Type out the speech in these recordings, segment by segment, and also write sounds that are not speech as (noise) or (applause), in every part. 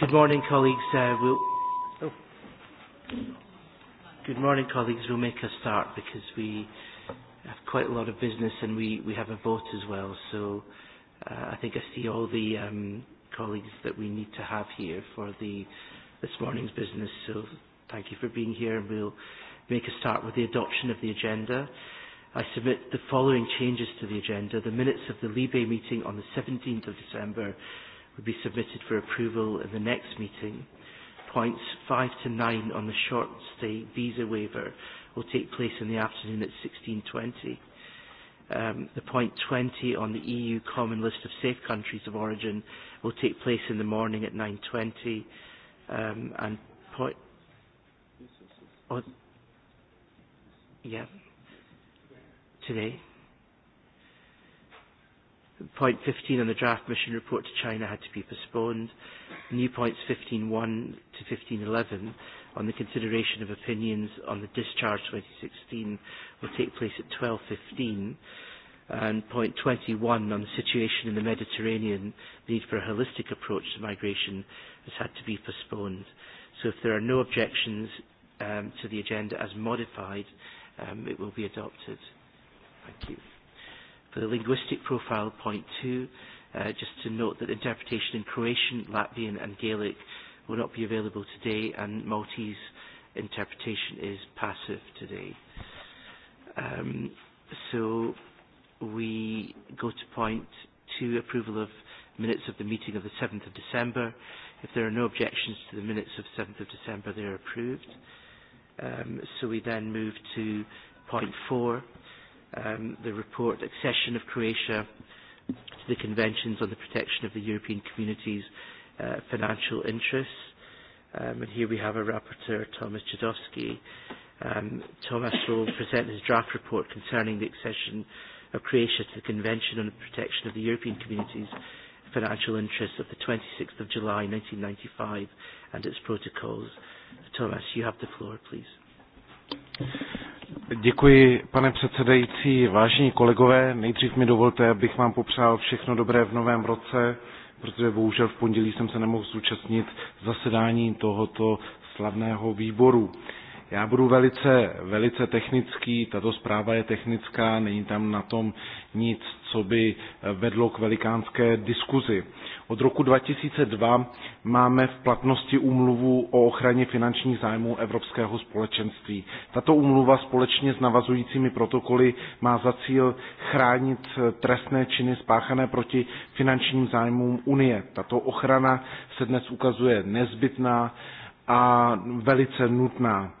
Good morning, colleagues. Uh, we'll... oh. Good morning, colleagues. We'll make a start because we have quite a lot of business and we, we have a vote as well. So uh, I think I see all the um, colleagues that we need to have here for the this morning's business. So thank you for being here and we'll make a start with the adoption of the agenda. I submit the following changes to the agenda. The minutes of the Libe meeting on the 17th of December will be submitted for approval in the next meeting. Points 5 to 9 on the short stay visa waiver will take place in the afternoon at 16.20. Um, the point 20 on the EU common list of safe countries of origin will take place in the morning at 9.20. Um, and point... Oh, yeah. Today. Point 15 on the draft mission report to China had to be postponed. New points 15.1 to 15.11 on the consideration of opinions on the discharge 2016 will take place at 12.15 and point 21 on the situation in the Mediterranean, the need for a holistic approach to migration has had to be postponed. So if there are no objections um, to the agenda as modified, um, it will be adopted. Thank you. For the linguistic profile, point two, uh, just to note that interpretation in Croatian, Latvian and Gaelic will not be available today and Maltese interpretation is passive today. Um, so we go to point two, approval of minutes of the meeting of the 7th of December. If there are no objections to the minutes of 7th of December, they are approved. Um, so we then move to point four, um, the report Accession of Croatia to the Conventions on the Protection of the European Community's uh, Financial Interests. Um, and here we have a rapporteur, Thomas Jadowski. Um, Thomas will present his draft report concerning the accession of Croatia to the Convention on the Protection of the European Community's Financial Interests of the 26th of July 1995 and its protocols. Thomas, you have the floor, please. Děkuji, pane předsedající. Vážení kolegové, nejdřív mi dovolte, abych vám popřál všechno dobré v novém roce, protože bohužel v pondělí jsem se nemohl zúčastnit zasedání tohoto slavného výboru. Já budu velice, velice technický, tato zpráva je technická, není tam na tom nic, co by vedlo k velikánské diskuzi. Od roku 2002 máme v platnosti úmluvu o ochraně finančních zájmů Evropského společenství. Tato úmluva společně s navazujícími protokoly má za cíl chránit trestné činy spáchané proti finančním zájmům Unie. Tato ochrana se dnes ukazuje nezbytná a velice nutná.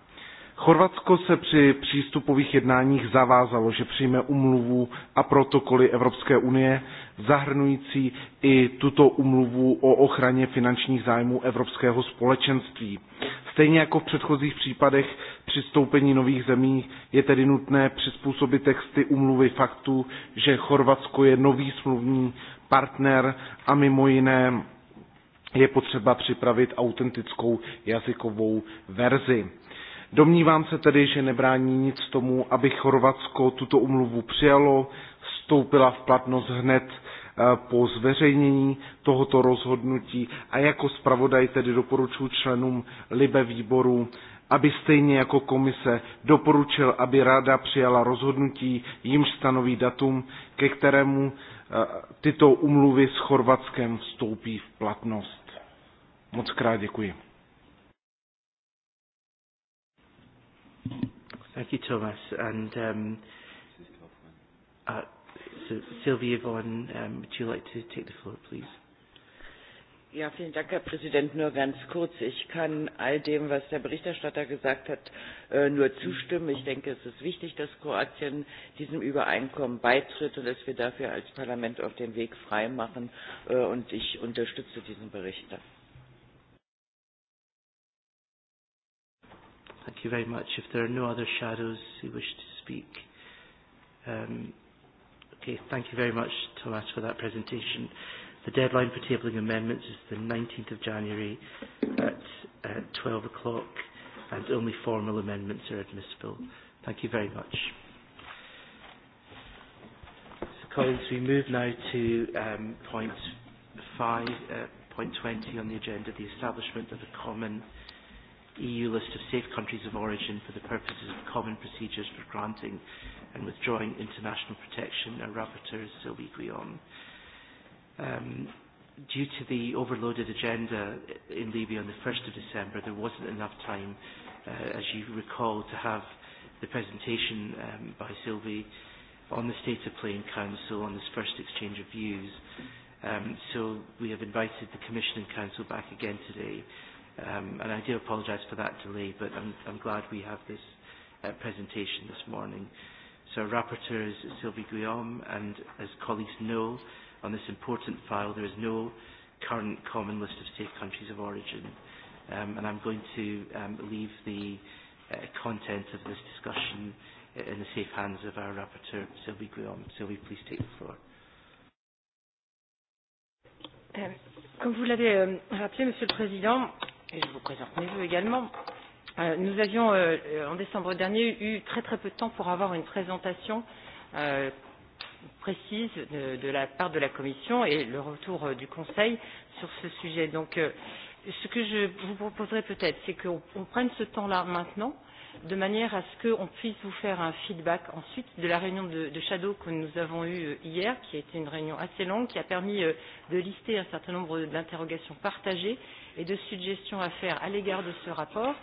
Chorvatsko se při přístupových jednáních zavázalo, že přijme umluvu a protokoly Evropské unie zahrnující i tuto umluvu o ochraně finančních zájmů Evropského společenství. Stejně jako v předchozích případech přistoupení nových zemí je tedy nutné přizpůsobit texty umluvy faktu, že Chorvatsko je nový smluvní partner a mimo jiné je potřeba připravit autentickou jazykovou verzi. Domnívám se tedy, že nebrání nic tomu, aby Chorvatsko tuto umluvu přijalo, vstoupila v platnost hned eh, po zveřejnění tohoto rozhodnutí a jako zpravodaj tedy doporučuji členům Libe výboru, aby stejně jako komise doporučil, aby ráda přijala rozhodnutí, jimž stanoví datum, ke kterému eh, tyto umluvy s Chorvatskem vstoupí v platnost. Moc krát děkuji. Thank you, Thomas. And um, uh, so Sylvia Vaughan, um, would you like to take the floor, please? Ja, vielen Dank, Herr Präsident. Nur ganz kurz. Ich kann all dem, was der Berichterstatter gesagt hat, äh, nur zustimmen. Ich denke, es ist wichtig, dass Kroatien diesem Übereinkommen beitritt und dass wir dafür als Parlament auf den Weg frei machen. Äh, und ich unterstütze diesen Bericht. Danke. you very much. If there are no other shadows who wish to speak, um, okay, thank you very much, Thomas, for that presentation. The deadline for tabling amendments is the 19th of January at uh, 12 o'clock, and only formal amendments are admissible. Thank you very much. So, colleagues, we move now to um, point five, uh, point 20 on the agenda, the establishment of a common EU list of safe countries of origin for the purposes of common procedures for granting and withdrawing international protection. Our rapporteur is Sylvie Guillaume. Um, due to the overloaded agenda in Libya on the 1st of December, there wasn't enough time, uh, as you recall, to have the presentation um, by Sylvie on the State of Play in Council on this first exchange of views. Um, so we have invited the Commission and Council back again today Um, and I do apologise for that delay, but I'm, I'm glad we have this uh, presentation this morning. So our rapporteur is Sylvie Guillaume, and as colleagues know, on this important file there is no current common list of safe countries of origin. Um, and I'm going to um, leave the uh, content of this discussion in the safe hands of our rapporteur, Sylvie Guillaume. Sylvie, please take the floor. Euh, comme vous l'avez euh, rappelé, Monsieur le Président, et je vous présente mes voeux également. Euh, nous avions euh, euh, en décembre dernier eu très très peu de temps pour avoir une présentation euh, précise de, de la part de la Commission et le retour euh, du Conseil sur ce sujet. Donc euh, ce que je vous proposerai peut-être, c'est qu'on prenne ce temps-là maintenant de manière à ce qu'on puisse vous faire un feedback ensuite de la réunion de, de Shadow que nous avons eue euh, hier, qui a été une réunion assez longue, qui a permis euh, de lister un certain nombre d'interrogations partagées et de suggestions à faire à l'égard de ce rapport.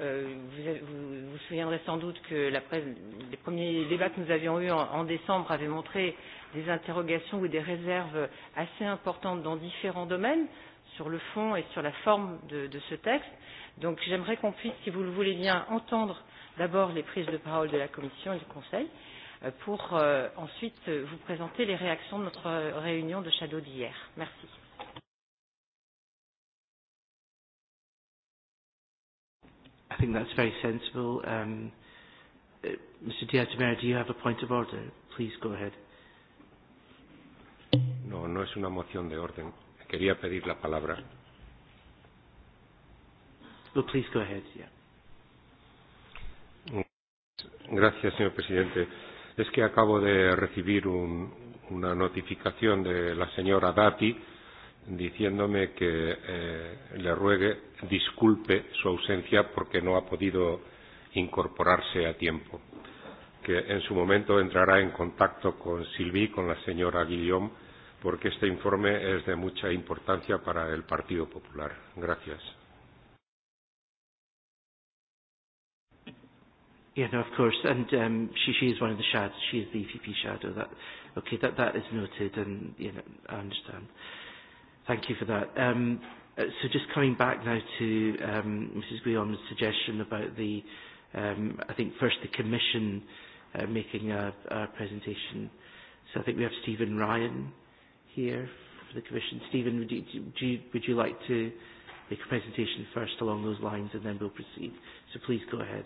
Euh, vous, vous vous souviendrez sans doute que la presse, les premiers débats que nous avions eus en, en décembre avaient montré des interrogations ou des réserves assez importantes dans différents domaines sur le fond et sur la forme de, de ce texte. Donc j'aimerais qu'on puisse, si vous le voulez bien, entendre d'abord les prises de parole de la Commission et du Conseil euh, pour euh, ensuite vous présenter les réactions de notre réunion de Shadow d'hier. Merci. I think that's very sensible. Um, uh, Mr. Diaz do you have a point of order? Please go ahead. No, no es una moción de orden. Quería pedir la palabra. Well, please go ahead, yeah. Gracias, señor presidente. Es que acabo de recibir un, una notificación de la señora Dati diciéndome que eh, le ruegue disculpe su ausencia porque no ha podido incorporarse a tiempo, que en su momento entrará en contacto con Silvi, con la señora Guillaume, porque este informe es de mucha importancia para el Partido Popular. Gracias. Yeah, no, of course, and um, she she is one of the shadows. She is the EPP shadow. That okay, that that is noted, and you know, I understand. Thank you for that. Um, uh, so just coming back now to um, Mrs. Guillaume's suggestion about the, um, I think first the Commission uh, making a, a presentation. So I think we have Stephen Ryan here for the Commission. Stephen, would you, do you, would you like to make a presentation first along those lines and then we'll proceed? So please go ahead.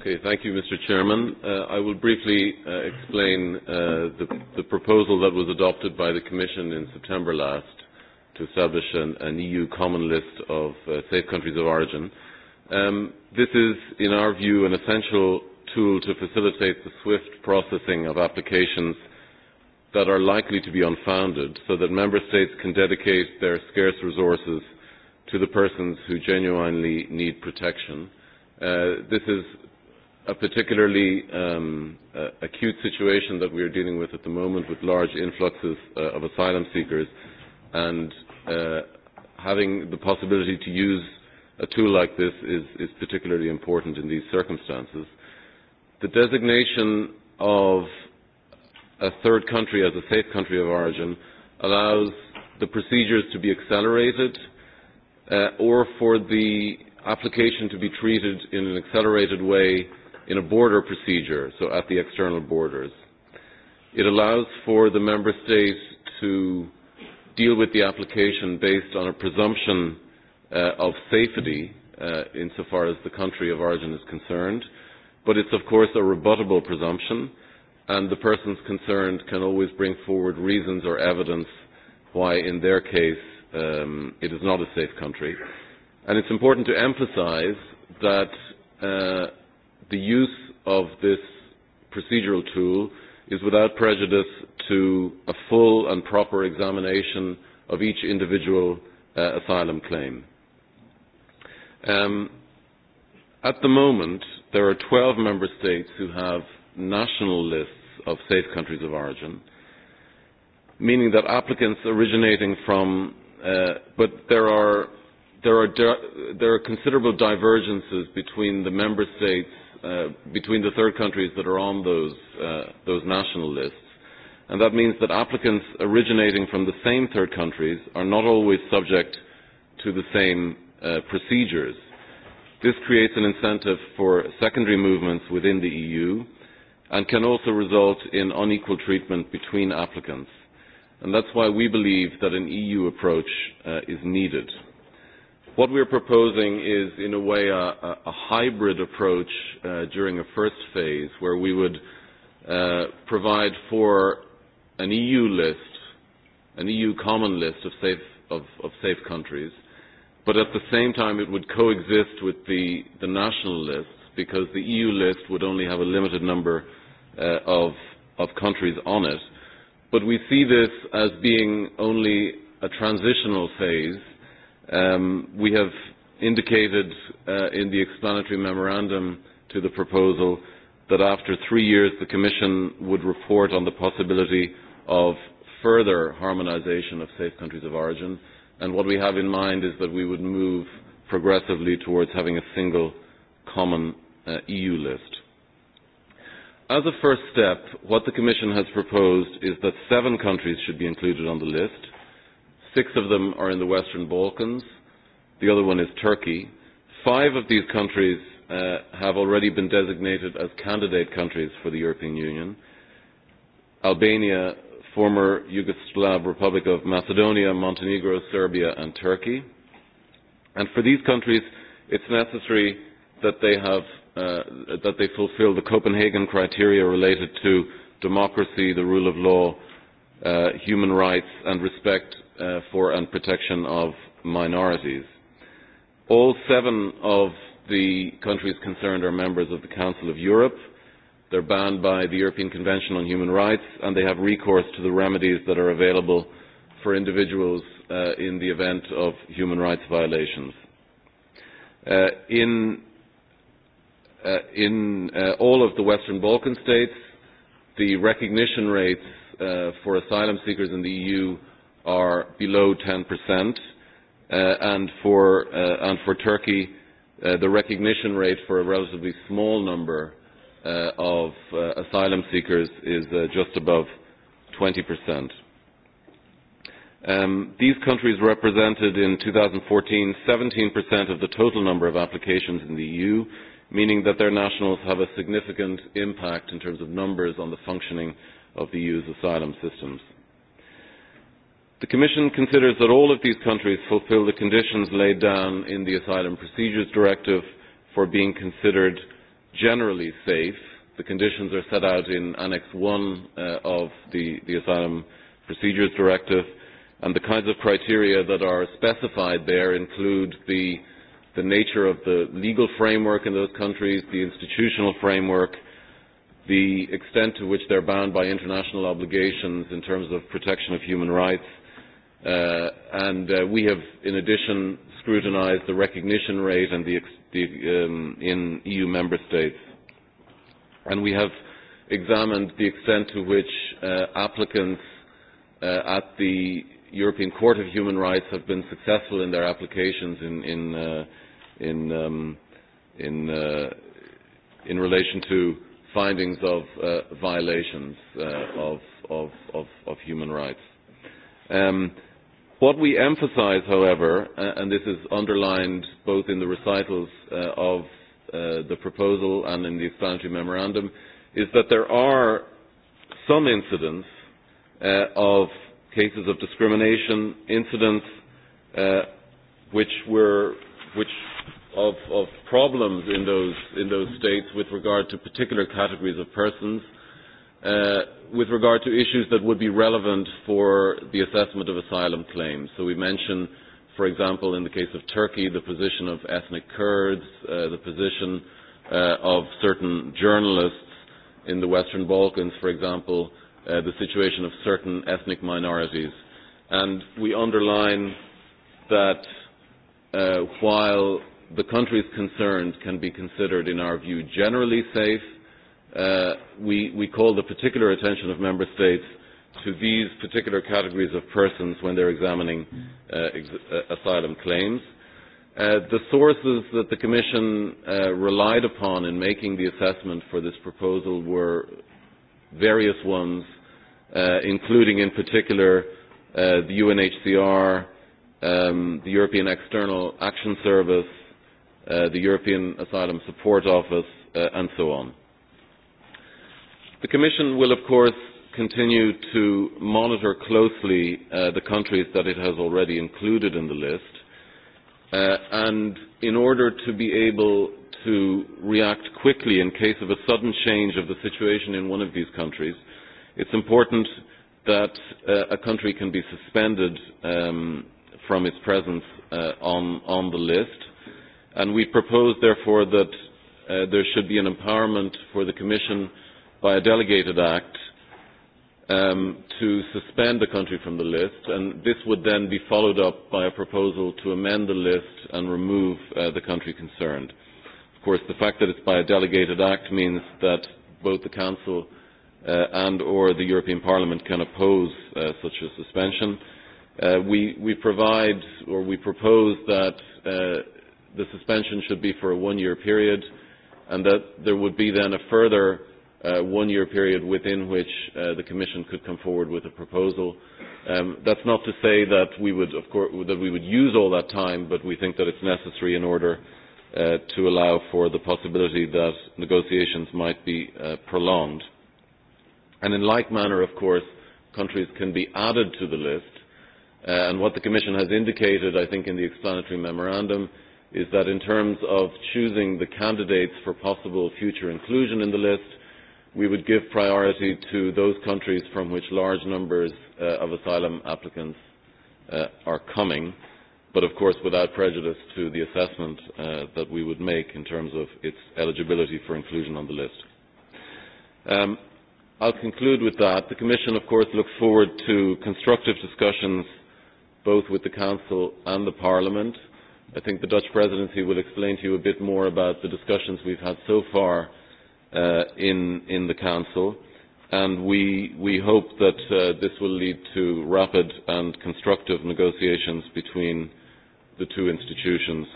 Okay, thank you, Mr. Chairman. Uh, I will briefly uh, explain uh, the, the proposal that was adopted by the Commission in September last to establish an, an EU common list of uh, safe countries of origin. Um, this is, in our view, an essential tool to facilitate the swift processing of applications that are likely to be unfounded so that member states can dedicate their scarce resources to the persons who genuinely need protection. Uh, this is a particularly um, uh, acute situation that we are dealing with at the moment with large influxes uh, of asylum seekers and uh, having the possibility to use a tool like this is, is particularly important in these circumstances. The designation of a third country as a safe country of origin allows the procedures to be accelerated uh, or for the application to be treated in an accelerated way in a border procedure, so at the external borders. It allows for the member state to deal with the application based on a presumption uh, of safety uh, insofar as the country of origin is concerned, but it's of course a rebuttable presumption and the persons concerned can always bring forward reasons or evidence why in their case um, it is not a safe country. And it's important to emphasize that uh, the use of this procedural tool is without prejudice to a full and proper examination of each individual uh, asylum claim. Um, at the moment, there are 12 member states who have national lists of safe countries of origin, meaning that applicants originating from, uh, but there are there are, di there are considerable divergences between the member states, uh, between the third countries that are on those, uh, those national lists. And that means that applicants originating from the same third countries are not always subject to the same uh, procedures. This creates an incentive for secondary movements within the EU and can also result in unequal treatment between applicants. And that's why we believe that an EU approach uh, is needed. What we're proposing is, in a way, a, a, a hybrid approach uh, during a first phase where we would uh, provide for an EU list, an EU common list of safe, of, of safe countries, but at the same time it would coexist with the, the national lists because the EU list would only have a limited number uh, of, of countries on it. But we see this as being only a transitional phase Um, we have indicated uh, in the explanatory memorandum to the proposal that after three years the Commission would report on the possibility of further harmonisation of safe countries of origin. And what we have in mind is that we would move progressively towards having a single common uh, EU list. As a first step, what the Commission has proposed is that seven countries should be included on the list, Six of them are in the Western Balkans. The other one is Turkey. Five of these countries uh, have already been designated as candidate countries for the European Union. Albania, former Yugoslav Republic of Macedonia, Montenegro, Serbia and Turkey. And for these countries, it's necessary that they, have, uh, that they fulfill the Copenhagen criteria related to democracy, the rule of law uh, human rights and respect uh, for and protection of minorities. All seven of the countries concerned are members of the Council of Europe. They're banned by the European Convention on Human Rights and they have recourse to the remedies that are available for individuals uh, in the event of human rights violations. Uh, in uh, in uh, all of the Western Balkan states, the recognition rates uh, for asylum seekers in the EU are below 10%, uh, and, for, uh, and for Turkey, uh, the recognition rate for a relatively small number uh, of uh, asylum seekers is uh, just above 20%. Um, these countries represented in 2014 17% of the total number of applications in the EU, meaning that their nationals have a significant impact in terms of numbers on the functioning of the EU's asylum systems. The Commission considers that all of these countries fulfil the conditions laid down in the Asylum Procedures Directive for being considered generally safe. The conditions are set out in Annex 1 uh, of the, the Asylum Procedures Directive, and the kinds of criteria that are specified there include the, the nature of the legal framework in those countries, the institutional framework, the extent to which they're bound by international obligations in terms of protection of human rights. Uh, and uh, we have, in addition, scrutinized the recognition rate and the, ex the, um, in EU member states. And we have examined the extent to which uh, applicants uh, at the European Court of Human Rights have been successful in their applications in, in, uh, in, um, in, uh, in relation to findings of uh, violations uh, of, of, of, of human rights. Um, what we emphasize, however, uh, and this is underlined both in the recitals uh, of uh, the proposal and in the explanatory memorandum, is that there are some incidents uh, of cases of discrimination, incidents uh, which were which of, of problems in those, in those states with regard to particular categories of persons, uh, with regard to issues that would be relevant for the assessment of asylum claims. So we mention, for example, in the case of Turkey, the position of ethnic Kurds, uh, the position uh, of certain journalists in the Western Balkans, for example, uh, the situation of certain ethnic minorities. And we underline that uh, while the countries concerned can be considered, in our view, generally safe. Uh, we, we call the particular attention of member states to these particular categories of persons when they're examining uh, ex uh, asylum claims. Uh, the sources that the Commission uh, relied upon in making the assessment for this proposal were various ones, uh, including in particular uh, the UNHCR, um, the European External Action Service, Uh, the European Asylum Support Office, uh, and so on. The Commission will, of course, continue to monitor closely uh, the countries that it has already included in the list, uh, and in order to be able to react quickly in case of a sudden change of the situation in one of these countries, it's important that uh, a country can be suspended um, from its presence uh, on, on the list And we propose, therefore, that uh, there should be an empowerment for the Commission by a delegated act um, to suspend the country from the list, and this would then be followed up by a proposal to amend the list and remove uh, the country concerned. Of course, the fact that it's by a delegated act means that both the Council uh, and or the European Parliament can oppose uh, such a suspension. Uh, we, we provide or we propose that uh, the suspension should be for a one-year period and that there would be then a further uh, one-year period within which uh, the Commission could come forward with a proposal. Um, that's not to say that we, would, of course, that we would use all that time, but we think that it's necessary in order uh, to allow for the possibility that negotiations might be uh, prolonged. And in like manner, of course, countries can be added to the list. Uh, and what the Commission has indicated, I think, in the explanatory memorandum, is that in terms of choosing the candidates for possible future inclusion in the list, we would give priority to those countries from which large numbers uh, of asylum applicants uh, are coming, but of course without prejudice to the assessment uh, that we would make in terms of its eligibility for inclusion on the list. Um, I'll conclude with that. The Commission, of course, looks forward to constructive discussions both with the Council and the Parliament. I think the Dutch presidency will explain to you a bit more about the discussions we've had so far uh, in, in the Council, and we, we hope that uh, this will lead to rapid and constructive negotiations between the two institutions,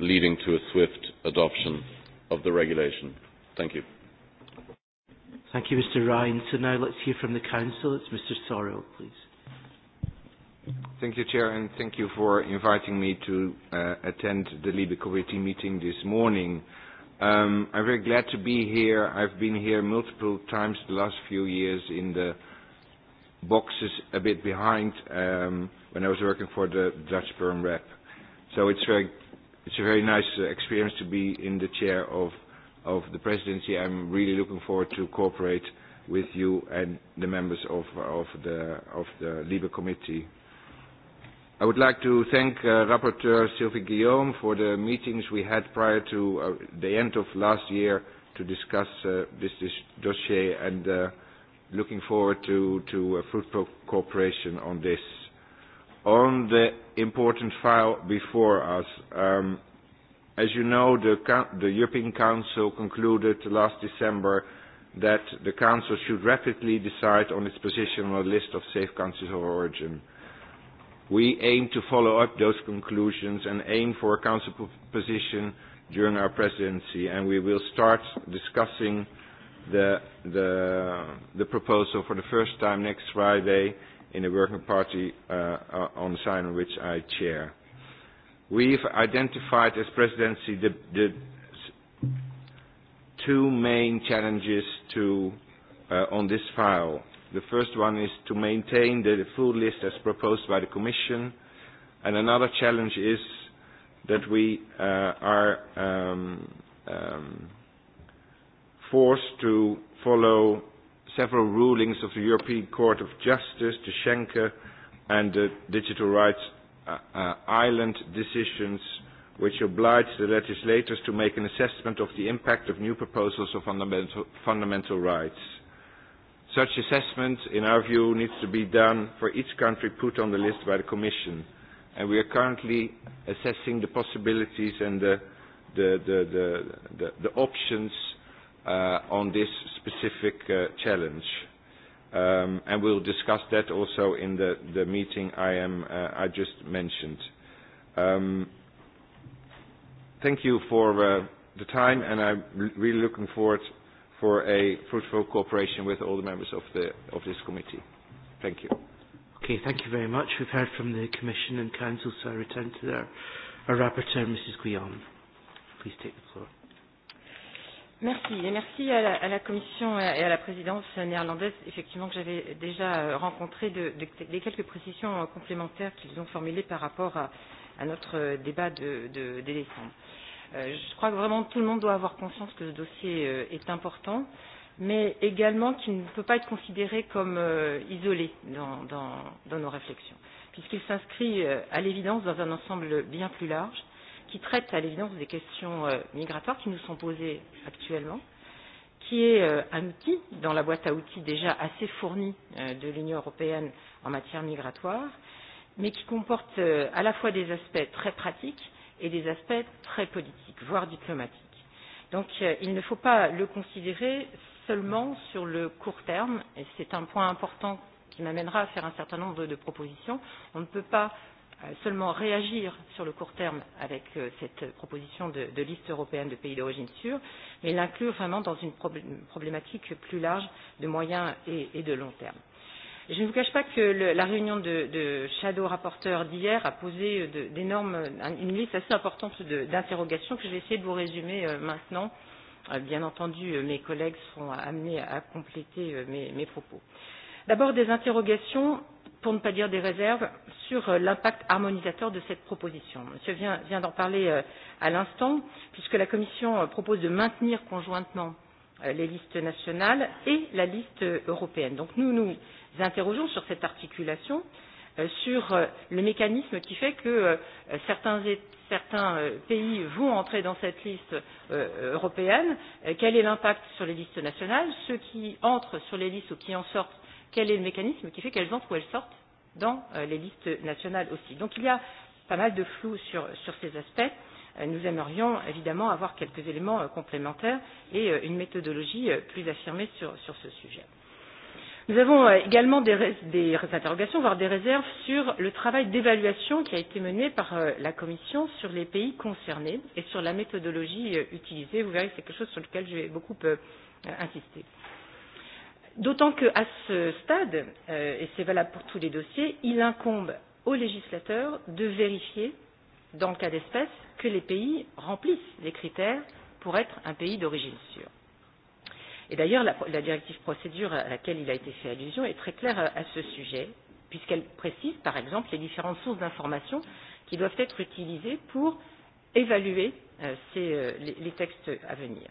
leading to a swift adoption of the regulation. Thank you. Thank you, Mr. Ryan. So now let's hear from the Council. It's Mr. Sorrell, please. Thank you, Chair, and thank you for inviting me to uh, attend the Libe Committee meeting this morning. Um, I'm very glad to be here. I've been here multiple times the last few years in the boxes a bit behind um, when I was working for the Dutch Burn Rep. So it's very, it's a very nice uh, experience to be in the chair of, of the presidency. I'm really looking forward to cooperate with you and the members of, of the, of the Libre Committee I would like to thank uh, Rapporteur Sylvie Guillaume for the meetings we had prior to uh, the end of last year to discuss uh, this, this dossier and uh, looking forward to, to a fruitful cooperation on this. On the important file before us, um, as you know, the, the European Council concluded last December that the Council should rapidly decide on its position on the list of safe countries of origin – We aim to follow up those conclusions and aim for a council position during our presidency, and we will start discussing the, the, the proposal for the first time next Friday in the working party uh, uh on sign which I chair. We've identified as presidency the, the two main challenges to, uh, on this file. The first one is to maintain the full list as proposed by the Commission. And another challenge is that we uh, are um, um, forced to follow several rulings of the European Court of Justice, the Schenker and the Digital Rights uh, uh, Island decisions, which oblige the legislators to make an assessment of the impact of new proposals of fundamental, fundamental rights. Such assessment, in our view, needs to be done for each country put on the list by the Commission, and we are currently assessing the possibilities and the, the, the, the, the, the options uh, on this specific uh, challenge. Um, and we'll discuss that also in the, the meeting I, am, uh, I just mentioned. Um, thank you for uh, the time, and I'm really looking forward for a fruitful cooperation with all the members of, the, of this committee. Thank you. Okay, thank you very much. We've heard from the Commission and Council, so I return to their, our rapporteur, Mrs. Guillaume. Please take the floor. Merci et merci à la, à la Commission et à la présidence néerlandaise, effectivement, que j'avais déjà euh, rencontré de, de, des quelques précisions euh, complémentaires qu'ils ont formulées par rapport à, à notre euh, débat de, de, de décembre. Euh, Euh, je crois que vraiment tout le monde doit avoir conscience que ce dossier euh, est important, mais également qu'il ne peut pas être considéré comme euh, isolé dans, dans, dans nos réflexions, puisqu'il s'inscrit à l'évidence dans un ensemble bien plus large, qui traite à l'évidence des questions migratoires qui nous sont posées actuellement, qui est un outil dans la boîte à outils déjà assez fournie de l'Union européenne en matière migratoire, mais qui comporte à la fois des aspects très pratiques, et des aspects très politiques, voire diplomatiques. Donc euh, il ne faut pas le considérer seulement sur le court terme, et c'est un point important qui m'amènera à faire un certain nombre de propositions. On ne peut pas euh, seulement réagir sur le court terme avec euh, cette proposition de, de liste européenne de pays d'origine sûre, mais l'inclure vraiment dans une problématique plus large de moyen et, et de long terme. Je ne vous cache pas que le, la réunion de, de shadow rapporteurs d'hier a posé euh, d'énormes, une liste assez importante d'interrogations que je vais essayer de vous résumer euh, maintenant. Euh, bien entendu, euh, mes collègues seront amenés à compléter euh, mes, mes propos. D'abord, des interrogations, pour ne pas dire des réserves, sur euh, l'impact harmonisateur de cette proposition. Monsieur vient, vient d'en parler euh, à l'instant, puisque la Commission euh, propose de maintenir conjointement euh, les listes nationales et la liste euh, européenne. Donc nous, nous Nous interrogeons sur cette articulation, euh, sur euh, le mécanisme qui fait que euh, certains, certains euh, pays vont entrer dans cette liste euh, européenne, euh, quel est l'impact sur les listes nationales, ceux qui entrent sur les listes ou qui en sortent, quel est le mécanisme qui fait qu'elles entrent ou elles sortent dans euh, les listes nationales aussi. Donc il y a pas mal de flou sur, sur ces aspects. Euh, nous aimerions évidemment avoir quelques éléments euh, complémentaires et euh, une méthodologie plus affirmée sur, sur ce sujet. Nous avons euh, également des, des interrogations, voire des réserves sur le travail d'évaluation qui a été mené par euh, la Commission sur les pays concernés et sur la méthodologie euh, utilisée. Vous verrez que c'est quelque chose sur lequel je vais beaucoup insister. D'autant qu'à ce stade, et c'est valable pour tous les dossiers, il incombe aux législateurs de vérifier, dans le cas d'espèce, que les pays remplissent les critères pour être un pays d'origine sûre. Et d'ailleurs, la, la directive procédure à laquelle il a été fait allusion est très claire euh, à, ce sujet, puisqu'elle précise, par exemple, les différentes sources d'informations qui doivent être utilisées pour évaluer euh, ces, euh, les, les textes à venir.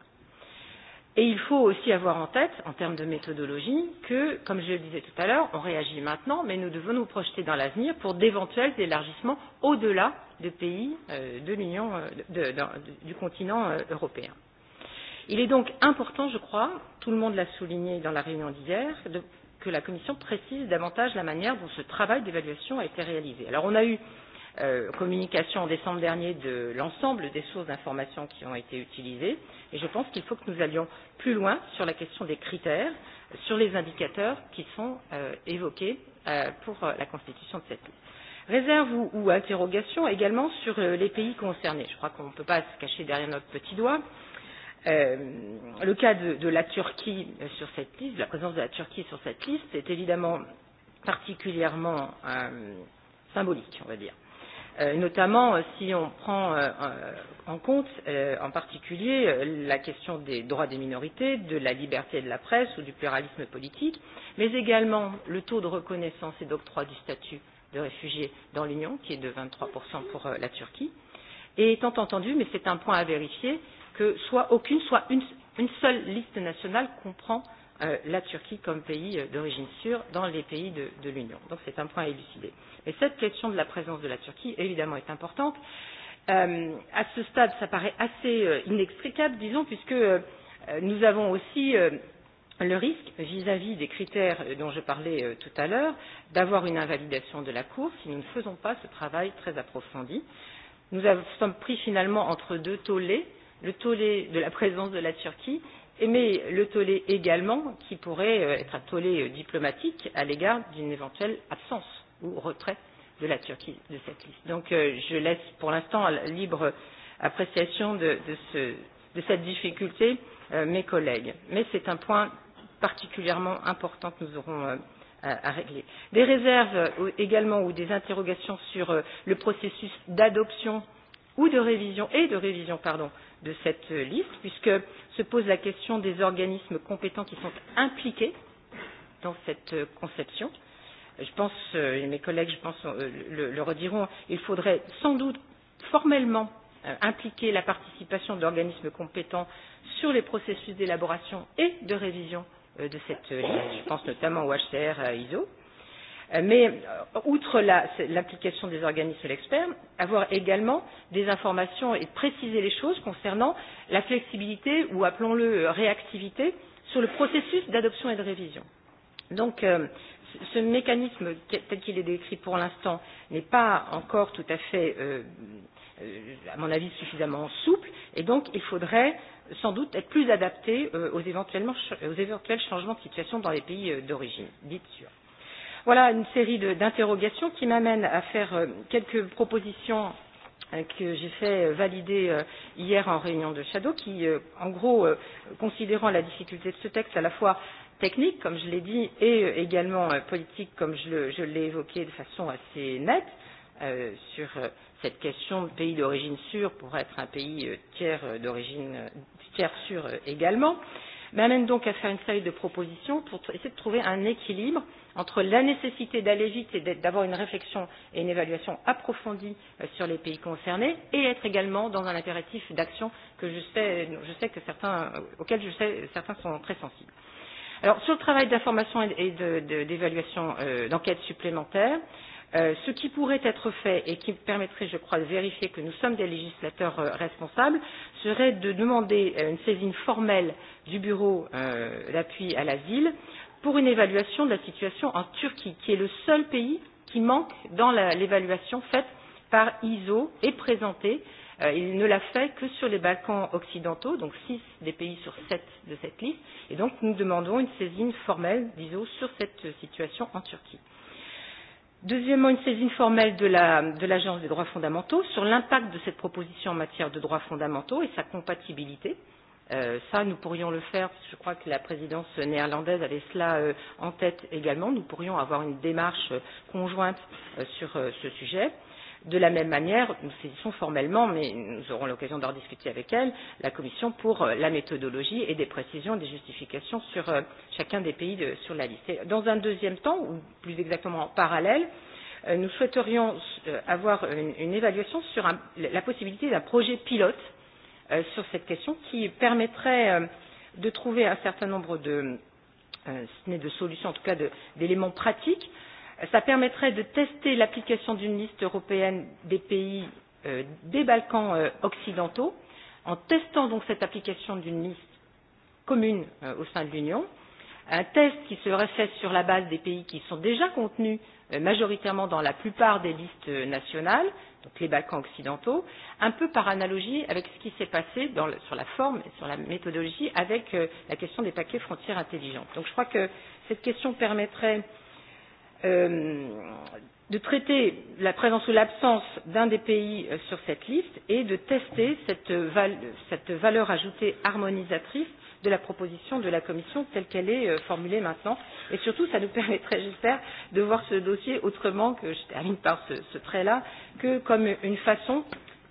Et il faut aussi avoir en tête, en termes de méthodologie, que, comme je le disais tout à l'heure, on réagit maintenant, mais nous devons nous projeter dans l'avenir pour d'éventuels élargissements au-delà des pays euh, de l'Union, euh, du continent euh, européen. Il est donc important, je crois, tout le monde l'a souligné dans la réunion d'hier, que la Commission précise davantage la manière dont ce travail d'évaluation a été réalisé. Alors on a eu euh, communication en décembre dernier de l'ensemble des sources d'information qui ont été utilisées et je pense qu'il faut que nous allions plus loin sur la question des critères, sur les indicateurs qui sont euh, évoqués euh, pour euh, la constitution de cette liste. Réserve ou, ou interrogation également sur euh, les pays concernés. Je crois qu'on ne peut pas se cacher derrière notre petit doigt. Euh, Euh, le cas de, de la Turquie sur cette liste, la présence de la Turquie sur cette liste, est évidemment particulièrement euh, symbolique, on va dire. Euh, notamment euh, si on prend euh, en compte euh, en particulier euh, la question des droits des minorités, de la liberté de la presse ou du pluralisme politique, mais également le taux de reconnaissance et d'octroi du statut de réfugiés dans l'Union, qui est de 23% pour euh, la Turquie. Et étant entendu, mais c'est un point à vérifier, que soit aucune, soit une, une seule liste nationale comprend euh, la Turquie comme pays euh, d'origine sûre dans les pays de, de l'Union. Donc c'est un point à élucider. Et cette question de la présence de la Turquie, évidemment, est importante. Euh, à ce stade, ça paraît assez euh, inextricable, disons, puisque euh, nous avons aussi euh, le risque, vis-à-vis -vis des critères euh, dont je parlais euh, tout à l'heure, d'avoir une invalidation de la Cour si nous ne faisons pas ce travail très approfondi. Nous sommes pris finalement entre deux tollés le tollé de la présence de la Turquie, mais le tollé également qui pourrait euh, être un tollé euh, diplomatique à l'égard d'une éventuelle absence ou retrait de la Turquie de cette liste. Donc euh, je laisse pour l'instant libre appréciation de, de, ce, de cette difficulté mes collègues. Mais c'est un point particulièrement important que nous aurons à, régler. Des réserves également ou des interrogations sur le processus d'adoption ou de révision et de révision pardon de cette liste, puisque se pose la question des organismes compétents qui sont impliqués dans cette euh, conception. Je pense, euh, et mes collègues, je pense, euh, le, le rediront, il faudrait sans doute formellement impliquer la participation d'organismes compétents sur les processus d'élaboration et de révision de cette liste. Je pense notamment au HCR à ISO. Euh, Euh, mais euh, outre l'application la, des organismes experts, avoir également des informations et préciser les choses concernant la flexibilité ou appelons-le euh, réactivité sur le processus d'adoption et de révision. Donc euh, ce mécanisme tel qu'il est décrit pour l'instant n'est pas encore tout à fait, euh, à mon avis, suffisamment souple et donc il faudrait sans doute être plus adapté euh, aux, éventuellement, aux éventuels changements de situation dans les pays d'origine, dites sûr. Voilà une série d'interrogations qui m'amènent à faire euh, quelques propositions euh, que j'ai fait euh, valider hier en réunion de Shadow, qui, en gros, considérant la difficulté de ce texte à la fois technique, comme je l'ai dit, et également politique, comme je l'ai évoqué de façon assez nette, euh, sur cette question de pays d'origine sûre pour être un pays tiers d'origine tiers sûr également, m'amène donc à faire une série de propositions pour essayer de trouver un équilibre euh, entre la nécessité d'aller vite et d'avoir une réflexion et une évaluation approfondie euh, sur les pays concernés et être également dans un impératif d'action que je sais, je sais que certains, euh, auquel je sais certains sont très sensibles. Alors, sur le travail d'information et d'évaluation, de, de, euh, d'enquête supplémentaire, euh, ce qui pourrait être fait et qui permettrait, je crois, de vérifier que nous sommes des législateurs euh, responsables, serait de demander euh, une saisine formelle du Bureau euh, d'appui à l'asile pour une évaluation de la situation en Turquie, qui est le seul pays qui manque dans l'évaluation faite par ISO et présentée. Euh, il ne l'a fait que sur les Balkans occidentaux, donc six des pays sur sept de cette liste. Et donc nous demandons une saisine formelle d'ISO sur cette situation en Turquie. Deuxièmement, une saisine formelle de l'Agence la, de des droits fondamentaux sur l'impact de cette proposition en matière de droits fondamentaux et sa compatibilité. Euh, Euh, ça, nous pourrions le faire. Je crois que la présidence néerlandaise avait cela euh, en tête également. Nous pourrions avoir une démarche euh, conjointe euh, sur euh, ce sujet. De la même manière, nous saisissons formellement, mais nous aurons l'occasion d'en discuter avec elle, la Commission pour euh, la méthodologie et des précisions, et des justifications sur euh, chacun des pays de, sur la liste. Et dans un deuxième temps, ou plus exactement en parallèle, euh, nous souhaiterions euh, avoir une, une évaluation sur un, la possibilité d'un projet pilote euh, euh, sur cette question qui permettrait euh, de trouver un certain nombre de, euh, ce n'est de solutions, en tout cas d'éléments pratiques. Ça permettrait de tester l'application d'une liste européenne des pays euh, des Balkans euh, occidentaux, en testant donc cette application d'une liste commune euh, au sein de l'Union, un test qui serait fait sur la base des pays qui sont déjà contenus Euh, majoritairement dans la plupart des listes nationales, donc les Balkans occidentaux, un peu par analogie avec ce qui s'est passé dans le, sur la forme et sur la méthodologie avec euh, la question des paquets frontières intelligentes. Donc je crois que cette question permettrait euh, de traiter la présence ou l'absence d'un des pays euh, sur cette liste et de tester cette, euh, val cette valeur ajoutée harmonisatrice de la proposition de la Commission telle qu'elle est euh, formulée maintenant. Et surtout, ça nous (laughs) permettrait, j'espère, de voir ce dossier autrement que, je termine par ce, ce trait-là, que comme une façon,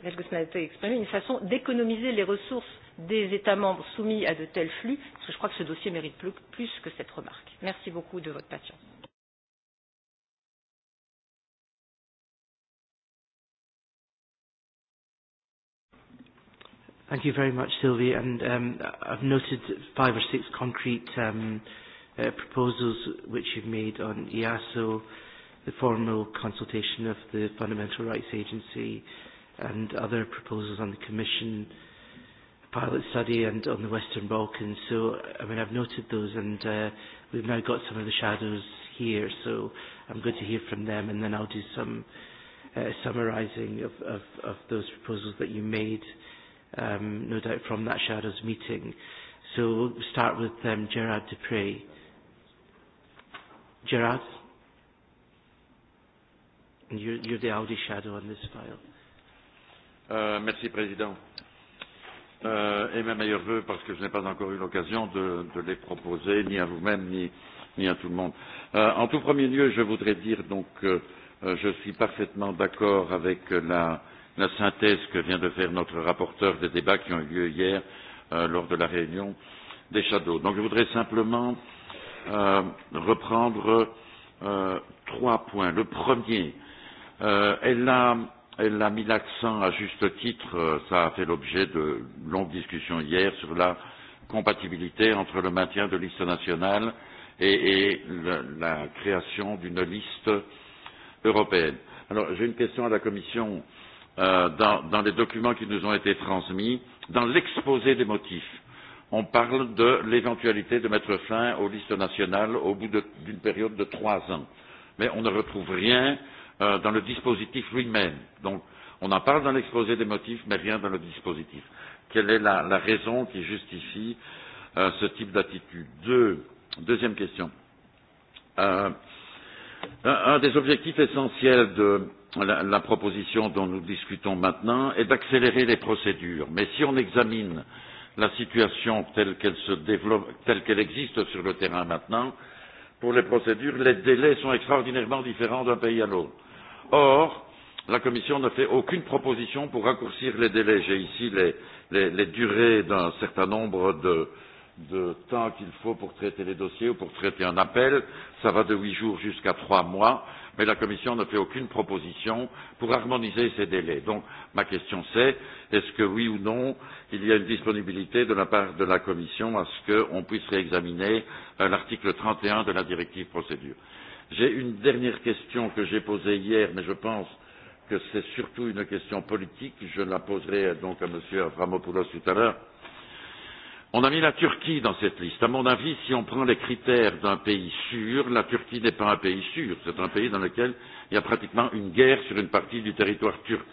telle que cela a été exprimé, une façon d'économiser les ressources des États membres soumis à de tels flux, parce que je crois que ce dossier mérite plus, plus que cette remarque. Merci beaucoup de votre patience. Thank you very much, Sylvie. And um, I've noted five or six concrete um, uh, proposals which you've made on EASO, the formal consultation of the Fundamental Rights Agency, and other proposals on the Commission pilot study and on the Western Balkans. So, I mean, I've noted those, and uh, we've now got some of the shadows here. So, I'm going to hear from them, and then I'll do some uh, summarising of, of, of those proposals that you made um, no doubt from that shadows meeting. So we'll start with um, Gerard Dupre. Gerard? You're, you're the Audi shadow on this file. Uh, merci, Président. Euh, et mes meilleurs voeux, parce que je n'ai pas encore eu l'occasion de, de les proposer, ni à vous-même, ni, ni à tout le monde. Euh, en tout premier lieu, je voudrais dire donc que euh, je suis parfaitement d'accord avec la euh, la synthèse que vient de faire notre rapporteur des débats qui ont eu lieu hier euh, lors de la réunion des Shadows. Donc je voudrais simplement euh, reprendre euh, trois points. Le premier, euh, elle, a, elle a mis l'accent à juste titre, euh, ça a fait l'objet de longues discussions hier sur la compatibilité entre le maintien de liste nationale et, et la, la création d'une liste européenne. Alors j'ai une question à la Commission. Euh, euh, dans, dans les documents qui nous ont été transmis, dans l'exposé des motifs. On parle de l'éventualité de mettre fin aux listes nationales au bout d'une période de trois ans. Mais on ne retrouve rien euh, dans le dispositif lui-même. Donc, on en parle dans l'exposé des motifs, mais rien dans le dispositif. Quelle est la, la raison qui justifie euh, ce type d'attitude Deux, Deuxième question. Euh, un, un des objectifs essentiels de, la, la proposition dont nous discutons maintenant est d'accélérer les procédures. Mais si on examine la situation telle qu'elle se développe, telle qu'elle existe sur le terrain maintenant, pour les procédures, les délais sont extraordinairement différents d'un pays à l'autre. Or, la Commission ne fait aucune proposition pour raccourcir les délais. J'ai ici les, les, les durées d'un certain nombre de, de temps qu'il faut pour traiter les dossiers ou pour traiter un appel. Ça va de huit jours jusqu'à trois mois mais la Commission ne fait aucune proposition pour harmoniser ces délais. Donc ma question c'est, est-ce que oui ou non, il y a une disponibilité de la part de la Commission à ce qu'on puisse réexaminer euh, l'article 31 de la directive procédure J'ai une dernière question que j'ai posée hier, mais je pense que c'est surtout une question politique. Je la poserai euh, donc à M. Avramopoulos tout à l'heure On a mis la Turquie dans cette liste. À mon avis, si on prend les critères d'un pays sûr, la Turquie n'est pas un pays sûr. C'est un pays dans lequel il y a pratiquement une guerre sur une partie du territoire turc.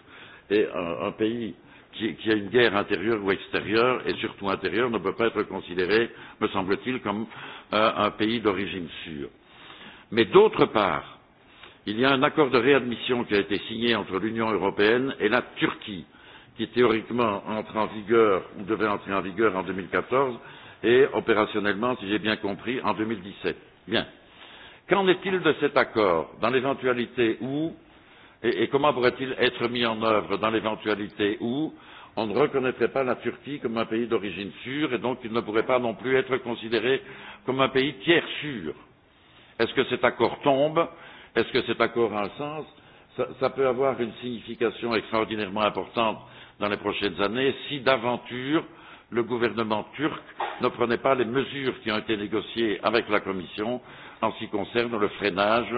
Et un, un pays qui, qui a une guerre intérieure ou extérieure, et surtout intérieure, ne peut pas être considéré, me semble-t-il, comme euh, un pays d'origine sûre. Mais d'autre part, il y a un accord de réadmission qui a été signé entre l'Union européenne et la Turquie qui théoriquement entre en vigueur ou devait entrer en vigueur en 2014 et opérationnellement, si j'ai bien compris, en 2017. Bien. Qu'en est-il de cet accord dans l'éventualité où, et, et comment pourrait-il être mis en œuvre dans l'éventualité où on ne reconnaîtrait pas la Turquie comme un pays d'origine sûre et donc il ne pourrait pas non plus être considéré comme un pays tiers sûr Est-ce que cet accord tombe Est-ce que cet accord a un sens ça, ça peut avoir une signification extraordinairement importante dans les prochaines années si d'aventure le gouvernement turc ne prenait pas les mesures qui ont été négociées avec la Commission en ce qui concerne le freinage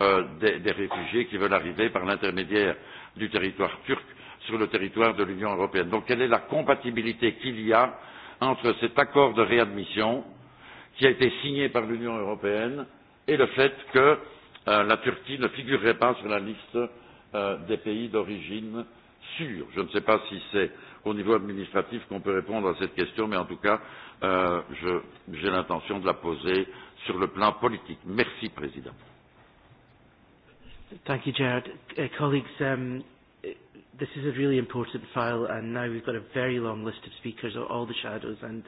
euh, des, des réfugiés qui veulent arriver par l'intermédiaire du territoire turc sur le territoire de l'Union européenne. Donc quelle est la compatibilité qu'il y a entre cet accord de réadmission qui a été signé par l'Union européenne et le fait que euh, la Turquie ne figurerait pas sur la liste euh, des pays d'origine euh, sûr. Je ne sais pas si c'est au niveau administratif qu'on peut répondre à cette question, mais en tout cas, euh, j'ai l'intention de la poser sur le plan politique. Merci, Président. Thank you, Gerard. Uh, colleagues, um, this is a really important file, and now we've got a very long list of speakers, all the shadows, and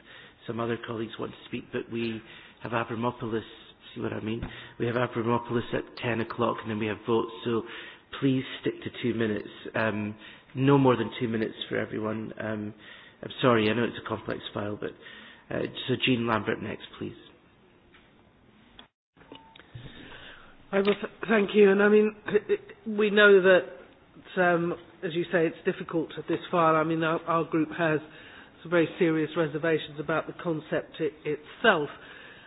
some other colleagues want to speak, but we have Abramopoulos, see what I mean? We have Abramopoulos at 10 o'clock, and then we have votes, so please stick to two minutes. Um, no more than two minutes for everyone. Um, I'm sorry, I know it's a complex file, but uh, so Jean Lambert next, please. I will th thank you, and I mean, we know that, um, as you say, it's difficult at this file. I mean, our, our group has some very serious reservations about the concept it, itself.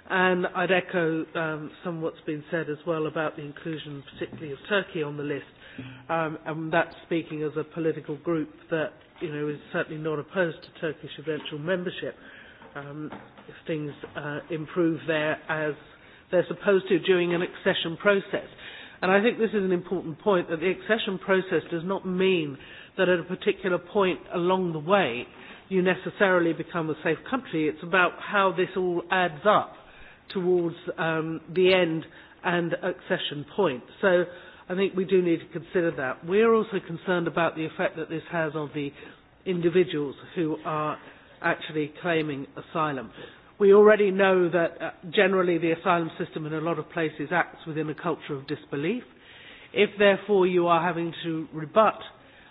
And I'd echo um, some of what's been said as well about the inclusion, particularly of Turkey, on the list. Um, and that's speaking as a political group that you know, is certainly not opposed to Turkish eventual membership um, if things uh, improve there as they're supposed to during an accession process. And I think this is an important point that the accession process does not mean that at a particular point along the way you necessarily become a safe country. It's about how this all adds up towards um, the end and accession point. So I think we do need to consider that. We are also concerned about the effect that this has on the individuals who are actually claiming asylum. We already know that uh, generally the asylum system in a lot of places acts within a culture of disbelief. If therefore you are having to rebut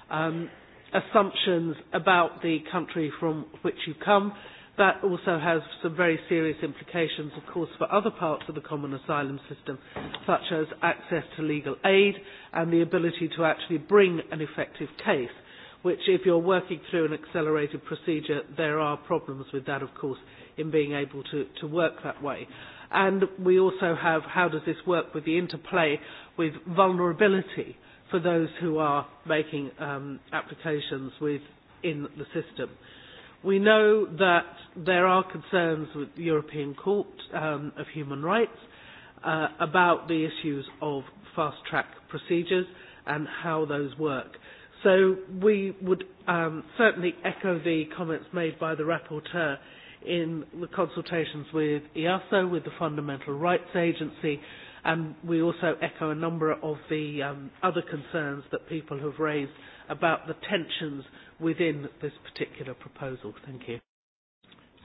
um, assumptions about the country from which you come, That also has some very serious implications, of course, for other parts of the common asylum system, such as access to legal aid and the ability to actually bring an effective case, which if you're working through an accelerated procedure, there are problems with that, of course, in being able to, to work that way. And we also have how does this work with the interplay with vulnerability for those who are making um, applications with, in the system. We know that there are concerns with the European Court um, of Human Rights uh, about the issues of fast track procedures and how those work. So we would um, certainly echo the comments made by the rapporteur in the consultations with EASO, with the Fundamental Rights Agency, Um, we also echo a number of the um, other concerns that people have raised about the tensions within this particular proposal. Thank you.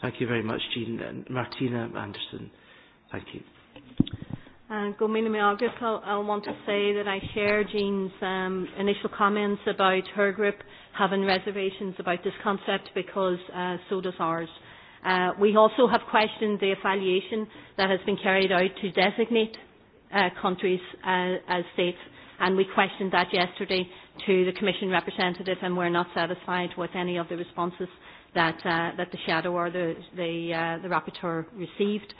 Thank you very much, Jean. And Martina Anderson, thank you. Uh, go I'll, I'll want to say that I share Jean's um, initial comments about her group having reservations about this concept because uh, so does ours. Uh, we also have questioned the evaluation that has been carried out to designate uh, countries uh, as states. And we questioned that yesterday to the Commission representative and we're not satisfied with any of the responses that, uh, that the shadow or the, the, uh, the rapporteur received.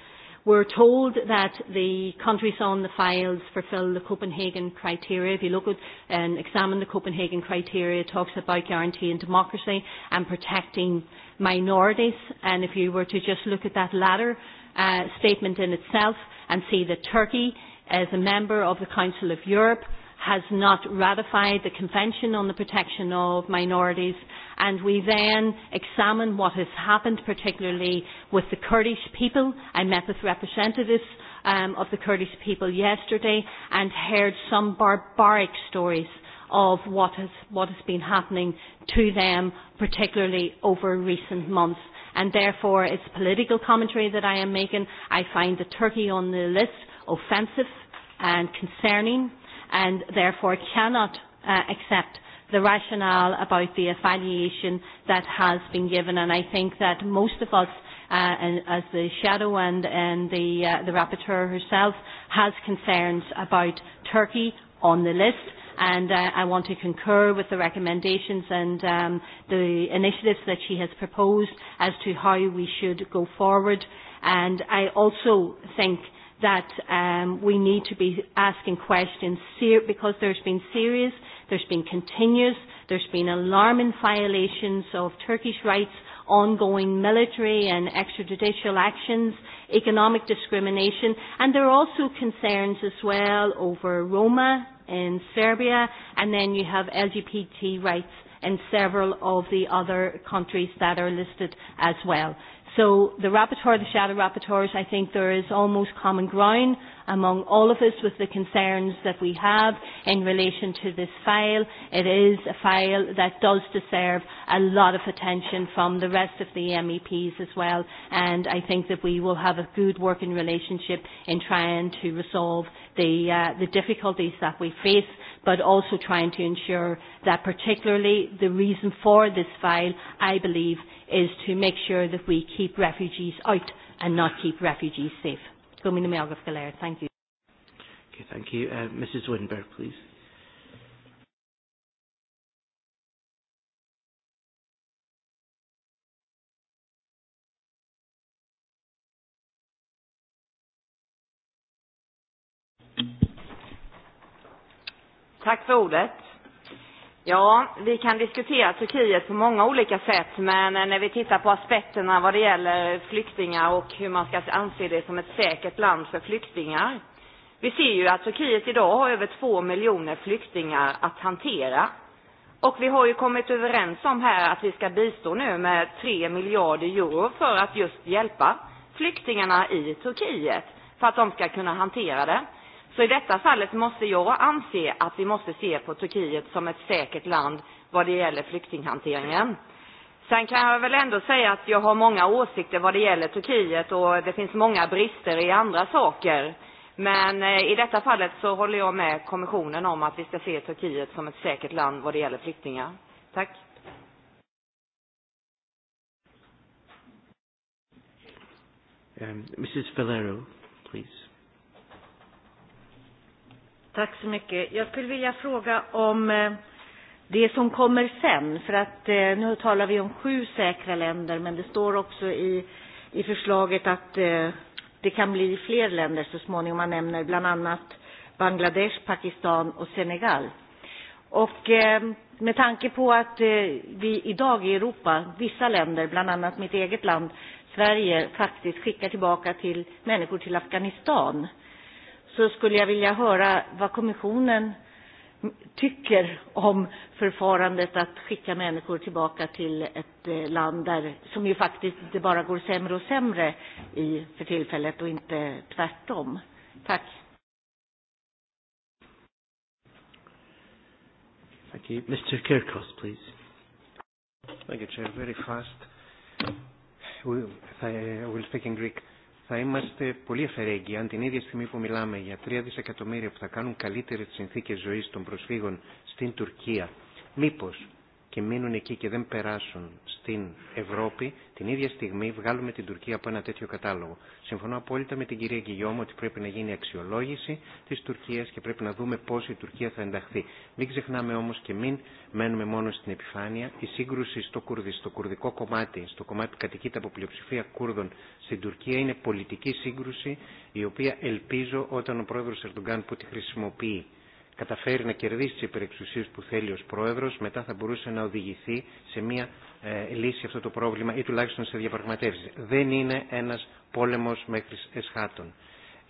We're told that the countries on the files fulfil the Copenhagen criteria. If you look at and examine the Copenhagen criteria, it talks about guaranteeing democracy and protecting minorities. And if you were to just look at that latter uh, statement in itself and see that Turkey as a member of the Council of Europe, has not ratified the Convention on the Protection of Minorities, and we then examine what has happened, particularly with the Kurdish people. I met with representatives um, of the Kurdish people yesterday and heard some barbaric stories of what has, what has been happening to them, particularly over recent months. And therefore, it's political commentary that I am making. I find the Turkey on the list offensive and concerning and therefore cannot uh, accept the rationale about the evaluation that has been given and I think that most of us uh, and as the shadow and, and the, uh, the rapporteur herself has concerns about Turkey on the list and uh, I want to concur with the recommendations and um, the initiatives that she has proposed as to how we should go forward and I also think that um, we need to be asking questions ser- because there's been serious, there's been continuous, there's been alarming violations of Turkish rights, ongoing military and extrajudicial actions, economic discrimination, and there are also concerns as well over Roma in Serbia, and then you have LGBT rights in several of the other countries that are listed as well. So the rapporteur, the shadow rapporteurs, I think there is almost common ground among all of us with the concerns that we have in relation to this file. It is a file that does deserve a lot of attention from the rest of the MEPs as well, and I think that we will have a good working relationship in trying to resolve the, uh, the difficulties that we face but also trying to ensure that particularly the reason for this file, I believe, is to make sure that we keep refugees out and not keep refugees safe. Thank you. Okay, thank you. Uh, Mrs. Winberg, please. Tack för ordet. Ja, vi kan diskutera Turkiet på många olika sätt, men eh, när vi tittar på aspekterna vad det gäller flyktingar och hur man ska anse det som ett säkert land för flyktingar. Vi ser ju att Turkiet idag har över två miljoner flyktingar att hantera. Och vi har ju kommit överens om här att vi ska bistå nu med 3 miljarder euro för att just hjälpa flyktingarna i Turkiet för att de ska kunna hantera det. Så i detta fallet måste jag anse att vi måste se på Turkiet som ett säkert land vad det gäller flyktinghanteringen. Sen kan jag väl ändå säga att jag har många åsikter vad det gäller Turkiet och det finns många brister i andra saker. Men eh, i detta fallet så håller jag med kommissionen om att vi ska se Turkiet som ett säkert land vad det gäller flyktingar. Tack. Um, Mrs. Valero, please. Tack så mycket. Jag skulle vilja fråga om eh, det som kommer sen, för att eh, nu talar vi om sju säkra länder, men det står också i, i förslaget att eh, det kan bli fler länder så småningom. Man nämner bland annat Bangladesh, Pakistan och Senegal. Och med tanke på att vi idag i Europa, vissa länder, bland annat mitt eget land, Sverige, faktiskt skickar tillbaka till människor till Afghanistan så skulle jag vilja höra vad kommissionen tycker om förfarandet att skicka människor tillbaka till ett eh, land där, som ju faktiskt det bara går sämre och sämre i för tillfället och inte tvärtom. Tack. Thank you. Mr. Kirkos, please. Thank you, Chair. Very fast. We, I will speak in Greek θα είμαστε πολύ αφαιρέγγυοι αν την ίδια στιγμή που μιλάμε για 3 δισεκατομμύρια που θα κάνουν καλύτερες τι συνθήκες ζωής των προσφύγων στην Τουρκία. Μήπως και μείνουν εκεί και δεν περάσουν στην Ευρώπη, την ίδια στιγμή βγάλουμε την Τουρκία από ένα τέτοιο κατάλογο. Συμφωνώ απόλυτα με την κυρία Γκυγιώμ ότι πρέπει να γίνει αξιολόγηση τη Τουρκία και πρέπει να δούμε πώ η Τουρκία θα ενταχθεί. Μην ξεχνάμε όμω και μην μένουμε μόνο στην επιφάνεια. Η σύγκρουση στο, Κουρδι, στο κουρδικό κομμάτι, στο κομμάτι που κατοικείται από πλειοψηφία Κούρδων στην Τουρκία, είναι πολιτική σύγκρουση η οποία ελπίζω όταν ο πρόεδρο Ερντογκάν που τη χρησιμοποιεί καταφέρει να κερδίσει τις υπερεξουσίες που θέλει ως πρόεδρος, μετά θα μπορούσε να οδηγηθεί σε μια ε, λύση αυτό το πρόβλημα ή τουλάχιστον σε διαπραγματεύσεις. Δεν είναι ένας πόλεμος μέχρι εσχάτων.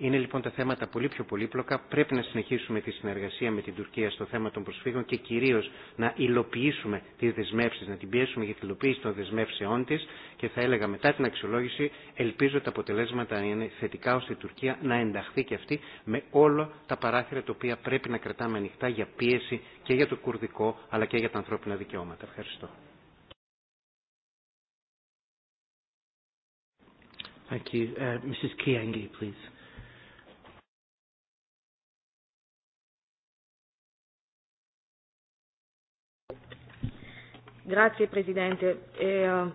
Είναι λοιπόν τα θέματα πολύ πιο πολύπλοκα. Πρέπει να συνεχίσουμε τη συνεργασία με την Τουρκία στο θέμα των προσφύγων και κυρίω να υλοποιήσουμε τι δεσμεύσει, να την πιέσουμε για την υλοποίηση των δεσμεύσεών τη. Και θα έλεγα μετά την αξιολόγηση, ελπίζω τα αποτελέσματα να είναι θετικά ώστε η Τουρκία να ενταχθεί και αυτή με όλα τα παράθυρα τα οποία πρέπει να κρατάμε ανοιχτά για πίεση και για το κουρδικό αλλά και για τα ανθρώπινα δικαιώματα. Ευχαριστώ. Thank you. Uh, Mrs. Kiangi, please. Grazie Presidente. E, uh,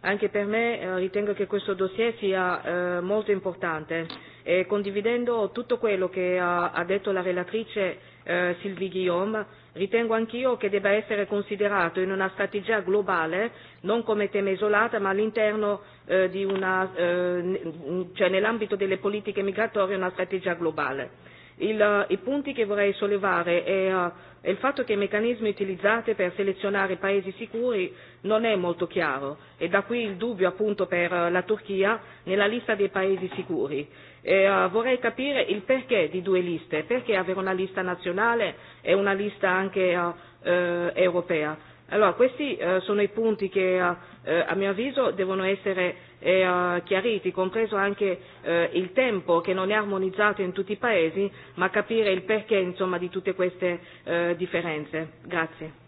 anche per me uh, ritengo che questo dossier sia uh, molto importante e condividendo tutto quello che ha, ha detto la relatrice uh, Sylvie Guillaume, ritengo anch'io che debba essere considerato in una strategia globale, non come tema isolata, ma all'interno uh, di una, uh, cioè nell'ambito delle politiche migratorie una strategia globale il, eh, i punti che vorrei sollevare è, uh, è il fatto che i meccanismi utilizzati per selezionare i paesi sicuri non è molto chiaro e da qui il dubbio appunto per uh, la Turchia nella lista dei paesi sicuri. E, uh, vorrei capire il perché di due liste, perché avere una lista nazionale e una lista anche uh, uh, europea. Allora, questi uh, sono i punti che uh, eh, a mio avviso devono essere eh, chiariti, compreso anche eh, il tempo che non è armonizzato in tutti i paesi, ma capire il perché insomma, di tutte queste eh, differenze. Grazie.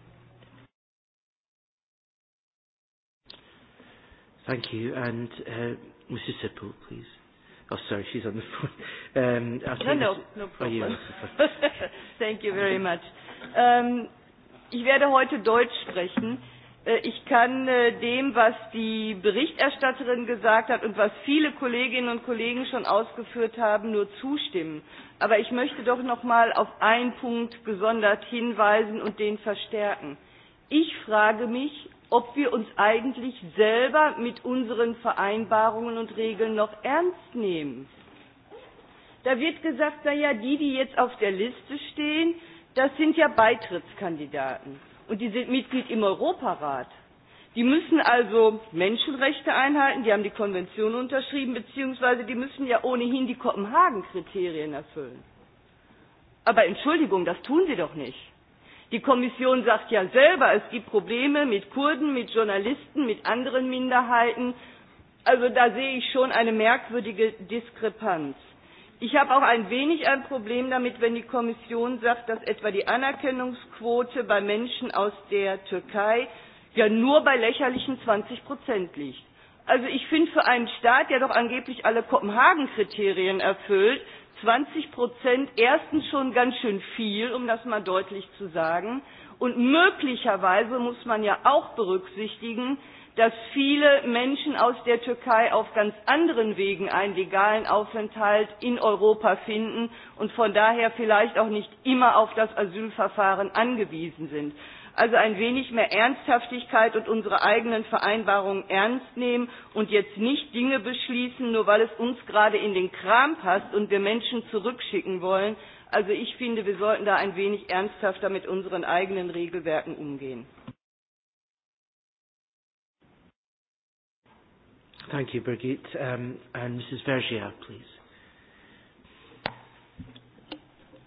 Thank you. And uh, Mrs. Sippel, please. Oh, sorry, she's on the phone. Um, no, no, no oh, problem. Oh, (laughs) Thank you very much. Um, ich werde heute Deutsch sprechen. Äh, ich kann äh, dem, was die Berichterstatterin gesagt hat und was viele Kolleginnen und Kollegen schon ausgeführt haben, nur zustimmen. Aber ich möchte doch noch mal auf einen Punkt gesondert hinweisen und den verstärken. Ich frage mich, ob wir uns eigentlich selber mit unseren Vereinbarungen und Regeln noch ernst nehmen. Da wird gesagt, naja, die, die jetzt auf der Liste stehen, das sind ja Beitrittskandidaten und die sind Mitglied im Europarat. Die müssen also Menschenrechte einhalten, die haben die Konvention unterschrieben, beziehungsweise die müssen ja ohnehin die Kopenhagen-Kriterien erfüllen. Aber Entschuldigung, das tun sie doch nicht. Die Kommission sagt ja selber, es gibt Probleme mit Kurden, mit Journalisten, mit anderen Minderheiten. Also da sehe ich schon eine merkwürdige Diskrepanz. Ich habe auch ein wenig ein Problem damit, wenn die Kommission sagt, dass etwa die Anerkennungsquote bei Menschen aus der Türkei ja nur bei lächerlichen 20 Prozent liegt. Also ich finde für einen Staat, der doch angeblich alle Kopenhagen-Kriterien erfüllt, 20 Prozent erstens schon ganz schön viel, um das mal deutlich zu sagen. Und möglicherweise muss man ja auch berücksichtigen, dass viele Menschen aus der Türkei auf ganz anderen Wegen einen legalen Aufenthalt in Europa finden und von daher vielleicht auch nicht immer auf das Asylverfahren angewiesen sind. Also ein wenig mehr Ernsthaftigkeit und unsere eigenen Vereinbarungen ernst nehmen und jetzt nicht Dinge beschließen, nur weil es uns gerade in den Kram passt und wir Menschen zurückschicken wollen. Also ich finde, wir sollten da ein wenig ernsthafter mit unseren eigenen Regelwerken umgehen. Thank you, Birgit. Um, and Mrs. Vergia, please.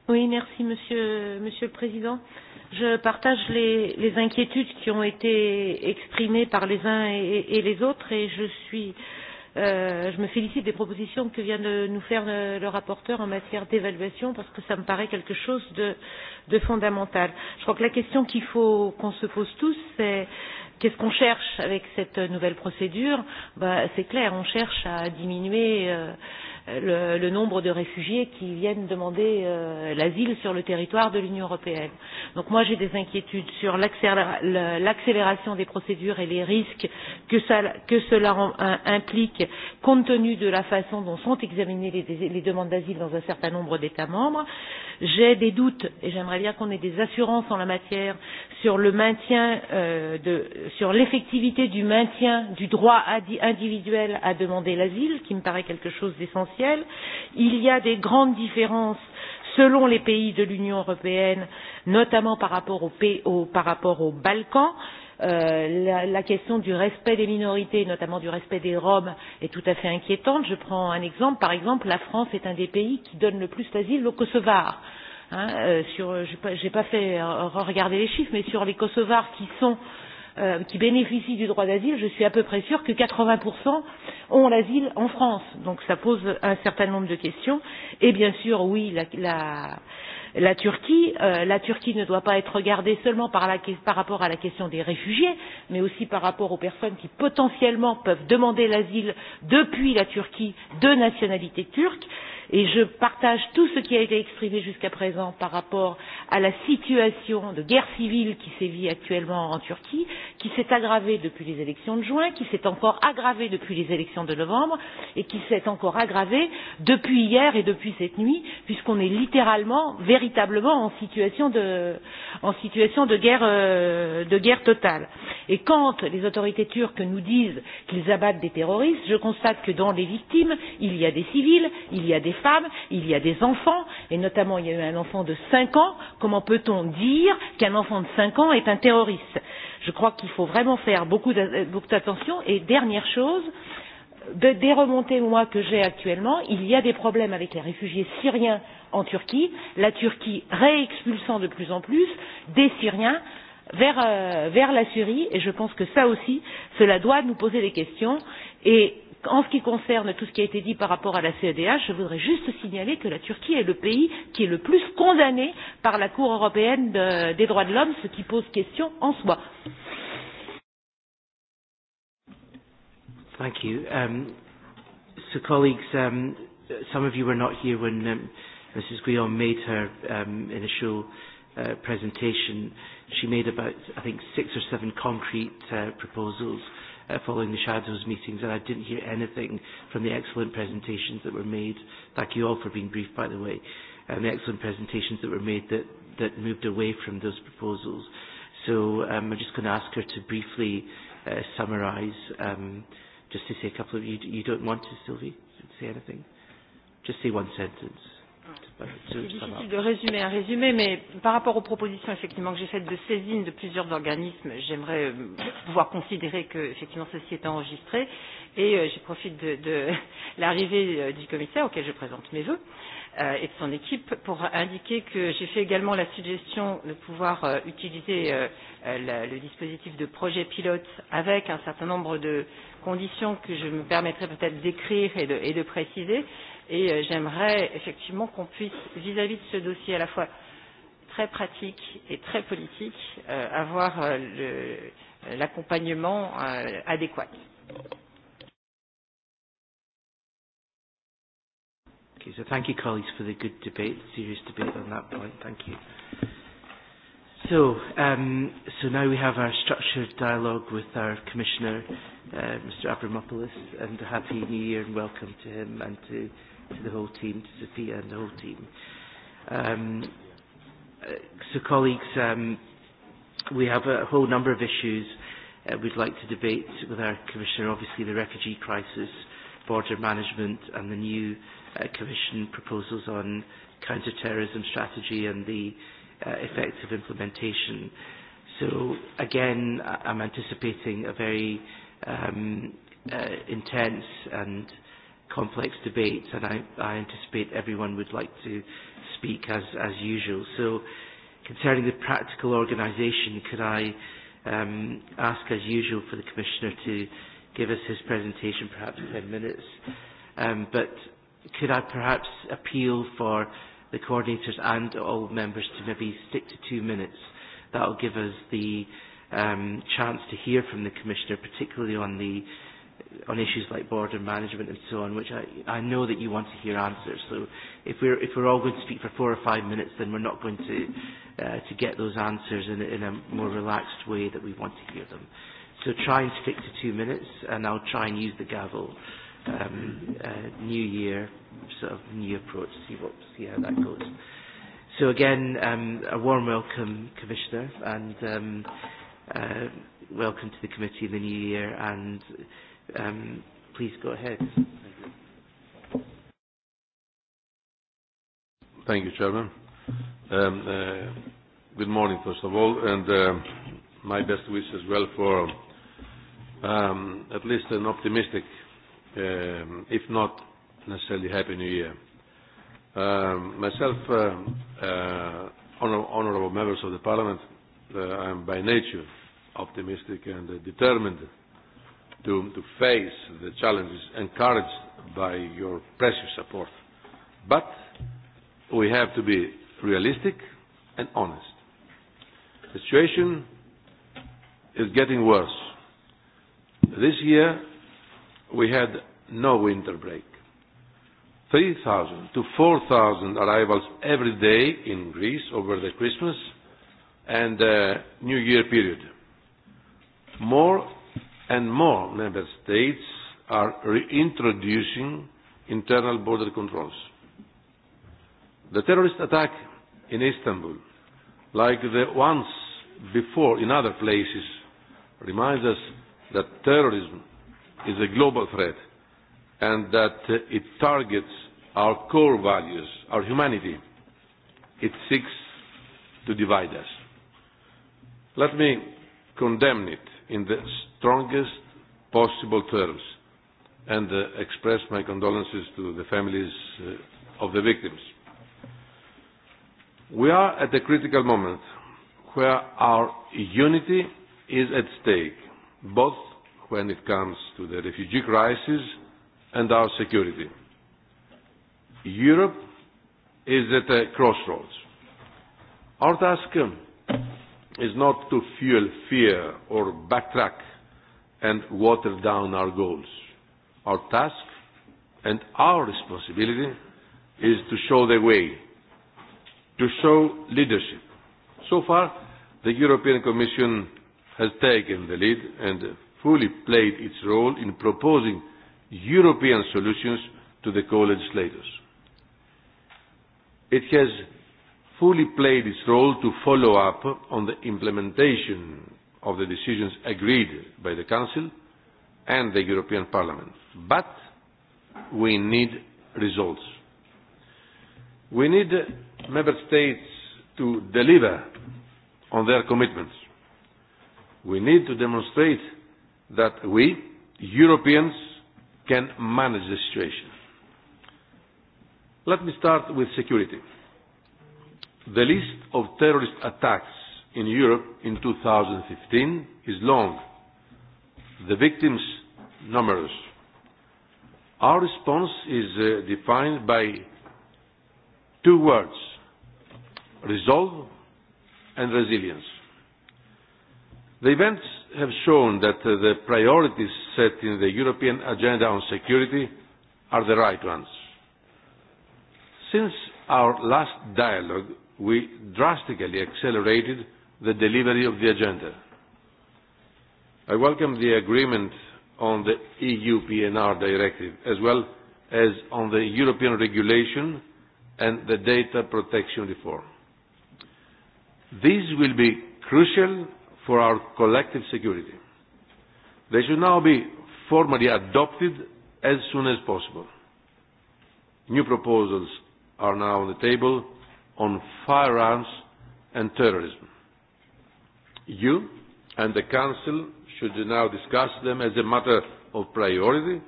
Oui, merci, Monsieur, Monsieur le Président. Je partage les, les inquiétudes qui ont été exprimées par les uns et, et les autres et je suis euh, je me félicite des propositions que vient de nous faire le, euh, le rapporteur en matière d'évaluation parce que ça me paraît quelque chose de, de fondamental. Je crois que la question qu'il faut qu'on se pose tous, c'est Qu'est-ce qu'on cherche avec cette nouvelle procédure bah, C'est clair, on cherche à diminuer euh, le, le nombre de réfugiés qui viennent demander euh, l'asile sur le territoire de l'Union européenne. Donc moi j'ai des inquiétudes sur l'accélération des procédures et les risques que, ça, que cela en, un, implique compte tenu de la façon dont sont examinées les, les demandes d'asile dans un certain nombre d'États membres. J'ai des doutes et j'aimerais bien qu'on ait des assurances en la matière sur le maintien euh, de, sur l'effectivité du maintien du droit individuel à demander l'asile, qui me paraît quelque chose d'essentiel essentiel. Il y a des grandes différences selon les pays de l'Union européenne, notamment par rapport, au, au, par rapport aux Balkans. Euh, la, la question du respect des minorités, notamment du respect des Roms, est tout à fait inquiétante. Je prends un exemple. Par exemple, la France est un des pays qui donne le plus d'asile aux Kosovars. Hein, euh, sur, j'ai pas, pas fait regarder les chiffres, mais sur les Kosovars qui sont euh, euh, qui bénéficient du droit d'asile, je suis à peu près sûre que 80% ont l'asile en France. Donc ça pose un certain nombre de questions. Et bien sûr, oui, la, la, la Turquie, euh, la Turquie ne doit pas être regardée seulement par, la, par rapport à la question des réfugiés, mais aussi par rapport aux personnes qui potentiellement peuvent demander l'asile depuis la Turquie de nationalité turque. Euh, et je partage tout ce qui a été exprimé jusqu'à présent par rapport à la situation de guerre civile qui sévit actuellement en Turquie, qui s'est aggravée depuis les élections de juin, qui s'est encore aggravée depuis les élections de novembre et qui s'est encore aggravée depuis hier et depuis cette nuit, puisqu'on est littéralement, véritablement en situation de, en situation de, guerre, euh, de guerre totale. Et quand les autorités turques nous disent qu'ils abattent des terroristes, je constate que dans les victimes, il y a des civils, il y a des femmes, il y a des enfants, et notamment il y a eu un enfant de 5 ans. Comment peut-on dire qu'un enfant de 5 ans est un terroriste Je crois qu'il faut vraiment faire beaucoup d'attention. Et dernière chose, de, des remontées moi que j'ai actuellement, il y a des problèmes avec les réfugiés syriens en Turquie, la Turquie réexpulsant de plus en plus des Syriens vers, euh, vers la Syrie, et je pense que ça aussi, cela doit nous poser des questions, et En ce qui concerne tout ce qui a été dit par rapport à la CEDH, je voudrais juste signaler que la Turquie est le pays qui est le plus condamné par la Cour européenne de, des droits de l'homme, ce qui pose question en soi. Thank you. Um, so, colleagues, um, some of you were not here when um, Mrs. Guillaume made her um, initial uh, presentation. She made about, I think, six or seven concrete uh, proposals uh, following the Shadows meetings and I didn't hear anything from the excellent presentations that were made. Thank you all for being brief, by the way. And the excellent presentations that were made that, that moved away from those proposals. So um, I'm just going to ask her to briefly uh, summarise, um, just to say a couple of, you, you don't want to, Sylvie, say anything? Just say one sentence. Euh, C'est difficile de résumer un résumé, mais par rapport aux propositions effectivement que j'ai faites de saisine de plusieurs organismes, j'aimerais euh, pouvoir considérer que effectivement ceci est enregistré et euh, je profite de, de (laughs) l'arrivée euh, du commissaire auquel je présente mes voeux euh, et de son équipe pour indiquer que j'ai fait également la suggestion de pouvoir euh, utiliser euh, la, le dispositif de projet pilote avec un certain nombre de conditions que je me permettrai peut-être d'écrire et et de préciser Et euh, j'aimerais effectivement qu'on puisse, vis-à-vis -vis de ce dossier à la fois très pratique et très politique, euh, avoir euh, l'accompagnement euh, adéquat. Okay, so thank you colleagues for the good debate, serious debate on that point. Thank you. So, um, so now we have our structured dialogue with our Commissioner, uh, Mr. Abramopoulos, and a Happy New Year and welcome to him and to to the whole team, to Sophia and the whole team. Um, uh, so colleagues, um, we have a whole number of issues uh, we'd like to debate with our Commissioner, obviously the refugee crisis, border management and the new uh, Commission proposals on counter-terrorism strategy and the uh, of implementation. So again, I'm anticipating a very um, uh, intense and complex debates, and I, I anticipate everyone would like to speak as, as usual. So, concerning the practical organisation, could I um, ask, as usual, for the Commissioner to give us his presentation, perhaps 10 minutes? Um, but could I perhaps appeal for the coordinators and all members to maybe stick to two minutes? That will give us the um, chance to hear from the Commissioner, particularly on the on issues like border management and so on, which I, I know that you want to hear answers. So if we're, if we're all going to speak for four or five minutes, then we're not going to, uh, to get those answers in, in a more relaxed way that we want to hear them. So try and stick to two minutes, and I'll try and use the gavel. Um, uh, new year, sort of new approach, see, what, see how that goes. So again, um, a warm welcome, Commissioner, and um, uh, welcome to the committee in the new year. and Um, please go ahead. Thank you, Chairman. Um, uh, good morning, first of all, and uh, my best wish as well for um, at least an optimistic, um, if not necessarily happy new year. Um, myself, uh uh, honor honorable members of the Parliament, uh, I am by nature optimistic and uh, determined to, to face the challenges encouraged by your precious support. But we have to be realistic and honest. The situation is getting worse. This year we had no winter break. 3,000 to 4,000 arrivals every day in Greece over the Christmas and uh, New Year period. More and more member states are reintroducing internal border controls. The terrorist attack in Istanbul, like the ones before in other places, reminds us that terrorism is a global threat and that it targets our core values, our humanity. It seeks to divide us. Let me condemn it in the strongest possible terms and uh, express my condolences to the families uh, of the victims. We are at a critical moment where our unity is at stake, both when it comes to the refugee crisis and our security. Europe is at a crossroads. Our task is not to fuel fear or backtrack and water down our goals. Our task and our responsibility is to show the way, to show leadership. So far, the European Commission has taken the lead and fully played its role in proposing European solutions to the co-legislators. It has fully played its role to follow up on the implementation of the decisions agreed by the Council and the European Parliament. But we need results. We need Member States to deliver on their commitments. We need to demonstrate that we, Europeans, can manage the situation. Let me start with security. The list of terrorist attacks in Europe in 2015 is long, the victims numerous. Our response is uh, defined by two words, resolve and resilience. The events have shown that uh, the priorities set in the European agenda on security are the right ones. Since our last dialogue we drastically accelerated the delivery of the agenda. I welcome the agreement on the EU PNR directive as well as on the European regulation and the data protection reform. These will be crucial for our collective security. They should now be formally adopted as soon as possible. New proposals are now on the table on firearms and terrorism. You and the Council should now discuss them as a matter of priority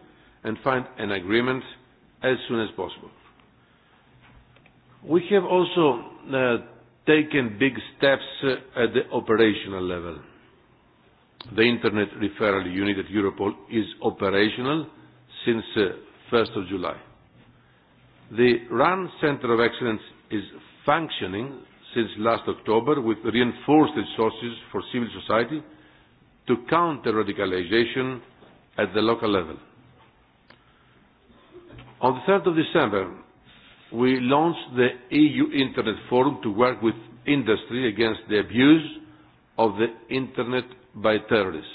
and find an agreement as soon as possible. We have also uh, taken big steps uh, at the operational level. The Internet Referral Unit at Europol is operational since uh, 1st of July. The RAN Center of Excellence is functioning since last October with reinforced resources for civil society to counter radicalization at the local level. On the 3rd of December, we launched the EU Internet Forum to work with industry against the abuse of the Internet by terrorists.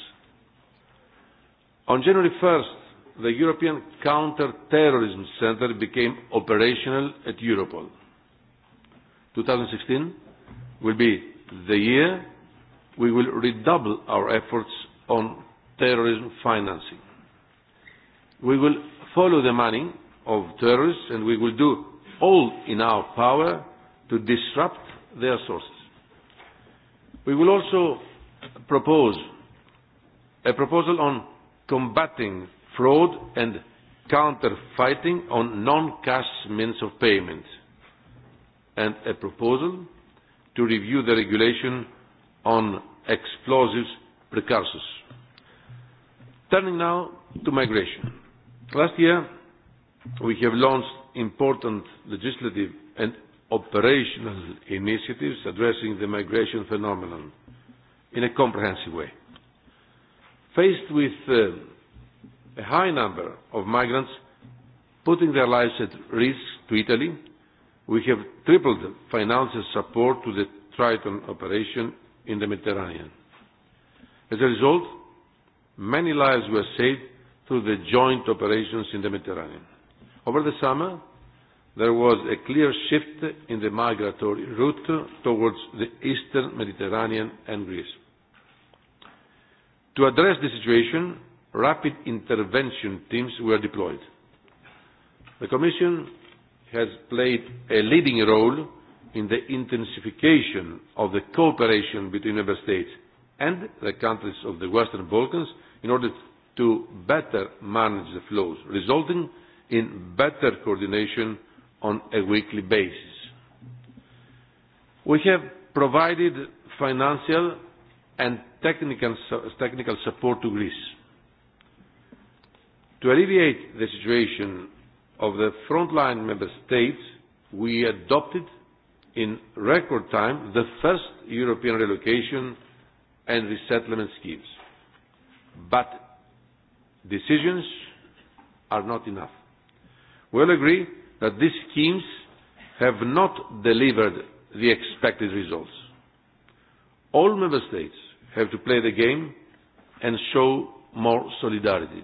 On January 1st, the European Counter-Terrorism Center became operational at Europol. 2016 will be the year we will redouble our efforts on terrorism financing. We will follow the money of terrorists and we will do all in our power to disrupt their sources. We will also propose a proposal on combating fraud and fighting on non-cash means of payment and a proposal to review the regulation on explosives precursors. Turning now to migration. Last year, we have launched important legislative and operational initiatives addressing the migration phenomenon in a comprehensive way. Faced with uh, a high number of migrants putting their lives at risk to Italy, We have tripled financial support to the Triton operation in the Mediterranean. As a result, many lives were saved through the joint operations in the Mediterranean. Over the summer, there was a clear shift in the migratory route towards the eastern Mediterranean and Greece. To address the situation, rapid intervention teams were deployed. The Commission has played a leading role in the intensification of the cooperation between member states and the countries of the Western Balkans in order to better manage the flows, resulting in better coordination on a weekly basis. We have provided financial and technical, technical support to Greece. To alleviate the situation of the frontline member states, we adopted in record time the first European relocation and resettlement schemes. But decisions are not enough. We all agree that these schemes have not delivered the expected results. All member states have to play the game and show more solidarity.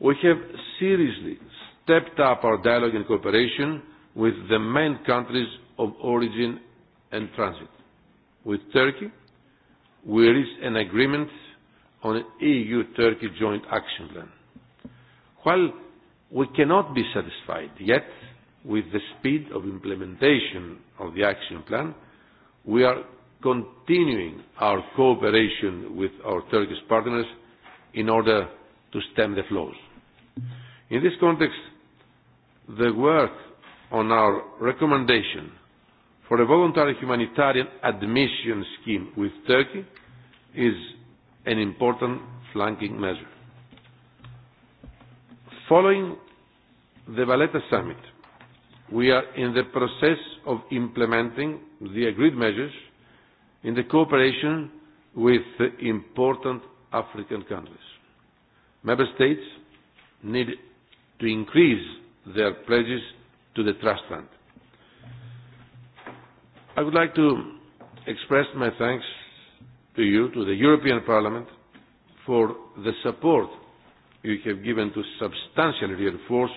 We have seriously stepped up our dialogue and cooperation with the main countries of origin and transit. With Turkey, we reached an agreement on an EU-Turkey joint action plan. While we cannot be satisfied yet with the speed of implementation of the action plan, we are continuing our cooperation with our Turkish partners in order to stem the flows. In this context, the work on our recommendation for a voluntary humanitarian admission scheme with Turkey is an important flanking measure. Following the Valletta summit, we are in the process of implementing the agreed measures in the cooperation with the important African countries. Member States need to increase their pledges to the trust fund. I would like to express my thanks to you, to the European Parliament, for the support you have given to substantially reinforce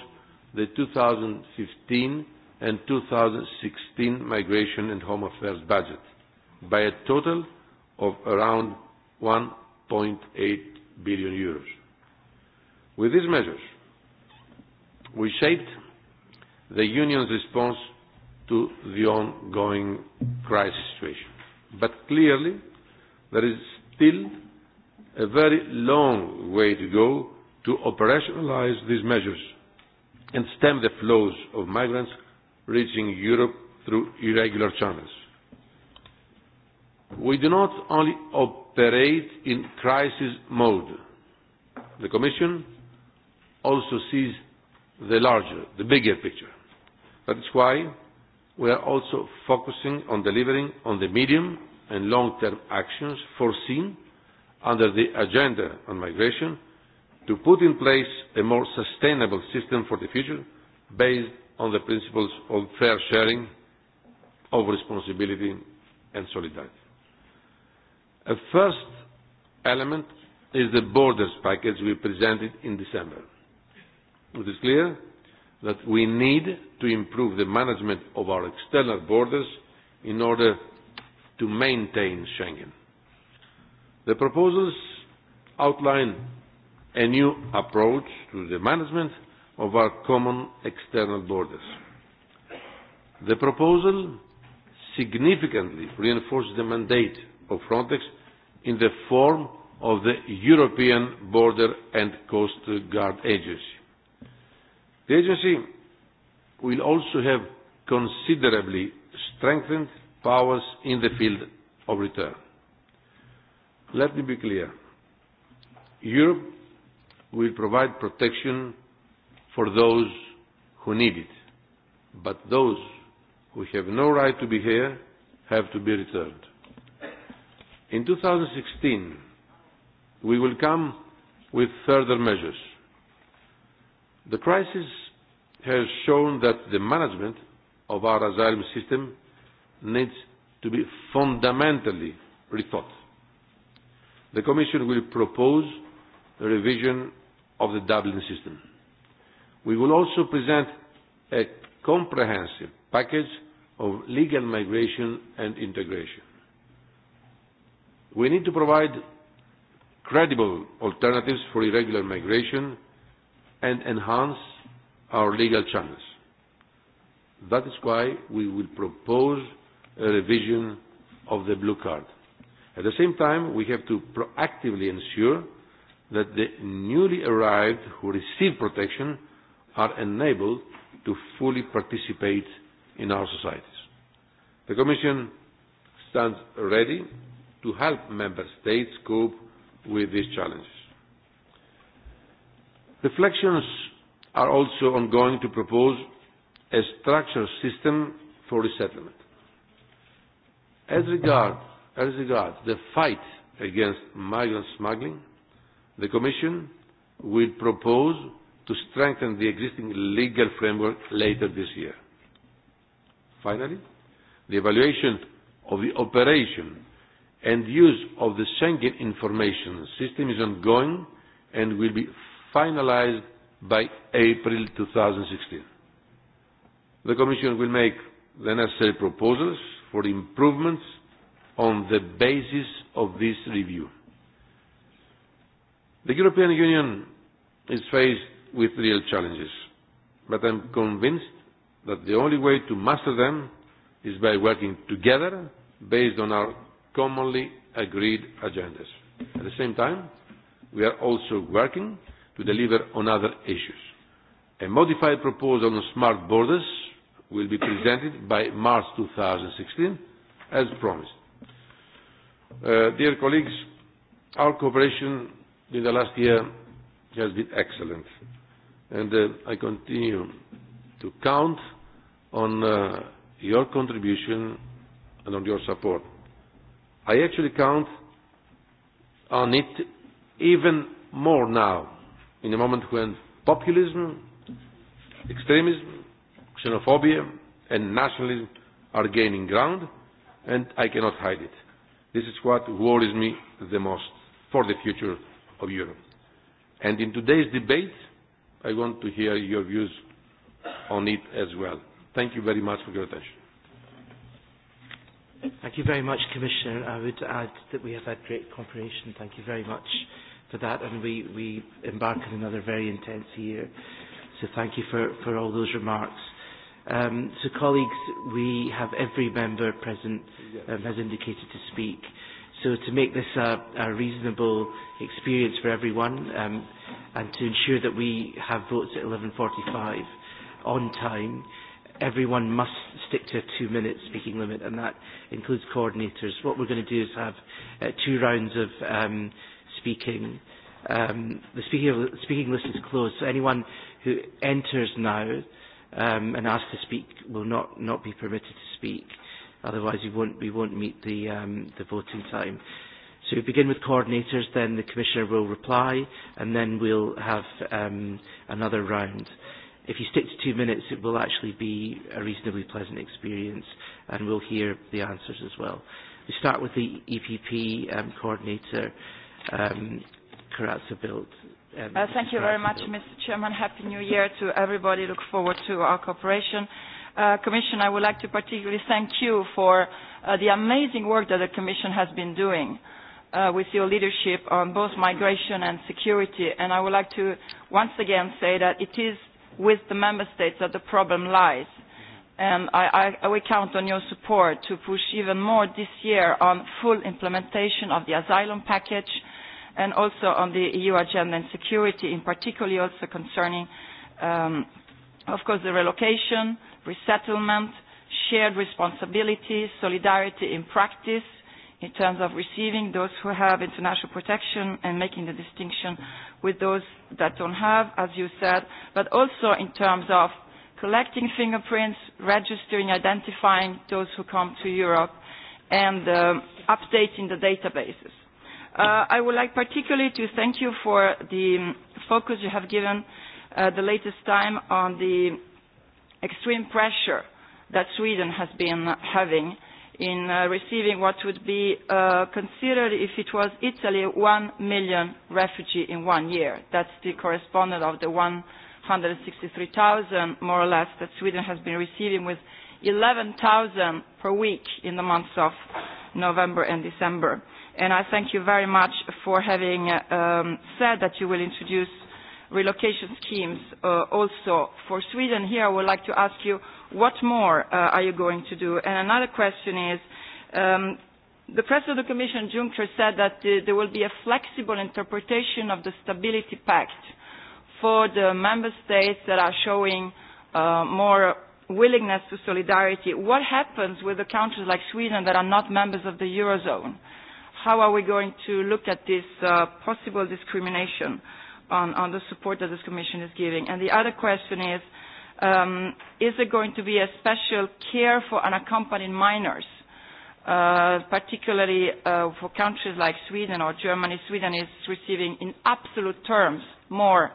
the 2015 and 2016 migration and home affairs budget by a total of around 1.8 billion euros. With these measures, we shaped the Union's response to the ongoing crisis situation. But clearly, there is still a very long way to go to operationalize these measures and stem the flows of migrants reaching Europe through irregular channels. We do not only operate in crisis mode. The Commission also sees the larger, the bigger picture. That is why we are also focusing on delivering on the medium and long-term actions foreseen under the agenda on migration to put in place a more sustainable system for the future based on the principles of fair sharing, of responsibility and solidarity. A first element is the borders package we presented in December. It is clear that we need to improve the management of our external borders in order to maintain Schengen. The proposals outline a new approach to the management of our common external borders. The proposal significantly reinforces the mandate of Frontex in the form of the European Border and Coast Guard Agency. The agency will also have considerably strengthened powers in the field of return. Let me be clear. Europe will provide protection for those who need it, but those who have no right to be here have to be returned. In 2016, we will come with further measures The crisis has shown that the management of our asylum system needs to be fundamentally rethought. The Commission will propose a revision of the Dublin system. We will also present a comprehensive package of legal migration and integration. We need to provide credible alternatives for irregular migration and enhance our legal channels. That is why we will propose a revision of the blue card. At the same time, we have to proactively ensure that the newly arrived who receive protection are enabled to fully participate in our societies. The Commission stands ready to help Member States cope with these challenges. Reflections are also ongoing to propose a structured system for resettlement. As regards, as regard the fight against migrant smuggling, the Commission will propose to strengthen the existing legal framework later this year. Finally, the evaluation of the operation and use of the Schengen information system is ongoing and will be finalized by April 2016. The Commission will make the necessary proposals for improvements on the basis of this review. The European Union is faced with real challenges, but I'm convinced that the only way to master them is by working together based on our commonly agreed agendas. At the same time, we are also working to deliver on other issues. A modified proposal on smart borders will be presented by March 2016, as promised. Uh, dear colleagues, our cooperation in the last year has been excellent, and uh, I continue to count on uh, your contribution and on your support. I actually count on it even more now in a moment when populism, extremism, xenophobia, and nationalism are gaining ground, and I cannot hide it. This is what worries me the most for the future of Europe. And in today's debate, I want to hear your views on it as well. Thank you very much for your attention. Thank you very much, Commissioner. I would add that we have had great cooperation. Thank you very much for that, and we, we embark on another very intense year. So thank you for, for all those remarks. Um, so colleagues, we have every member present um, has indicated to speak. So to make this a, a reasonable experience for everyone um, and to ensure that we have votes at 11.45 on time, everyone must stick to a two-minute speaking limit and that includes coordinators. What we're going to do is have uh, two rounds of um, speaking. Um, the speaker, speaking list is closed, so anyone who enters now um, and asks to speak will not, not be permitted to speak. Otherwise, we won't, we won't meet the, um, the voting time. So we begin with coordinators, then the Commissioner will reply, and then we'll have um, another round. If you stick to two minutes, it will actually be a reasonably pleasant experience, and we'll hear the answers as well. We start with the EPP um, coordinator um, Karatsa built. Um, uh, thank you very much, Mr. Chairman. Happy New Year to everybody. Look forward to our cooperation. Uh, Commission, I would like to particularly thank you for uh, the amazing work that the Commission has been doing uh, with your leadership on both migration and security. And I would like to once again say that it is with the Member States that the problem lies. And I, I, we count on your support to push even more this year on full implementation of the asylum package, and also on the EU agenda and security, in particular also concerning, um, of course, the relocation, resettlement, shared responsibility, solidarity in practice, in terms of receiving those who have international protection and making the distinction with those that don't have, as you said, but also in terms of collecting fingerprints, registering, identifying those who come to Europe, and um, updating the databases. Uh, I would like particularly to thank you for the focus you have given uh, the latest time on the extreme pressure that Sweden has been having in uh, receiving what would be uh, considered, if it was Italy, one million refugee in one year. That's the correspondent of the 163,000, more or less, that Sweden has been receiving with 11,000 per week in the months of November and December and I thank you very much for having uh, um, said that you will introduce relocation schemes uh, also for Sweden. Here I would like to ask you what more uh, are you going to do? And another question is, um, the President of the Commission, Juncker, said that uh, there will be a flexible interpretation of the Stability Pact for the member states that are showing uh, more willingness to solidarity. What happens with the countries like Sweden that are not members of the Eurozone? how are we going to look at this uh, possible discrimination on, on the support that this Commission is giving? And the other question is, um, is there going to be a special care for unaccompanied minors? Uh, particularly uh, for countries like Sweden or Germany, Sweden is receiving in absolute terms more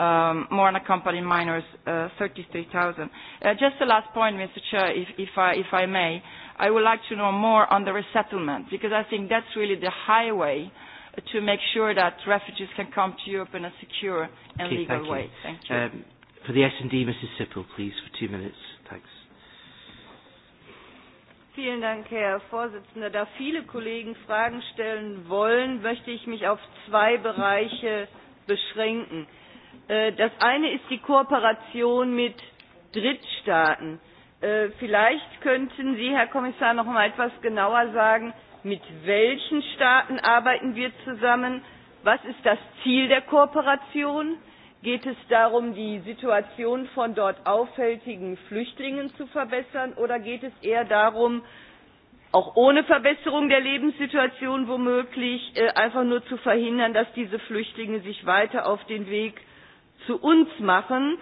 um, more unaccompanied minors, uh, 33,000. Uh, just the last point, Mr. Chair, if, if, I, if I may. I would like to know more on the resettlement because I think that's really the highway to make sure that refugees can come to Europe in a secure and okay, legal thank way. You. Thank you. Um, for the S&D, Mrs. Sippel, please, for two minutes. Thanks. Vielen Dank, Herr Vorsitzender. Da viele Kollegen Fragen stellen wollen, möchte ich mich auf zwei Bereiche beschränken. Äh, das eine ist die Kooperation mit Drittstaaten. Äh, vielleicht könnten Sie, Herr Kommissar, noch mal etwas genauer sagen, mit welchen Staaten arbeiten wir zusammen? Was ist das Ziel der Kooperation? Geht es darum, die Situation von dort auffälligen Flüchtlingen zu verbessern oder geht es eher darum, auch ohne Verbesserung der Lebenssituation womöglich äh, einfach nur zu verhindern, dass diese Flüchtlinge sich weiter auf den Weg zu uns machen?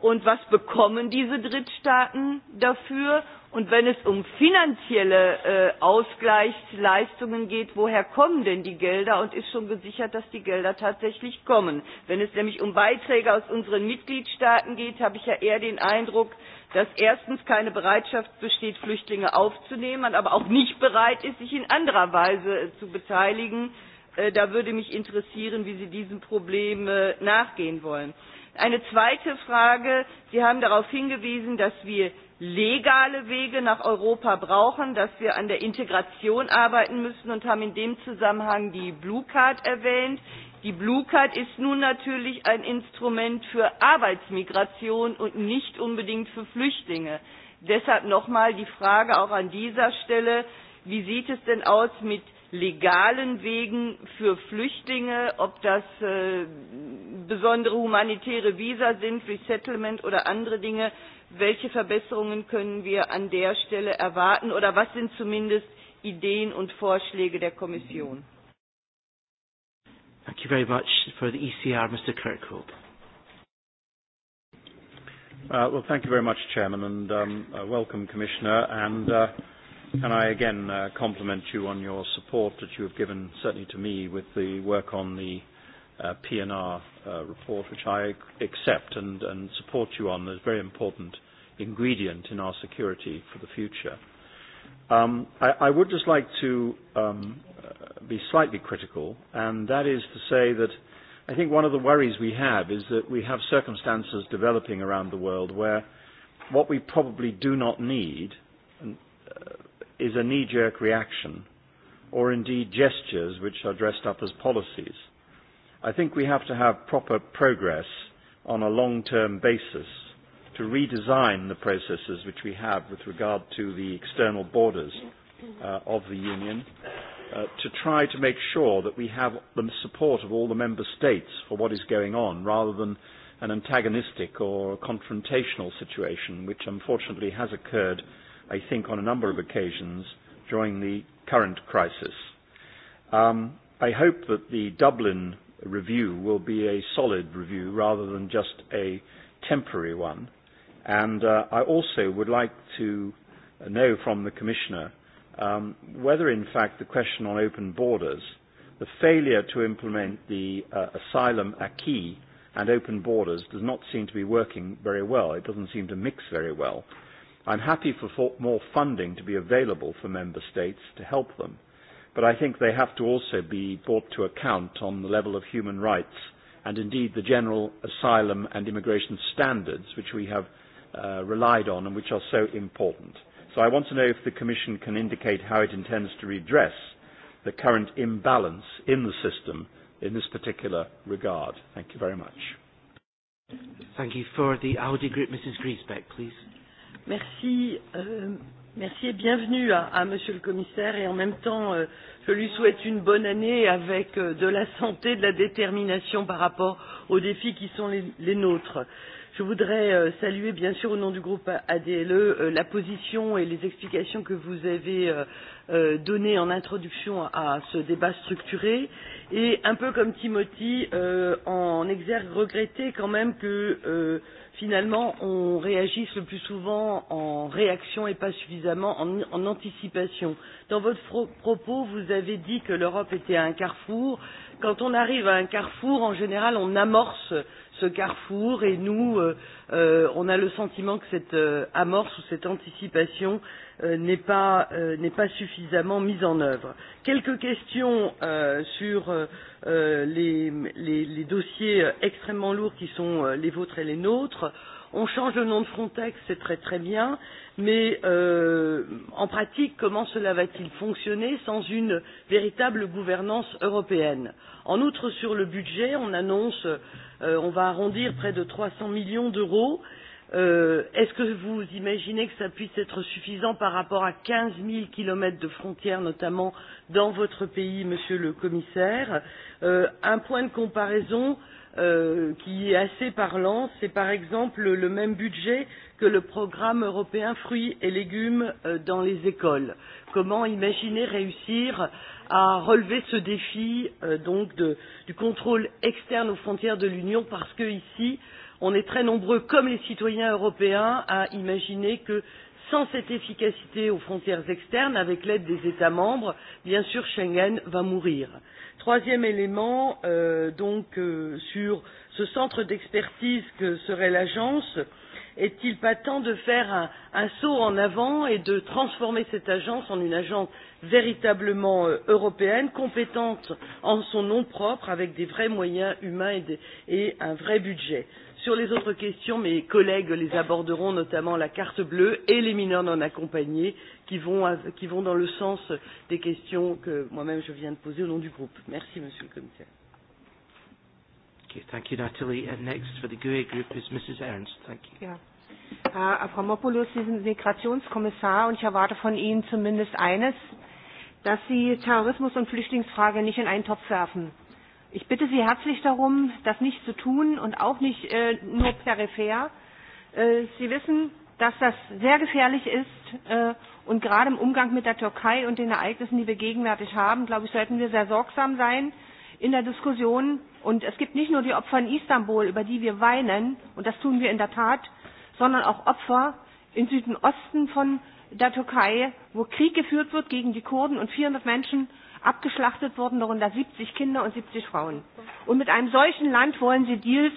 und was bekommen diese Drittstaaten dafür? Und wenn es um finanzielle äh, Ausgleichsleistungen geht, woher kommen denn die Gelder? Und ist schon gesichert, dass die Gelder tatsächlich kommen? Wenn es nämlich um Beiträge aus unseren Mitgliedstaaten geht, habe ich ja eher den Eindruck, dass erstens keine Bereitschaft besteht, Flüchtlinge aufzunehmen, man aber auch nicht bereit ist, sich in anderer Weise äh, zu beteiligen. Äh, da würde mich interessieren, wie Sie diesem Problem äh, nachgehen wollen. Eine zweite Frage. Sie haben darauf hingewiesen, dass wir legale Wege nach Europa brauchen, dass wir an der Integration arbeiten müssen und haben in dem Zusammenhang die Blue Card erwähnt. Die Blue Card ist nun natürlich ein Instrument für Arbeitsmigration und nicht unbedingt für Flüchtlinge. Deshalb nochmal die Frage auch an dieser Stelle, wie sieht es denn aus mit legalen Wegen für Flüchtlinge, ob das äh, besondere humanitäre Visa sind, Resettlement oder andere Dinge, welche Verbesserungen können wir an der Stelle erwarten oder was sind zumindest Ideen und Vorschläge der Kommission? Thank you very much for the ECR, Mr. Kirkhope. Uh, well, thank you very much, Chairman, and um, uh, welcome, Commissioner. And uh, Can I again uh, compliment you on your support that you have given, certainly to me, with the work on the uh, PNR uh, report, which I accept and, and support you on as a very important ingredient in our security for the future. Um, I, I would just like to um, uh be slightly critical, and that is to say that I think one of the worries we have is that we have circumstances developing around the world where what we probably do not need – is a knee-jerk reaction or indeed gestures which are dressed up as policies. I think we have to have proper progress on a long-term basis to redesign the processes which we have with regard to the external borders uh, of the Union uh, to try to make sure that we have the support of all the member states for what is going on rather than an antagonistic or confrontational situation which unfortunately has occurred I think, on a number of occasions during the current crisis. Um, I hope that the Dublin review will be a solid review rather than just a temporary one. And uh, I also would like to know from the Commissioner um, whether, in fact, the question on open borders, the failure to implement the uh, asylum acquis and open borders does not seem to be working very well. It doesn't seem to mix very well. I'm happy for more funding to be available for member states to help them, but I think they have to also be brought to account on the level of human rights and indeed the general asylum and immigration standards which we have uh, relied on and which are so important. So I want to know if the Commission can indicate how it intends to redress the current imbalance in the system in this particular regard. Thank you very much. Thank you. For the Audi Group, Mrs. Griesbeck, please. Merci. Euh, merci et bienvenue à, à Monsieur le Commissaire et en même temps, euh, je lui souhaite une bonne année avec euh, de la santé, de la détermination par rapport aux défis qui sont les, les nôtres. Je voudrais euh, saluer, bien sûr, au nom du groupe ADLE, euh, la position et les explications que vous avez euh, euh, données en introduction à, à ce débat structuré. Et un peu comme Timothy, euh, en exergue regretter quand même que euh, finalement on réagisse le plus souvent en réaction et pas suffisamment en, en anticipation. Dans votre propos, vous avez dit que l'Europe était à un carrefour. Quand on arrive à un carrefour, en général, on amorce euh, ce carrefour et nous, euh, euh, on a le sentiment que cette euh, amorce ou cette anticipation euh, n'est pas, euh, pas suffisamment mise en œuvre. Quelques questions euh, sur euh, euh les, les, les dossiers euh, extrêmement lourds qui sont euh, les vôtres et les nôtres. On change le nom de Frontex, c'est très très bien. Euh, mais euh, en pratique, comment cela va-t-il fonctionner sans une véritable gouvernance européenne En outre, sur le budget, on annonce, euh, on va arrondir près de 300 millions d'euros. Euh, est-ce que vous imaginez que ça puisse être suffisant par rapport à 15 000 kilomètres de frontières, notamment dans votre pays, Monsieur le Commissaire euh, Un point de comparaison. Euh, Euh, qui est assez parlant, c'est par exemple le même budget que le programme européen fruits et légumes euh, dans les écoles. Comment imaginer réussir à relever ce défi euh, donc de, du contrôle externe aux frontières de l'Union parce que ici on est très nombreux comme les citoyens européens à imaginer que Sans cette efficacité aux frontières externes, avec l'aide des États membres, bien sûr Schengen va mourir. Troisième élément, euh, donc euh, sur ce centre d'expertise que serait l'agence, est-il pas temps de faire un, un saut en avant et de transformer cette agence en une agence véritablement euh, européenne, compétente en son nom propre, avec des vrais moyens humains et, de, et un vrai budget Sur les autres questions, mes collègues les aborderont, notamment la carte bleue et les mineurs non accompagnés, qui vont, qui vont dans le sens des questions que moi-même je viens de poser au nom du groupe. Merci, Monsieur le Commissaire. Okay, thank you, Nathalie. And next for the GUE group is Mrs. Ernst. Thank you. Yeah. Äh, Herr Avramopoulos, Sie sind Migrationskommissar und ich erwarte von Ihnen zumindest eines, dass Sie Terrorismus und Flüchtlingsfrage nicht in einen Topf werfen. Ich bitte Sie herzlich darum, das nicht zu tun und auch nicht äh, nur peripher. Äh, Sie wissen, dass das sehr gefährlich ist äh, und gerade im Umgang mit der Türkei und den Ereignissen, die wir gegenwärtig haben, glaube ich, sollten wir sehr sorgsam sein in der Diskussion. Und es gibt nicht nur die Opfer in Istanbul, über die wir weinen, und das tun wir in der Tat, sondern auch Opfer im Süden Osten von der Türkei, wo Krieg geführt wird gegen die Kurden und 400 Menschen abgeschlachtet wurden, darunter 70 Kinder und 70 Frauen. Und mit einem solchen Land wollen sie Deals,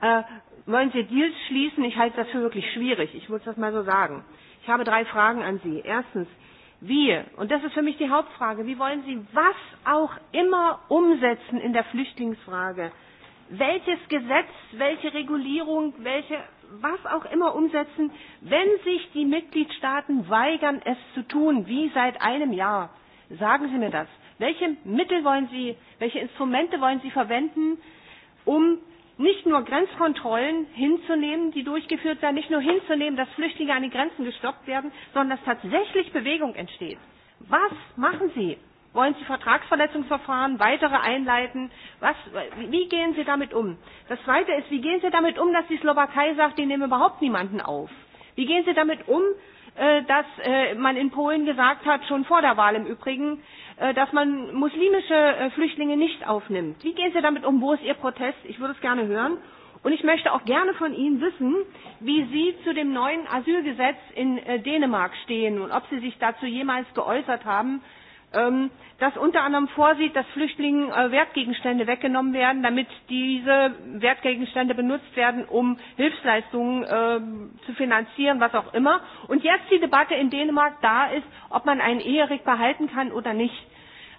äh, wollen sie Deals schließen. Ich halte das für wirklich schwierig. Ich muss das mal so sagen. Ich habe drei Fragen an Sie. Erstens, wie, und das ist für mich die Hauptfrage, wie wollen Sie was auch immer umsetzen in der Flüchtlingsfrage? Welches Gesetz, welche Regulierung, welche, was auch immer umsetzen, wenn sich die Mitgliedstaaten weigern, es zu tun, wie seit einem Jahr? Sagen Sie mir das. Welche Mittel wollen Sie, welche Instrumente wollen Sie verwenden, um nicht nur Grenzkontrollen hinzunehmen, die durchgeführt werden, nicht nur hinzunehmen, dass Flüchtlinge an die Grenzen gestoppt werden, sondern dass tatsächlich Bewegung entsteht. Was machen Sie? Wollen Sie Vertragsverletzungsverfahren, weitere einleiten? Was, wie gehen Sie damit um? Das Zweite ist, wie gehen Sie damit um, dass die Slowakei sagt, die nehmen überhaupt niemanden auf? Wie gehen Sie damit um, Äh, dass äh, man in Polen gesagt hat, schon vor der Wahl im Übrigen, äh, dass man muslimische Flüchtlinge nicht aufnimmt. Wie gehen Sie damit um? Wo ist Ihr Protest? Ich würde es gerne hören. Und ich möchte auch gerne von Ihnen wissen, wie Sie zu dem neuen Asylgesetz in Dänemark stehen und ob Sie sich dazu jemals geäußert haben, Ähm, das unter anderem vorsieht, dass Flüchtlingen äh, Wertgegenstände weggenommen werden, damit diese Wertgegenstände benutzt werden, um Hilfsleistungen ähm, zu finanzieren, was auch immer. Und jetzt die Debatte in Dänemark da ist, ob man einen Eherik behalten kann oder nicht.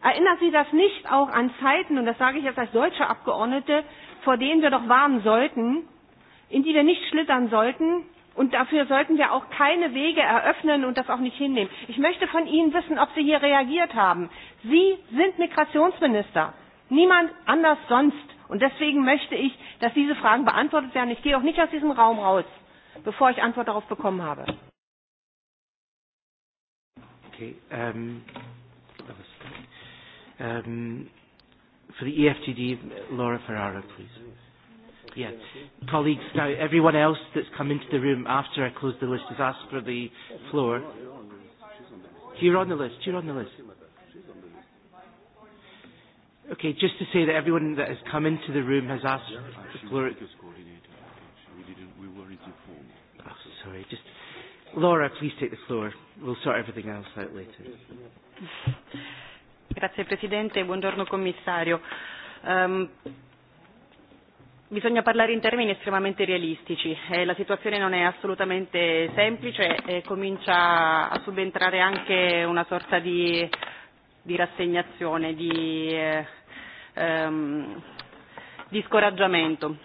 Erinnert Sie das nicht auch an Zeiten, und das sage ich jetzt als deutsche Abgeordnete, vor denen wir doch warnen sollten, in die wir nicht schlittern sollten, Und dafür sollten wir auch keine Wege eröffnen und das auch nicht hinnehmen. Ich möchte von Ihnen wissen, ob Sie hier reagiert haben. Sie sind Migrationsminister. Niemand anders sonst. Und deswegen möchte ich, dass diese Fragen beantwortet werden. Ich gehe auch nicht aus diesem Raum raus, bevor ich Antwort darauf bekommen habe. Okay, um, um, for the EFTD, Laura Ferrara, please yeah. Colleagues, now everyone else that's come into the room after I close the list has asked for the floor. You're on the list. You're on the list. Okay, just to say that everyone that has come into the room has asked for the floor. Oh, sorry, just... Laura, please take the floor. We'll sort everything else out later. Grazie Presidente, buongiorno Commissario. Um, bisogna parlare in termini estremamente realistici. Eh, la situazione non è assolutamente semplice e comincia a subentrare anche una sorta di, di rassegnazione, di, eh, um, di scoraggiamento.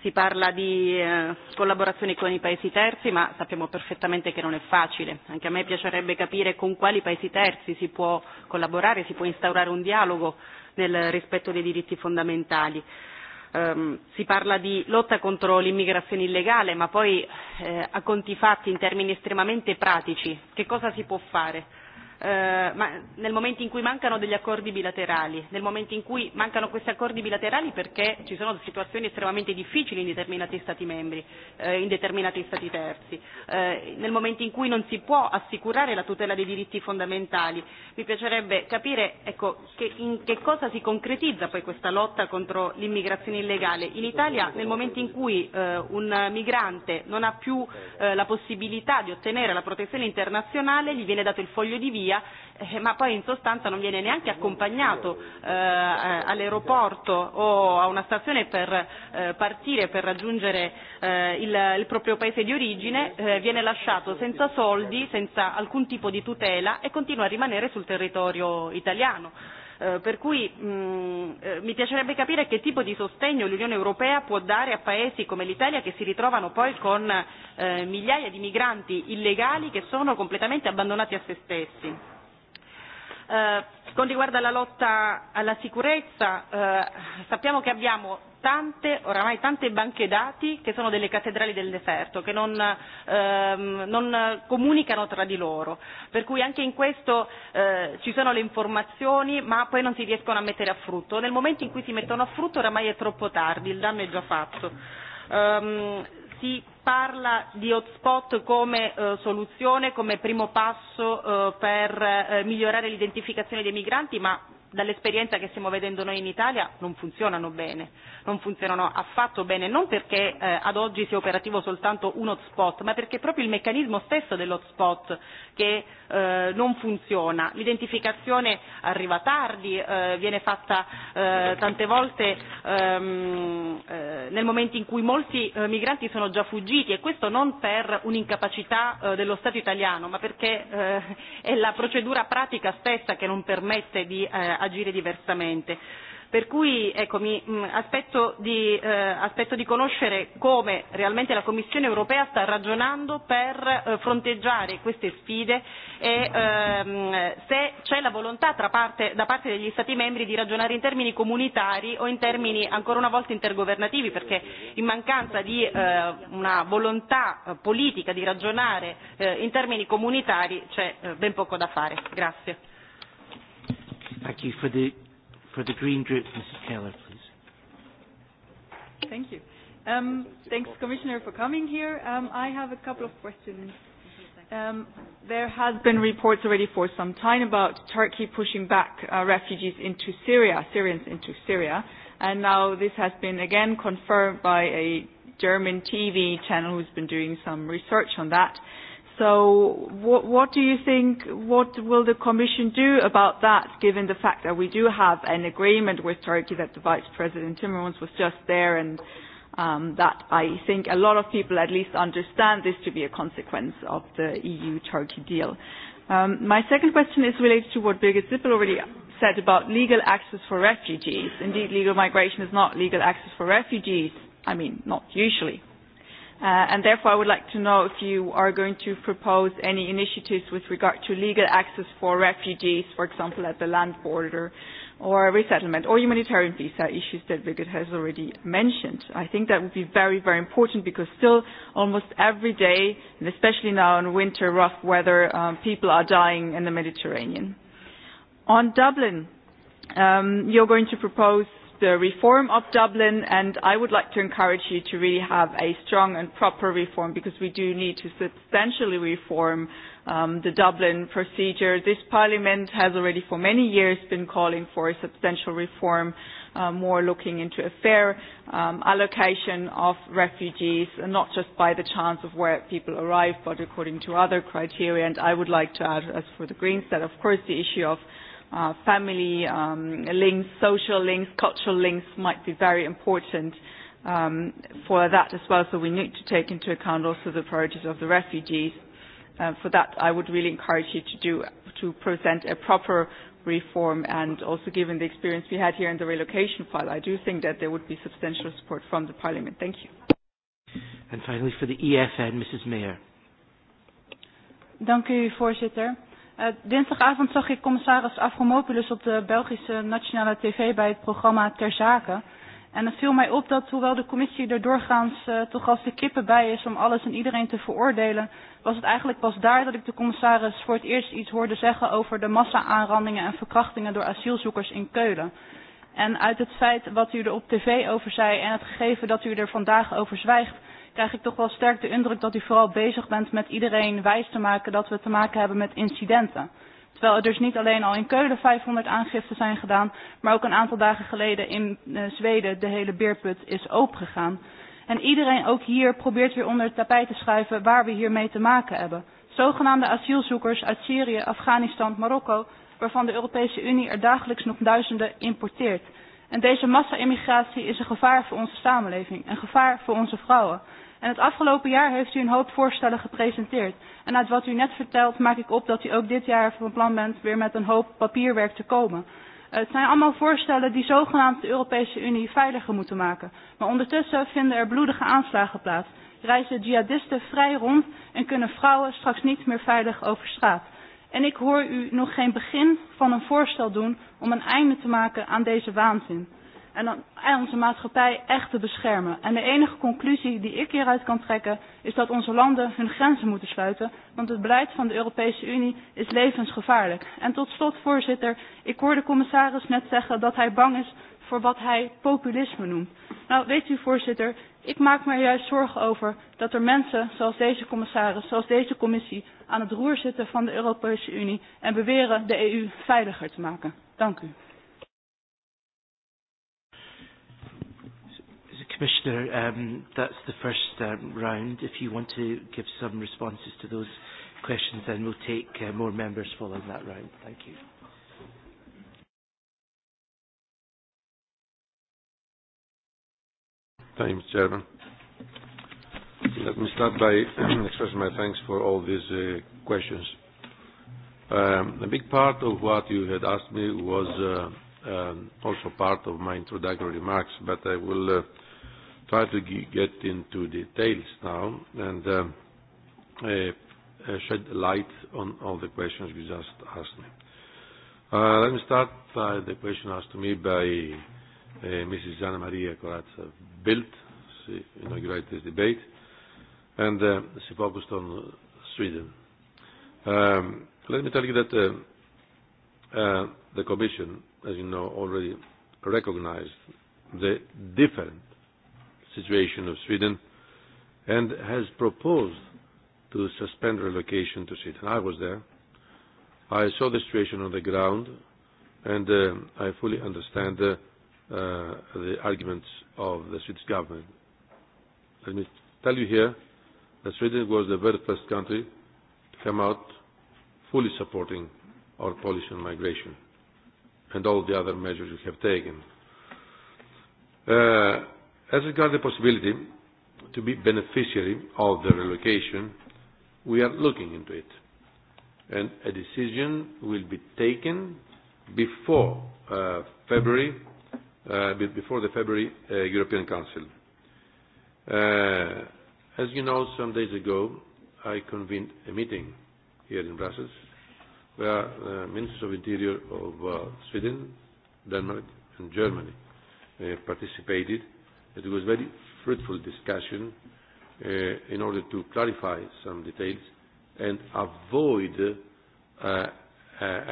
Si parla di eh, collaborazioni con i paesi terzi, ma sappiamo perfettamente che non è facile. Anche a me piacerebbe capire con quali paesi terzi si può collaborare, si può instaurare un dialogo nel rispetto dei diritti fondamentali. Eh, ehm, si parla di lotta contro l'immigrazione illegale, ma poi eh, a conti fatti in termini estremamente pratici, che cosa si può fare? eh, ma, nel momento in cui mancano degli accordi bilaterali, nel momento in cui mancano questi accordi bilaterali perché ci sono situazioni estremamente difficili in determinati Stati membri, eh, in determinati Stati terzi, eh, nel momento in cui non si può assicurare la tutela dei diritti fondamentali. Mi piacerebbe capire ecco, che, in che cosa si concretizza poi questa lotta contro l'immigrazione illegale. In Italia nel momento in cui eh, un migrante non ha più eh, la possibilità di ottenere la protezione internazionale gli viene dato il foglio di vita via eh, ma poi in sostanza non viene neanche accompagnato eh, all'aeroporto o a una stazione per eh, partire per raggiungere eh, il, il proprio paese di origine, eh, viene lasciato senza soldi, senza alcun tipo di tutela e continua a rimanere sul territorio italiano Eh, per cui mh, mm, eh, mi piacerebbe capire che tipo di sostegno l'Unione Europea può dare a paesi come l'Italia che si ritrovano poi con eh, migliaia di migranti illegali che sono completamente abbandonati a se stessi. Eh, con riguardo alla lotta alla sicurezza, eh, sappiamo che abbiamo tante, oramai tante banche dati che sono delle cattedrali del deserto, che non, ehm, non comunicano tra di loro, per cui anche in questo eh, ci sono le informazioni ma poi non si riescono a mettere a frutto. Nel momento in cui si mettono a frutto oramai è troppo tardi, il danno è già fatto. Um, si parla di hotspot come uh, soluzione, come primo passo uh, per uh, migliorare l'identificazione dei migranti, ma dall'esperienza che stiamo vedendo noi in Italia non funzionano bene, non funzionano affatto bene, non perché eh, ad oggi sia operativo soltanto un hotspot, ma perché proprio il meccanismo stesso dell'hotspot che eh, non funziona. L'identificazione arriva tardi, eh, viene fatta eh, tante volte ehm, eh, nel momento in cui molti eh, migranti sono già fuggiti e questo non per un'incapacità eh, dello Stato italiano, ma perché eh, è la procedura pratica stessa che non permette di eh, agire diversamente. Per cui ecco, mi mh, mm, aspetto, di, eh, aspetto di conoscere come realmente la Commissione europea sta ragionando per eh, fronteggiare queste sfide e ehm, se c'è la volontà tra parte, da parte degli Stati membri di ragionare in termini comunitari o in termini ancora una volta intergovernativi, perché in mancanza di eh, una volontà eh, politica di ragionare eh, in termini comunitari c'è eh, ben poco da fare. Grazie. Thank you. For the, for the Green Group, Mrs. Keller, please. Thank you. Um, thanks, Commissioner, for coming here. Um, I have a couple of questions. Um, there has been reports already for some time about Turkey pushing back uh, refugees into Syria, Syrians into Syria, and now this has been again confirmed by a German TV channel who's been doing some research on that. So what, what do you think, what will the Commission do about that, given the fact that we do have an agreement with Turkey that the Vice President Timmermans was just there and um, that I think a lot of people at least understand this to be a consequence of the EU-Turkey deal. Um, my second question is related to what Birgit Zippel already said about legal access for refugees. Indeed, legal migration is not legal access for refugees. I mean, not usually Uh, and therefore, I would like to know if you are going to propose any initiatives with regard to legal access for refugees, for example, at the land border, or resettlement, or humanitarian visa issues that Birgit has already mentioned. I think that would be very, very important because still almost every day, and especially now in winter rough weather, um, people are dying in the Mediterranean. On Dublin, um, you're going to propose the reform of Dublin and I would like to encourage you to really have a strong and proper reform because we do need to substantially reform um, the Dublin procedure. This parliament has already for many years been calling for a substantial reform, uh, more looking into a fair um, allocation of refugees, and not just by the chance of where people arrive, but according to other criteria. And I would like to add, as for the Greens, that of course the issue of uh, family um, links, social links, cultural links might be very important um, for that as well. So we need to take into account also the priorities of the refugees. Uh, for that, I would really encourage you to do to present a proper reform and also given the experience we had here in the relocation file, I do think that there would be substantial support from the Parliament. Thank you. And finally, for the EFN, Mrs. Mayer. Thank you, voorzitter. Uh, dinsdagavond zag ik commissaris Afromopoulos op de Belgische nationale tv bij het programma Ter Zaken. En het viel mij op dat hoewel de commissie er doorgaans uh, toch als de kippen bij is om alles en iedereen te veroordelen, was het eigenlijk pas daar dat ik de commissaris voor het eerst iets hoorde zeggen over de massa-aanrandingen en verkrachtingen door asielzoekers in Keulen. En uit het feit wat u er op tv over zei en het gegeven dat u er vandaag over zwijgt, krijg ik toch wel sterk de indruk dat u vooral bezig bent met iedereen wijs te maken dat we te maken hebben met incidenten. Terwijl er dus niet alleen al in Keulen 500 aangiften zijn gedaan, maar ook een aantal dagen geleden in uh, Zweden de hele beerput is opengegaan. En iedereen ook hier probeert weer onder het tapijt te schuiven waar we hiermee te maken hebben. Zogenaamde asielzoekers uit Syrië, Afghanistan, Marokko, waarvan de Europese Unie er dagelijks nog duizenden importeert. En deze massa-immigratie is een gevaar voor onze samenleving, een gevaar voor onze vrouwen. En het afgelopen jaar heeft u een hoop voorstellen gepresenteerd. En uit wat u net vertelt maak ik op dat u ook dit jaar van plan bent weer met een hoop papierwerk te komen. Het zijn allemaal voorstellen die zogenaamd de Europese Unie veiliger moeten maken. Maar ondertussen vinden er bloedige aanslagen plaats. Reizen jihadisten vrij rond en kunnen vrouwen straks niet meer veilig over straat. En ik hoor u nog geen begin van een voorstel doen om een einde te maken aan deze waanzin en, dan, en onze maatschappij echt te beschermen. En de enige conclusie die ik hieruit kan trekken is dat onze landen hun grenzen moeten sluiten, want het beleid van de Europese Unie is levensgevaarlijk. En tot slot, voorzitter, ik hoor de commissaris net zeggen dat hij bang is voor wat hij populisme noemt. Nou, weet u voorzitter, ik maak me er juist zorgen over dat er mensen zoals deze commissaris, zoals deze commissie, aan het roer zitten van de Europese Unie en beweren de EU veiliger te maken. Dank u. Commissioner, um, that's the first um, round. If you want to give some responses to those questions, then we'll take uh, more members following that round. Thank you. Thank you, Mr. Chairman. Let me start by (clears throat) expressing my thanks for all these uh, questions. Um, a big part of what you had asked me was uh, um, also part of my introductory remarks, but I will uh, try to get into details now and um, uh, uh, shed light on all the questions you just asked me. Uh, let me start by uh, the question asked to me by uh, Mrs. Anna Maria Corazza Bildt. She inaugurated this debate and uh, she focused on Sweden. Um, let me tell you that uh, uh, the Commission, as you know, already recognized the different situation of Sweden and has proposed to suspend relocation to Sweden. I was there. I saw the situation on the ground and uh, I fully understand uh, uh, the arguments of the Swedish government. Let me tell you here that Sweden was the very first country to come out fully supporting our policy on migration and all the other measures we have taken. Uh, As regards the possibility to be beneficiary of the relocation, we are looking into it, and a decision will be taken before uh, February, uh, before the February uh, European Council. Uh, as you know, some days ago, I convened a meeting here in Brussels where uh, Ministers of Interior of uh, Sweden, Denmark, and Germany uh, participated It was very fruitful discussion uh, in order to clarify some details and avoid uh, uh,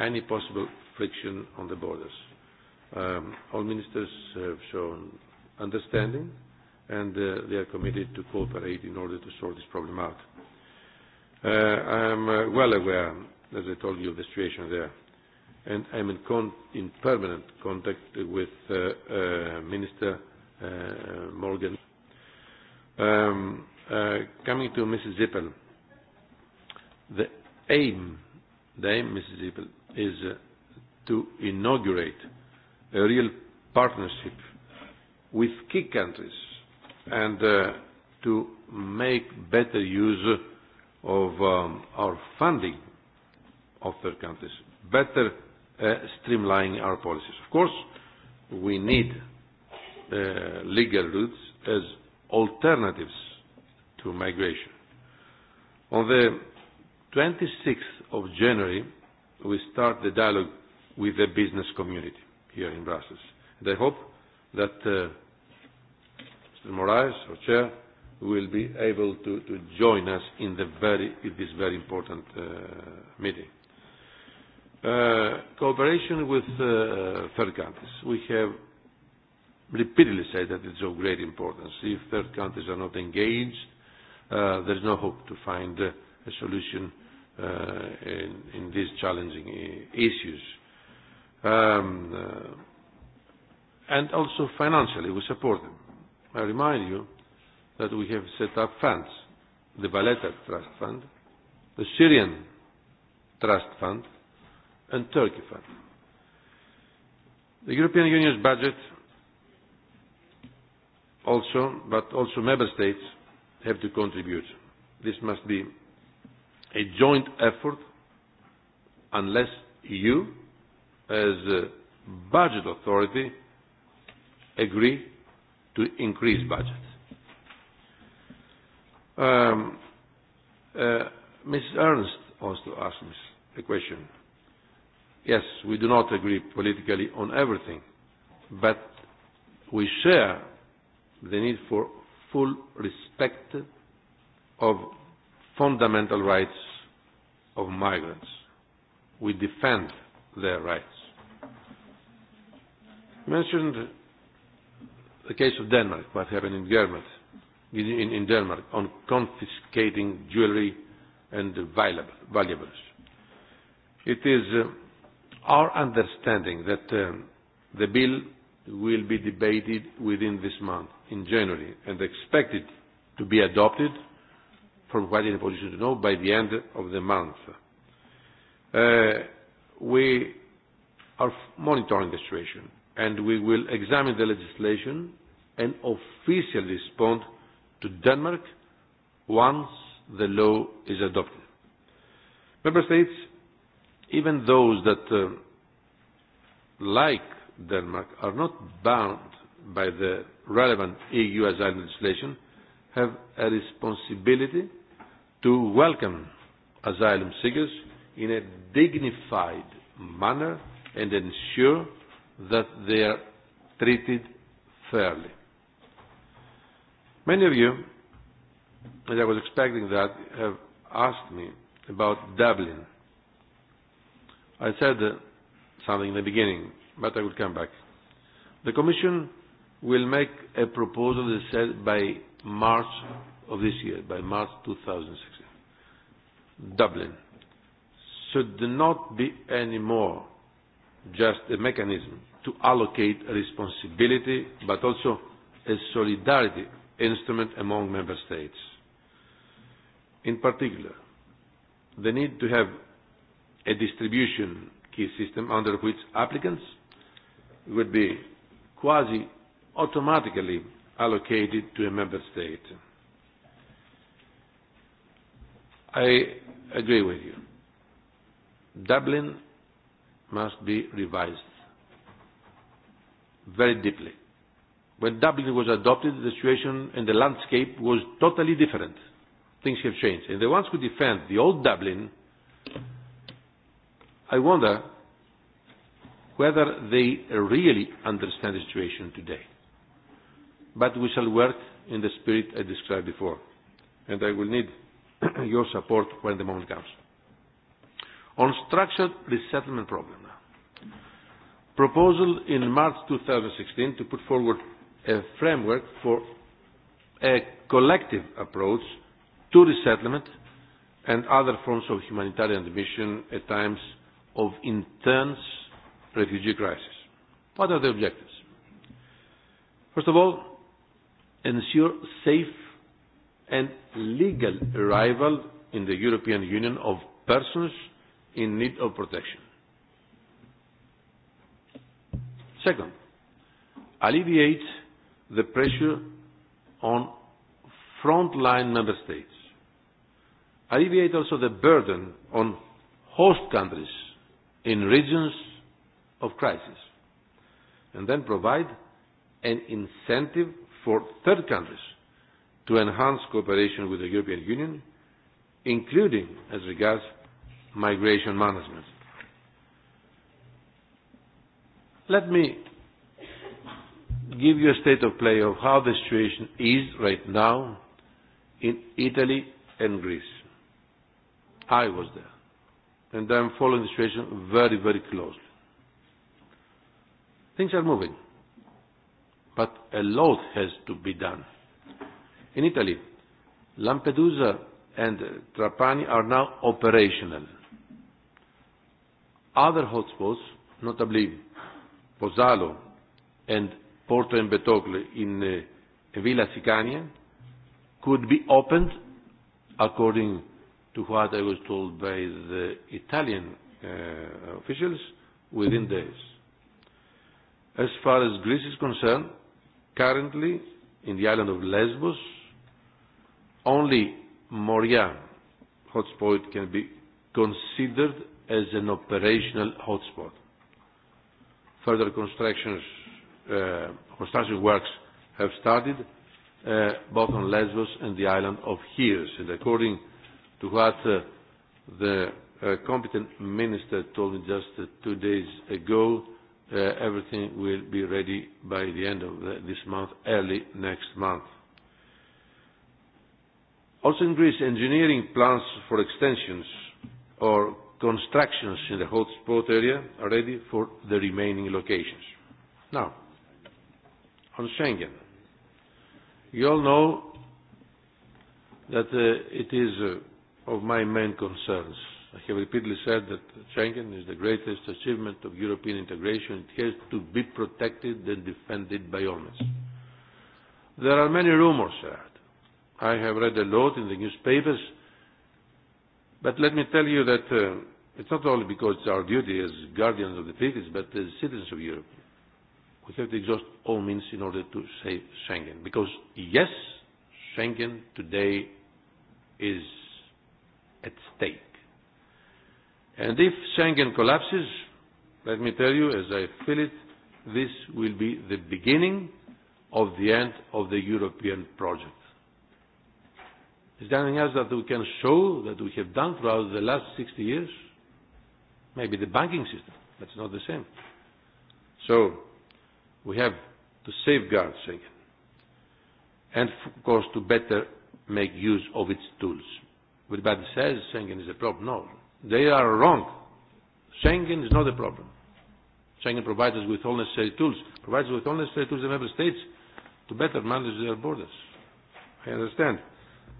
any possible friction on the borders. Um, all ministers have shown understanding and uh, they are committed to cooperate in order to sort this problem out. Uh, I am uh, well aware, as I told you, of the situation there, and I am in, con in permanent contact with uh, uh, Minister uh, Morgan. Um, uh, coming to Mrs. Zippel, the aim, the aim, Mrs. Zippel, is uh, to inaugurate a real partnership with key countries and uh, to make better use of um, our funding of third countries, better uh, streamlining our policies. Of course, we need uh, legal routes as alternatives to migration. On the 26th of January, we start the dialogue with the business community here in Brussels. And I hope that uh, Mr. Moraes, our chair, will be able to, to join us in, the very, in this very important uh, meeting. Uh, cooperation with uh, third countries. We have repeatedly said that it's of great importance. If third countries are not engaged, uh, there's no hope to find uh, a solution uh, in, in these challenging uh, issues. Um, uh, and also financially, we support them. I remind you that we have set up funds, the Valletta Trust Fund, the Syrian Trust Fund, and Turkey Fund. The European Union's budget also, but also member states have to contribute. This must be a joint effort unless you, as a budget authority, agree to increase budget. Um, uh, Ms. Ernst also asked me a question. Yes, we do not agree politically on everything, but we share the need for full respect of fundamental rights of migrants. We defend their rights. You mentioned the case of Denmark, what happened in Germany. in, in Denmark on confiscating jewelry and valuables. It is uh, our understanding that um, the bill will be debated within this month, in January, and expected to be adopted, from what in a position to know, by the end of the month. Uh, we are monitoring the situation, and we will examine the legislation and officially respond to Denmark once the law is adopted. Member States, even those that, uh, like Denmark are not bound by the relevant EU asylum legislation have a responsibility to welcome asylum seekers in a dignified manner and ensure that they are treated fairly. Many of you, as I was expecting that, have asked me about Dublin. I said uh, something in the beginning but I will come back. The Commission will make a proposal, that said, by March of this year, by March 2016. Dublin should not be any more just a mechanism to allocate responsibility, but also a solidarity instrument among member states. In particular, the need to have a distribution key system under which applicants would be quasi automatically allocated to a member state. I agree with you. Dublin must be revised very deeply. When Dublin was adopted, the situation and the landscape was totally different. Things have changed. And the ones who defend the old Dublin, I wonder whether they really understand the situation today. But we shall work in the spirit I described before, and I will need (clears throat) your support when the moment comes. On structured resettlement program now. Proposal in March 2016 to put forward a framework for a collective approach to resettlement and other forms of humanitarian admission at times of intense refugee crisis. What are the objectives? First of all, ensure safe and legal arrival in the European Union of persons in need of protection. Second, alleviate the pressure on frontline member states. Alleviate also the burden on host countries in regions of crisis, and then provide an incentive for third countries to enhance cooperation with the European Union, including as regards migration management. Let me give you a state of play of how the situation is right now in Italy and Greece. I was there, and I'm following the situation very, very closely. Things are moving. But a lot has to be done. In Italy, Lampedusa and Trapani are now operational. Other hotspots, notably Pozzalo and Porto and Betocle in uh, Villa Sicania, could be opened according to what I was told by the Italian uh, officials within days. As far as Greece is concerned, currently in the island of Lesbos, only Moria hotspot can be considered as an operational hotspot. Further constructions, uh, construction works have started uh, both on Lesbos and the island of Hears. And according to what uh, the uh, competent minister told me just uh, two days ago, uh, everything will be ready by the end of the, this month, early next month. Also in Greece, engineering plans for extensions or constructions in the hotspot area are ready for the remaining locations. Now, on Schengen, you all know that uh, it is uh, of my main concerns I have repeatedly said that Schengen is the greatest achievement of European integration. It has to be protected and defended by honest. There are many rumors around. I have read a lot in the newspapers, but let me tell you that uh, it's not only because it's our duty as guardians of the treaties, but as citizens of Europe. We have to exhaust all means in order to save Schengen. Because, yes, Schengen today is at stake. And if Schengen collapses, let me tell you, as I feel it, this will be the beginning of the end of the European project. Is there anything else that we can show that we have done throughout the last 60 years? Maybe the banking system. That's not the same. So we have to safeguard Schengen and, of course, to better make use of its tools. Everybody says Schengen is a problem. No, They are wrong. Schengen is not a problem. Schengen provides us with all necessary tools, provides us with all necessary tools the member states to better manage their borders. I understand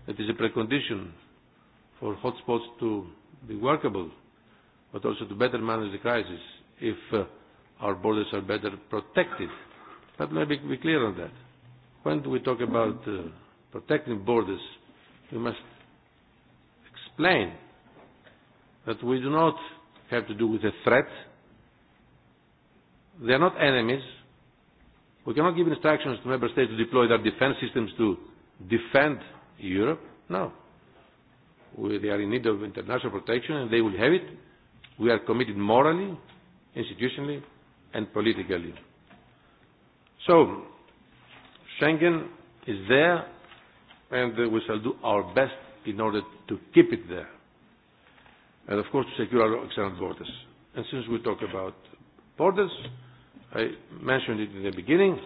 it is a precondition for hotspots to be workable, but also to better manage the crisis if uh, our borders are better protected. But let me be clear on that. When do we talk about uh, protecting borders, we must explain that we do not have to do with a threat. They are not enemies. We cannot give instructions to member states to deploy their defense systems to defend Europe. No. We, they are in need of international protection and they will have it. We are committed morally, institutionally and politically. So, Schengen is there and we shall do our best in order to keep it there and of course to secure our external borders. And since we talk about borders, I mentioned it in the beginning,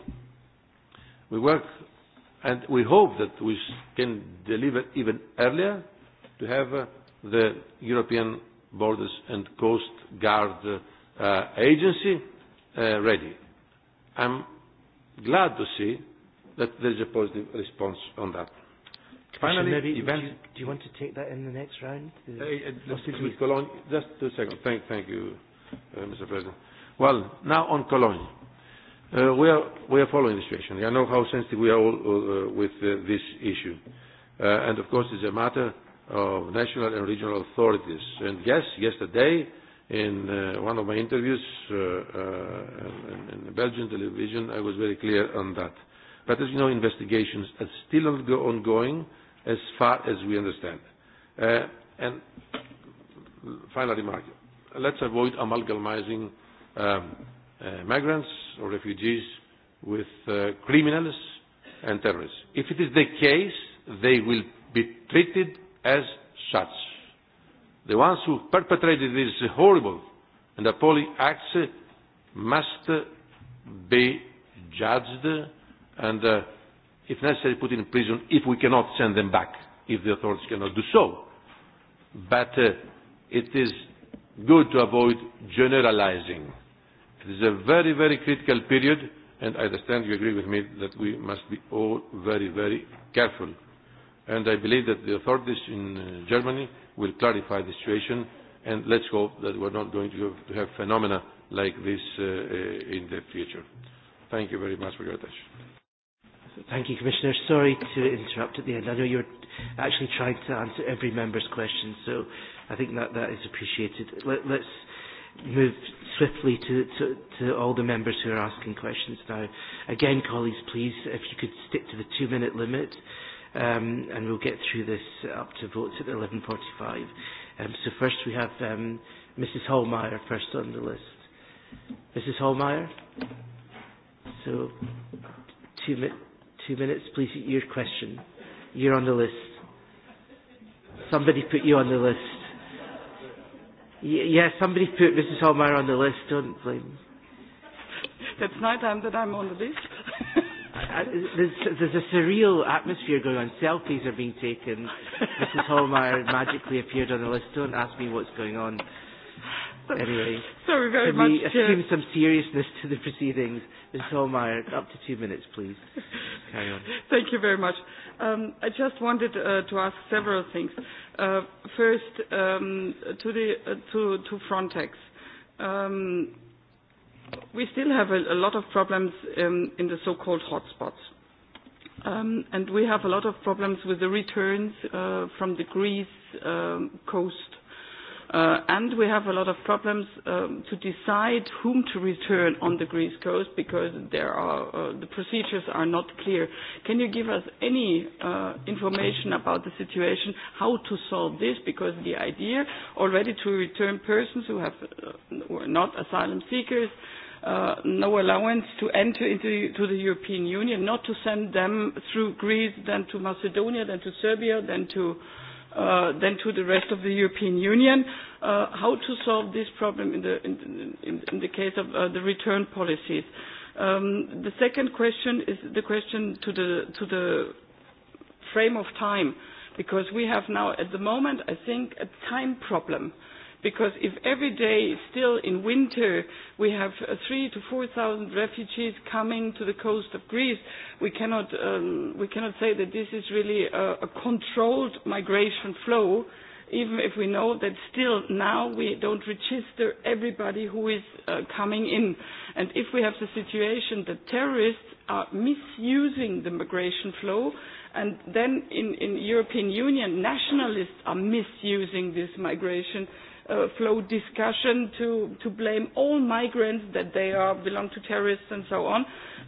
we work and we hope that we can deliver even earlier to have uh, the European Borders and Coast Guard uh, uh, Agency uh, ready. I'm glad to see that there is a positive response on that. Finally, Mary, event... do, you, do you want to take that in the next round? Uh, uh, uh, Cologne, just two seconds. Thank, thank you, uh, Mr. President. Well, now on Cologne. Uh, we, are, we are following the situation. I know how sensitive we are all uh, uh, with uh, this issue. Uh, and of course, it's a matter of national and regional authorities. And yes, yesterday, in uh, one of my interviews uh, uh, in, in Belgian television, I was very clear on that. But as you know, investigations are still ongoing as far as we understand. Uh, and final remark, let's avoid amalgamizing um, uh, migrants or refugees with uh, criminals and terrorists. If it is the case, they will be treated as such. The ones who perpetrated these horrible and appalling acts must be judged and uh, if necessary, put in prison if we cannot send them back, if the authorities cannot do so. But uh, it is good to avoid generalizing. It is a very, very critical period, and I understand you agree with me that we must be all very, very careful. And I believe that the authorities in uh, Germany will clarify the situation, and let's hope that we're not going to have, to have phenomena like this uh, uh, in the future. Thank you very much for your attention. Thank you, Commissioner. Sorry to interrupt at the end. I know you're actually trying to answer every member's question, so I think that, that is appreciated. Let, let's move swiftly to, to, to all the members who are asking questions now. Again, colleagues, please, if you could stick to the two-minute limit, um, and we'll get through this up to votes at 11.45. Um, so first we have um, Mrs. Hallmeyer first on the list. Mrs. Hallmeyer? So, two minutes two minutes, please, your question. You're on the list. Somebody put you on the list. Y yeah, somebody put Mrs. Holmeyer on the list, don't blame It's my time that I'm on the list. there's, there's a surreal atmosphere going on. Selfies are being taken. Mrs. Holmeyer magically appeared on the list. Don't ask me what's going on. (laughs) anyway, sorry very can much. we assume uh, some seriousness to the proceedings? Ms. Holmeyer, up to two minutes, please. (laughs) Carry on. Thank you very much. Um, I just wanted uh, to ask several things. Uh, first, um, to, the, uh, to, to Frontex. Um, we still have a, a lot of problems in, um, in the so-called hotspots. Um, and we have a lot of problems with the returns uh, from the Greece um, coast Uh, and we have a lot of problems um, to decide whom to return on the Greece coast because there are, uh, the procedures are not clear. Can you give us any uh, information about the situation, how to solve this? Because the idea already to return persons who, have, uh, who are not asylum seekers, uh, no allowance to enter into to the European Union, not to send them through Greece, then to Macedonia, then to Serbia, then to uh, uh, than to the rest of the European Union. Uh, how to solve this problem in the, in, in, in the case of uh, the return policies? Um, the second question is the question to the, to the frame of time, because we have now at the moment, I think, a time problem. Uh, Because if every day, still in winter, we have uh, three to four thousand refugees coming to the coast of Greece, we cannot, um, we cannot say that this is really a, a controlled migration flow even if we know that still now we don't register everybody who is uh, coming in. And if we have the situation that terrorists are misusing the migration flow, and then in, in European Union, nationalists are misusing this migration, uh, flow discussion to, to blame all migrants that they are, belong to terrorists and so on.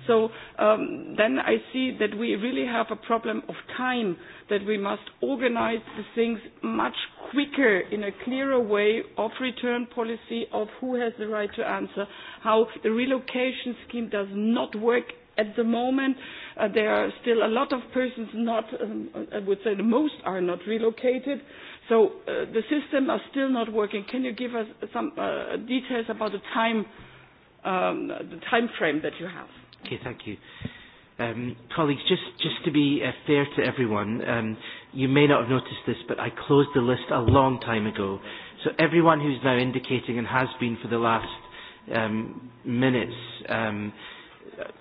So um, then I see that we really have a problem of time, that we must organize the things much quicker in a clearer way of return policy, of who has the right to answer, how the relocation scheme does not work at the moment uh, there are still a lot of persons not, um, I would say the most are not relocated. So uh, the system are still not working. Can you give us some uh, details about the time, um, the time frame that you have? Okay, thank you. Um, colleagues, just, just to be uh, fair to everyone, um, you may not have noticed this, but I closed the list a long time ago. So everyone who's now indicating and has been for the last um, minutes, um,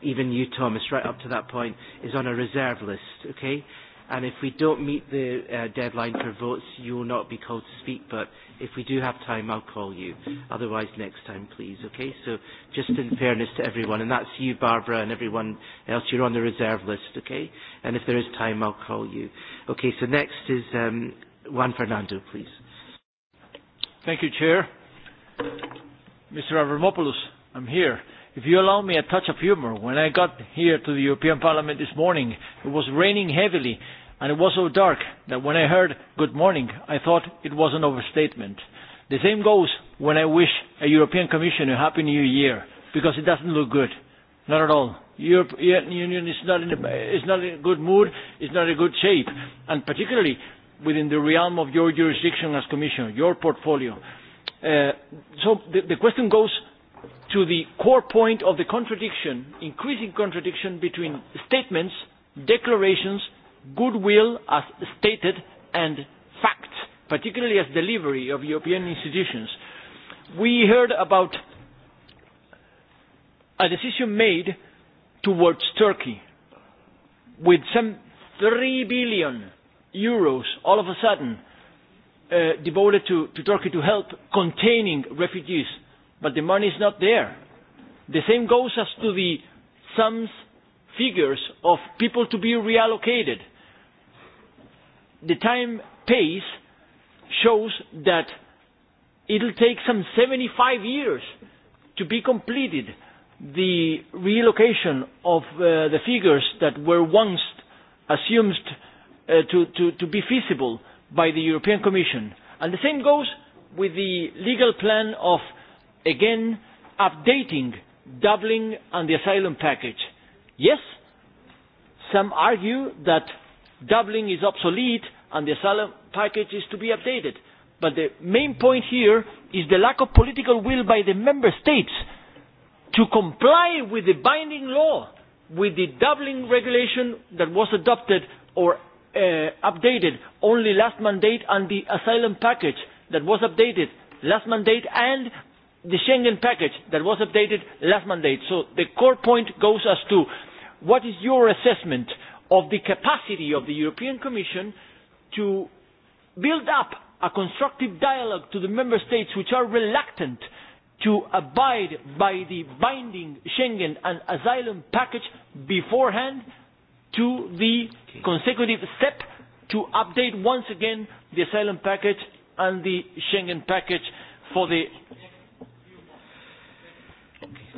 even you, Thomas, right up to that point, is on a reserve list, okay? And if we don't meet the uh, deadline for votes, you will not be called to speak, but if we do have time, I'll call you. Otherwise, next time, please, okay? So just in fairness to everyone, and that's you, Barbara, and everyone else, you're on the reserve list, okay? And if there is time, I'll call you. Okay, so next is um, Juan Fernando, please. Thank you, Chair. Mr. Avramopoulos, I'm here. If you allow me a touch of humor, when I got here to the European Parliament this morning, it was raining heavily and it was so dark that when I heard good morning, I thought it was an overstatement. The same goes when I wish a European Commission a happy new year because it doesn't look good. Not at all. European Union is not in a, is not in a good mood, it's not in a good shape, and particularly within the realm of your jurisdiction as Commissioner, your portfolio. Uh, so the, the question goes to the core point of the contradiction, increasing contradiction between statements, declarations, goodwill as stated, and facts, particularly as delivery of European institutions. We heard about a decision made towards Turkey with some 3 billion euros all of a sudden uh, devoted to, to Turkey to help containing refugees but the money is not there. The same goes as to the sums, figures of people to be reallocated. The time pace shows that it'll take some 75 years to be completed the relocation of uh, the figures that were once assumed uh, to, to, to be feasible by the European Commission. And the same goes with the legal plan of again updating doubling and the asylum package. Yes, some argue that doubling is obsolete and the asylum package is to be updated. But the main point here is the lack of political will by the member states to comply with the binding law, with the doubling regulation that was adopted or uh, updated only last mandate and the asylum package that was updated last mandate and the Schengen package that was updated last mandate. So the core point goes as to what is your assessment of the capacity of the European Commission to build up a constructive dialogue to the member states which are reluctant to abide by the binding Schengen and asylum package beforehand to the consecutive step to update once again the asylum package and the Schengen package for the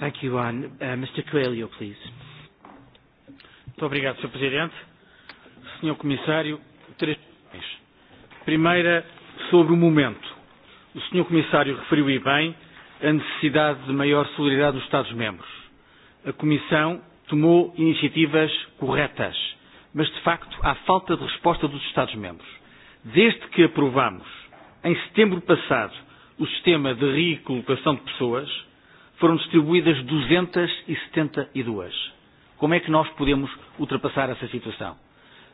Thank you, Juan. Uh, Mr. Coelho, please. Muito obrigado, Sr. Presidente. Sr. Comissário, três questões. Primeira, sobre o momento. O Sr. Comissário referiu e bem a necessidade de maior solidariedade dos Estados-membros. A Comissão tomou iniciativas corretas, mas de facto há falta de resposta dos Estados-membros. Desde que aprovamos, em setembro passado, o sistema de recolocação de pessoas, foram distribuídas 272. E e Como é que nós podemos ultrapassar essa situação?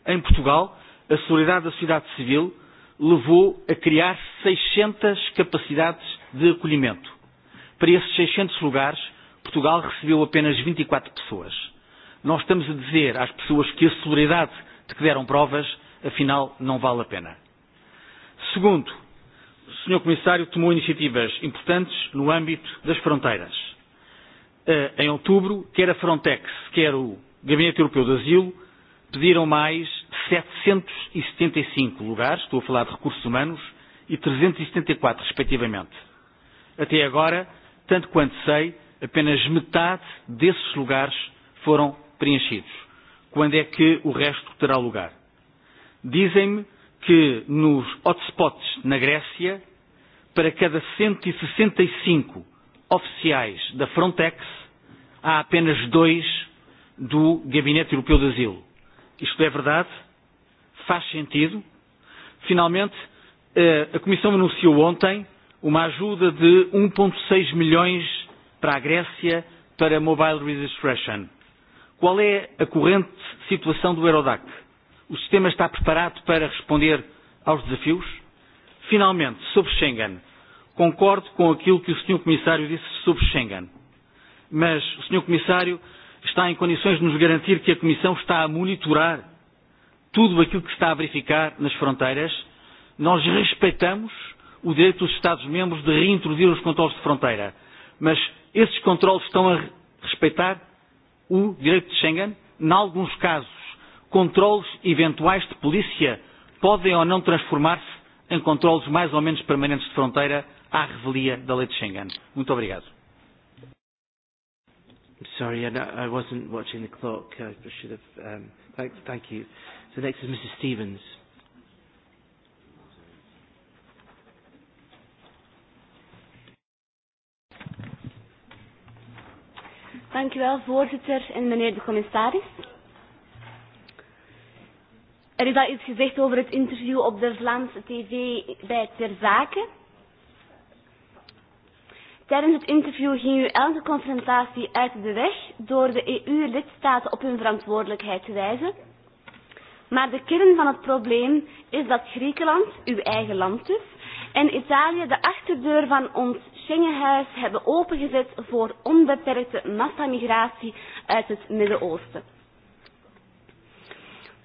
Em Portugal, a solidariedade da sociedade civil levou a criar 600 capacidades de acolhimento. Para esses 600 lugares, Portugal recebeu apenas 24 e pessoas. Nós estamos a dizer às pessoas que a solidariedade de que deram provas, afinal, não vale a pena. Segundo, Sr. Comissário tomou iniciativas importantes no âmbito das fronteiras. Eh, em outubro, quer a Frontex, quer o Gabinete Europeu de Asilo, pediram mais 775 e e lugares, estou a falar de recursos humanos, e 374, e respectivamente. Até agora, tanto quanto sei, apenas metade desses lugares foram preenchidos. Quando é que o resto terá lugar? Dizem-me que nos hotspots na Grécia, para cada 165 e e oficiais da Frontex, há apenas dois do Gabinete Europeu de Asilo. Isto é verdade? Faz sentido? Finalmente, a Comissão anunciou ontem uma ajuda de 1,6 um milhões para a Grécia para mobile registration. Qual é a corrente situação do Eurodac? O sistema está preparado para responder aos desafios? Finalmente, sobre Schengen. Concordo com aquilo que o Sr. Comissário disse sobre Schengen. Mas o Sr. Comissário está em condições de nos garantir que a Comissão está a monitorar tudo aquilo que está a verificar nas fronteiras. Nós respeitamos o direito dos Estados-membros de reintroduzir os controles de fronteira. Mas esses controles estão a respeitar o direito de Schengen? Em alguns casos, controles eventuais de polícia podem ou não transformar-se em controles mais ou menos permanentes de fronteira à revelia da lei de Schengen. Muito obrigado. Sorry, I wasn't watching the clock. I should have. Um, thank, thank you. So next is Mrs. Stevens. Thank you, Elf voorzitter en meneer de commissaris. Rida is al iets gezegd over het interview op de Vlaamse tv bij Ter Zaken. Tijdens het interview ging u elke confrontatie uit de weg door de EU-lidstaten op hun verantwoordelijkheid te wijzen. Maar de kern van het probleem is dat Griekenland, uw eigen land dus, en Italië de achterdeur van ons Schengenhuis hebben opengezet voor onbeperkte massamigratie uit het Midden-Oosten.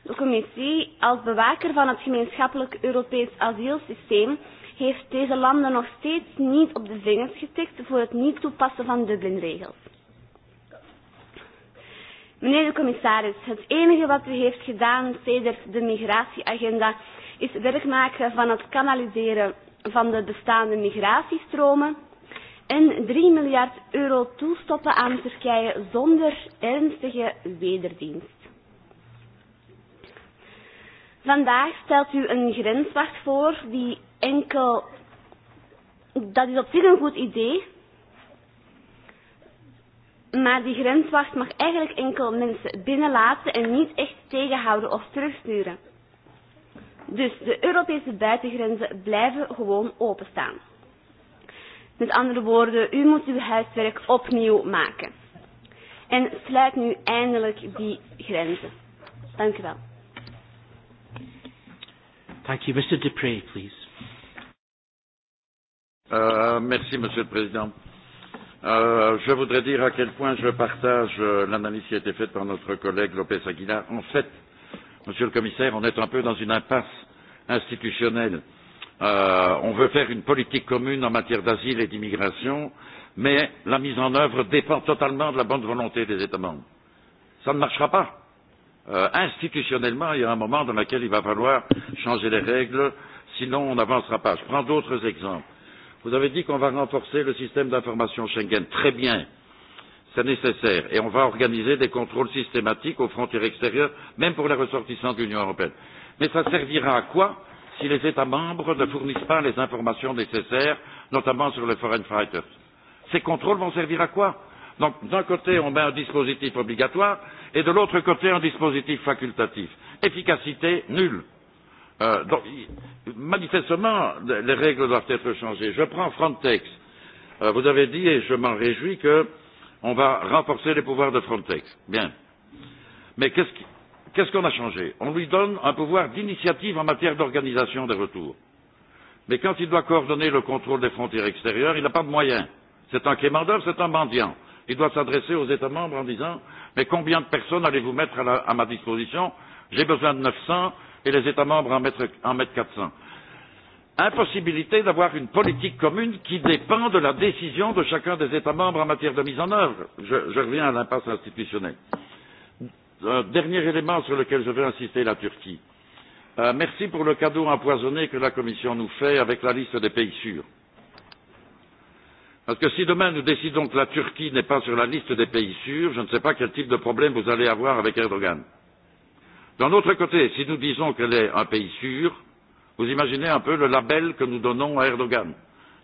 De commissie, als bewaker van het gemeenschappelijk Europees asielsysteem, heeft deze landen nog steeds niet op de vingers getikt voor het niet toepassen van Dublin-regels. Meneer de commissaris, het enige wat u heeft gedaan sinds de migratieagenda is werk maken van het kanaliseren van de bestaande migratiestromen en 3 miljard euro toestoppen aan Turkije zonder ernstige wederdienst. Vandaag stelt u een grenswacht voor die enkel... Dat is op zich een goed idee. Maar die grenswacht mag eigenlijk enkel mensen binnenlaten en niet echt tegenhouden of terugsturen. Dus de Europese buitengrenzen blijven gewoon openstaan. Met andere woorden, u moet uw huiswerk opnieuw maken. En sluit nu eindelijk die grenzen. Dank u wel. Thank you. Mr. Dupre, please. Euh, merci, Monsieur le Président. Euh, je voudrais dire à quel point je partage euh, l'analyse qui a été faite par notre collègue Lopez Aguilar. En fait, Monsieur le Commissaire, on est un peu dans une impasse institutionnelle. Euh, on veut faire une politique commune en matière d'asile et d'immigration, mais la mise en œuvre dépend totalement de la bonne volonté des États membres. Ça ne marchera pas euh, institutionnellement, il y a un moment dans lequel il va falloir changer les règles, sinon on n'avancera pas. Je prends d'autres exemples. Vous avez dit qu'on va renforcer le système d'information Schengen. Très bien, c'est nécessaire. Et on va organiser des contrôles systématiques aux frontières extérieures, même pour les ressortissants de l'Union européenne. Mais ça servira à quoi si les États membres ne fournissent pas les informations nécessaires, notamment sur les foreign fighters Ces contrôles vont servir à quoi Donc d'un côté, on met un dispositif obligatoire et de l'autre côté, un dispositif facultatif. Efficacité nulle. Euh, donc, manifestement, les règles doivent être changées. Je prends Frontex. Euh, vous avez dit, et je m'en réjouis, qu'on va renforcer les pouvoirs de Frontex. Bien. Mais qu'est-ce qu'on qu qu'on a changé On lui donne un pouvoir d'initiative en matière d'organisation des retours. Mais quand il doit coordonner le contrôle des frontières extérieures, il n'a pas de moyens. C'est un quémandeur, c'est un mendiant il doit s'adresser aux États membres en disant Mais combien de personnes allez-vous mettre à, la, à ma disposition J'ai besoin de 900 et les États membres en mettent, en mettent 400. Impossibilité d'avoir une politique commune qui dépend de la décision de chacun des États membres en matière de mise en œuvre. Je, je reviens à l'impasse institutionnelle. Un dernier élément sur lequel je veux insister, la Turquie. Euh, merci pour le cadeau empoisonné que la Commission nous fait avec la liste des pays sûrs. Parce que si demain nous décidons que la Turquie n'est pas sur la liste des pays sûrs, je ne sais pas quel type de problème vous allez avoir avec Erdogan. D'un autre côté, si nous disons qu'elle est un pays sûr, vous imaginez un peu le label que nous donnons à Erdogan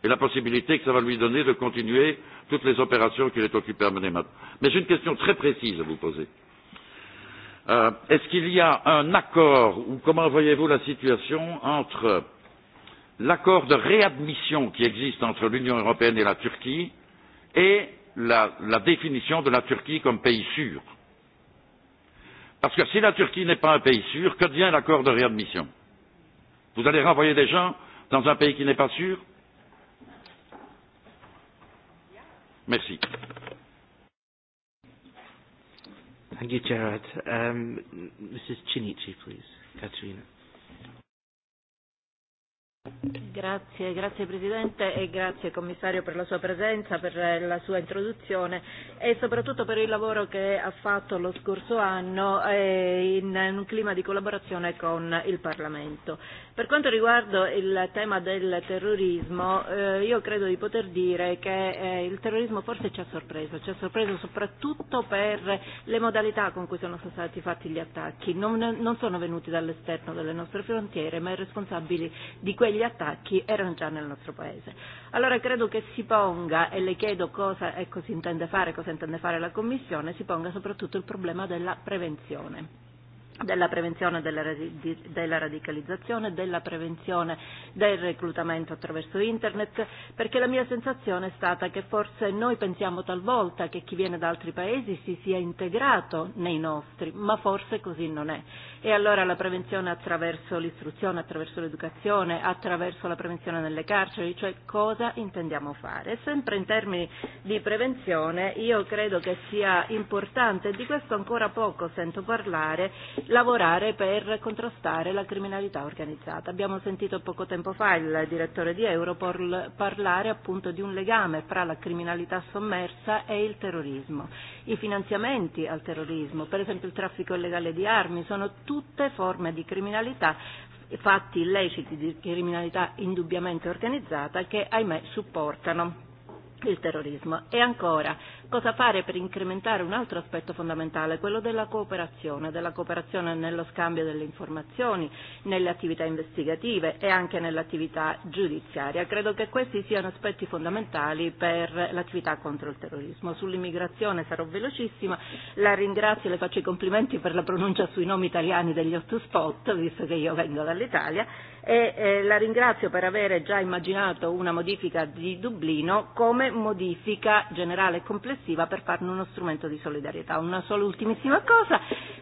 et la possibilité que ça va lui donner de continuer toutes les opérations qu'il est occupé à mener maintenant. Mais j'ai une question très précise à vous poser. Euh, Est-ce qu'il y a un accord, ou comment voyez-vous la situation entre l'accord de réadmission qui existe entre l'Union européenne et la Turquie et la, la définition de la Turquie comme pays sûr. Parce que si la Turquie n'est pas un pays sûr, que devient l'accord de réadmission Vous allez renvoyer des gens dans un pays qui n'est pas sûr Merci. Thank you, Gerard. Um, Mrs. Chinichi, please. Katerina. Grazie, grazie Presidente e grazie Commissario per la sua presenza, per la sua introduzione e soprattutto per il lavoro che ha fatto lo scorso anno eh, in un clima di collaborazione con il Parlamento. Per quanto riguarda il tema del terrorismo, eh, io credo di poter dire che eh, il terrorismo forse ci ha sorpreso, ci ha sorpreso soprattutto per le modalità con cui sono stati fatti gli attacchi. Non, non sono venuti dall'esterno delle nostre frontiere, ma i responsabili di quegli gli attacchi erano già nel nostro paese. Allora credo che si ponga, e le chiedo cosa ecco, si intende fare, cosa intende fare la Commissione, si ponga soprattutto il problema della prevenzione della prevenzione e della, di, della radicalizzazione, della prevenzione del reclutamento attraverso internet, perché la mia sensazione è stata che forse noi pensiamo talvolta che chi viene da altri paesi si sia integrato nei nostri, ma forse così non è. E allora la prevenzione attraverso l'istruzione, attraverso l'educazione, attraverso la prevenzione nelle carceri, cioè cosa intendiamo fare? Sempre in termini di prevenzione io credo che sia importante, e di questo ancora poco sento parlare, lavorare per contrastare la criminalità organizzata. Abbiamo sentito poco tempo fa il direttore di Europol parlare appunto di un legame fra la criminalità sommersa e il terrorismo. I finanziamenti al terrorismo, per esempio il traffico illegale di armi, sono tutte forme di criminalità fatti illeciti di criminalità indubbiamente organizzata che ahimè supportano il terrorismo. E ancora, cosa fare per incrementare un altro aspetto fondamentale, quello della cooperazione, della cooperazione nello scambio delle informazioni, nelle attività investigative e anche nell'attività giudiziaria. Credo che questi siano aspetti fondamentali per l'attività contro il terrorismo. Sull'immigrazione sarò velocissima, la ringrazio e le faccio i complimenti per la pronuncia sui nomi italiani degli hotspot, visto che io vengo dall'Italia, e eh, la ringrazio per avere già immaginato una modifica di Dublino come modifica generale e complessiva successiva per farne uno strumento di solidarietà. Una sola ultimissima cosa,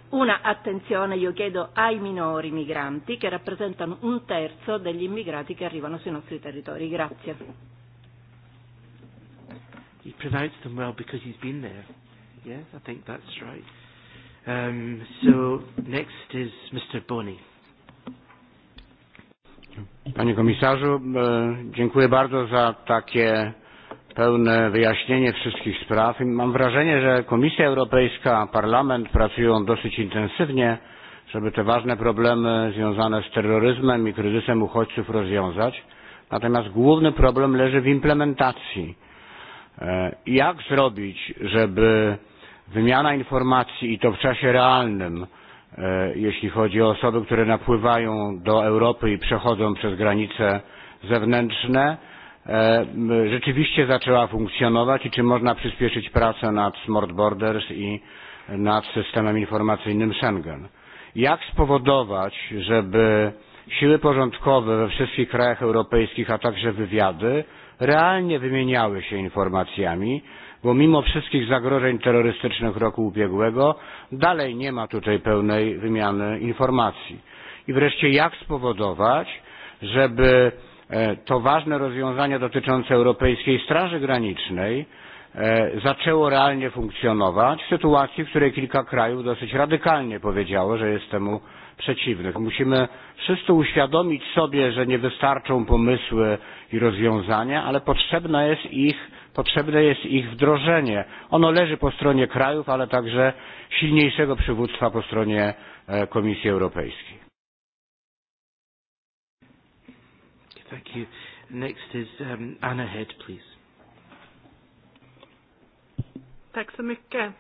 una attenzione io chiedo ai minori migranti che rappresentano un terzo degli immigrati che arrivano sui nostri territori. Grazie. He pronounced them well because he's been there. Yes, I think that's right. Um, so next is Mr. Boni. Panie komisarzu, e, dziękuję bardzo za takie pełne wyjaśnienie wszystkich spraw i mam wrażenie, że Komisja Europejska, Parlament pracują dosyć intensywnie, żeby te ważne problemy związane z terroryzmem i kryzysem uchodźców rozwiązać. Natomiast główny problem leży w implementacji. E, jak zrobić, żeby wymiana informacji i to w czasie realnym, e, jeśli chodzi o osoby, które napływają do Europy i przechodzą przez granice zewnętrzne, E, rzeczywiście zaczęła funkcjonować i czy można przyspieszyć pracę nad Smart Borders i nad systemem informacyjnym Schengen. Jak spowodować, żeby siły porządkowe we wszystkich krajach europejskich, a także wywiady, realnie wymieniały się informacjami, bo mimo wszystkich zagrożeń terrorystycznych roku ubiegłego dalej nie ma tutaj pełnej wymiany informacji. I wreszcie jak spowodować, żeby E, to ważne rozwiązania dotyczące Europejskiej Straży Granicznej e, zaczęło realnie funkcjonować w sytuacji, w której kilka krajów dosyć radykalnie powiedziało, że jest temu przeciwnych. Musimy wszyscy uświadomić sobie, że nie wystarczą pomysły i rozwiązania, ale potrzebne jest ich, potrzebne jest ich wdrożenie. Ono leży po stronie krajów, ale także silniejszego przywództwa po stronie e, Komisji Europejskiej. Thank you. Next is um, Anna Head, please. Tack så mycket.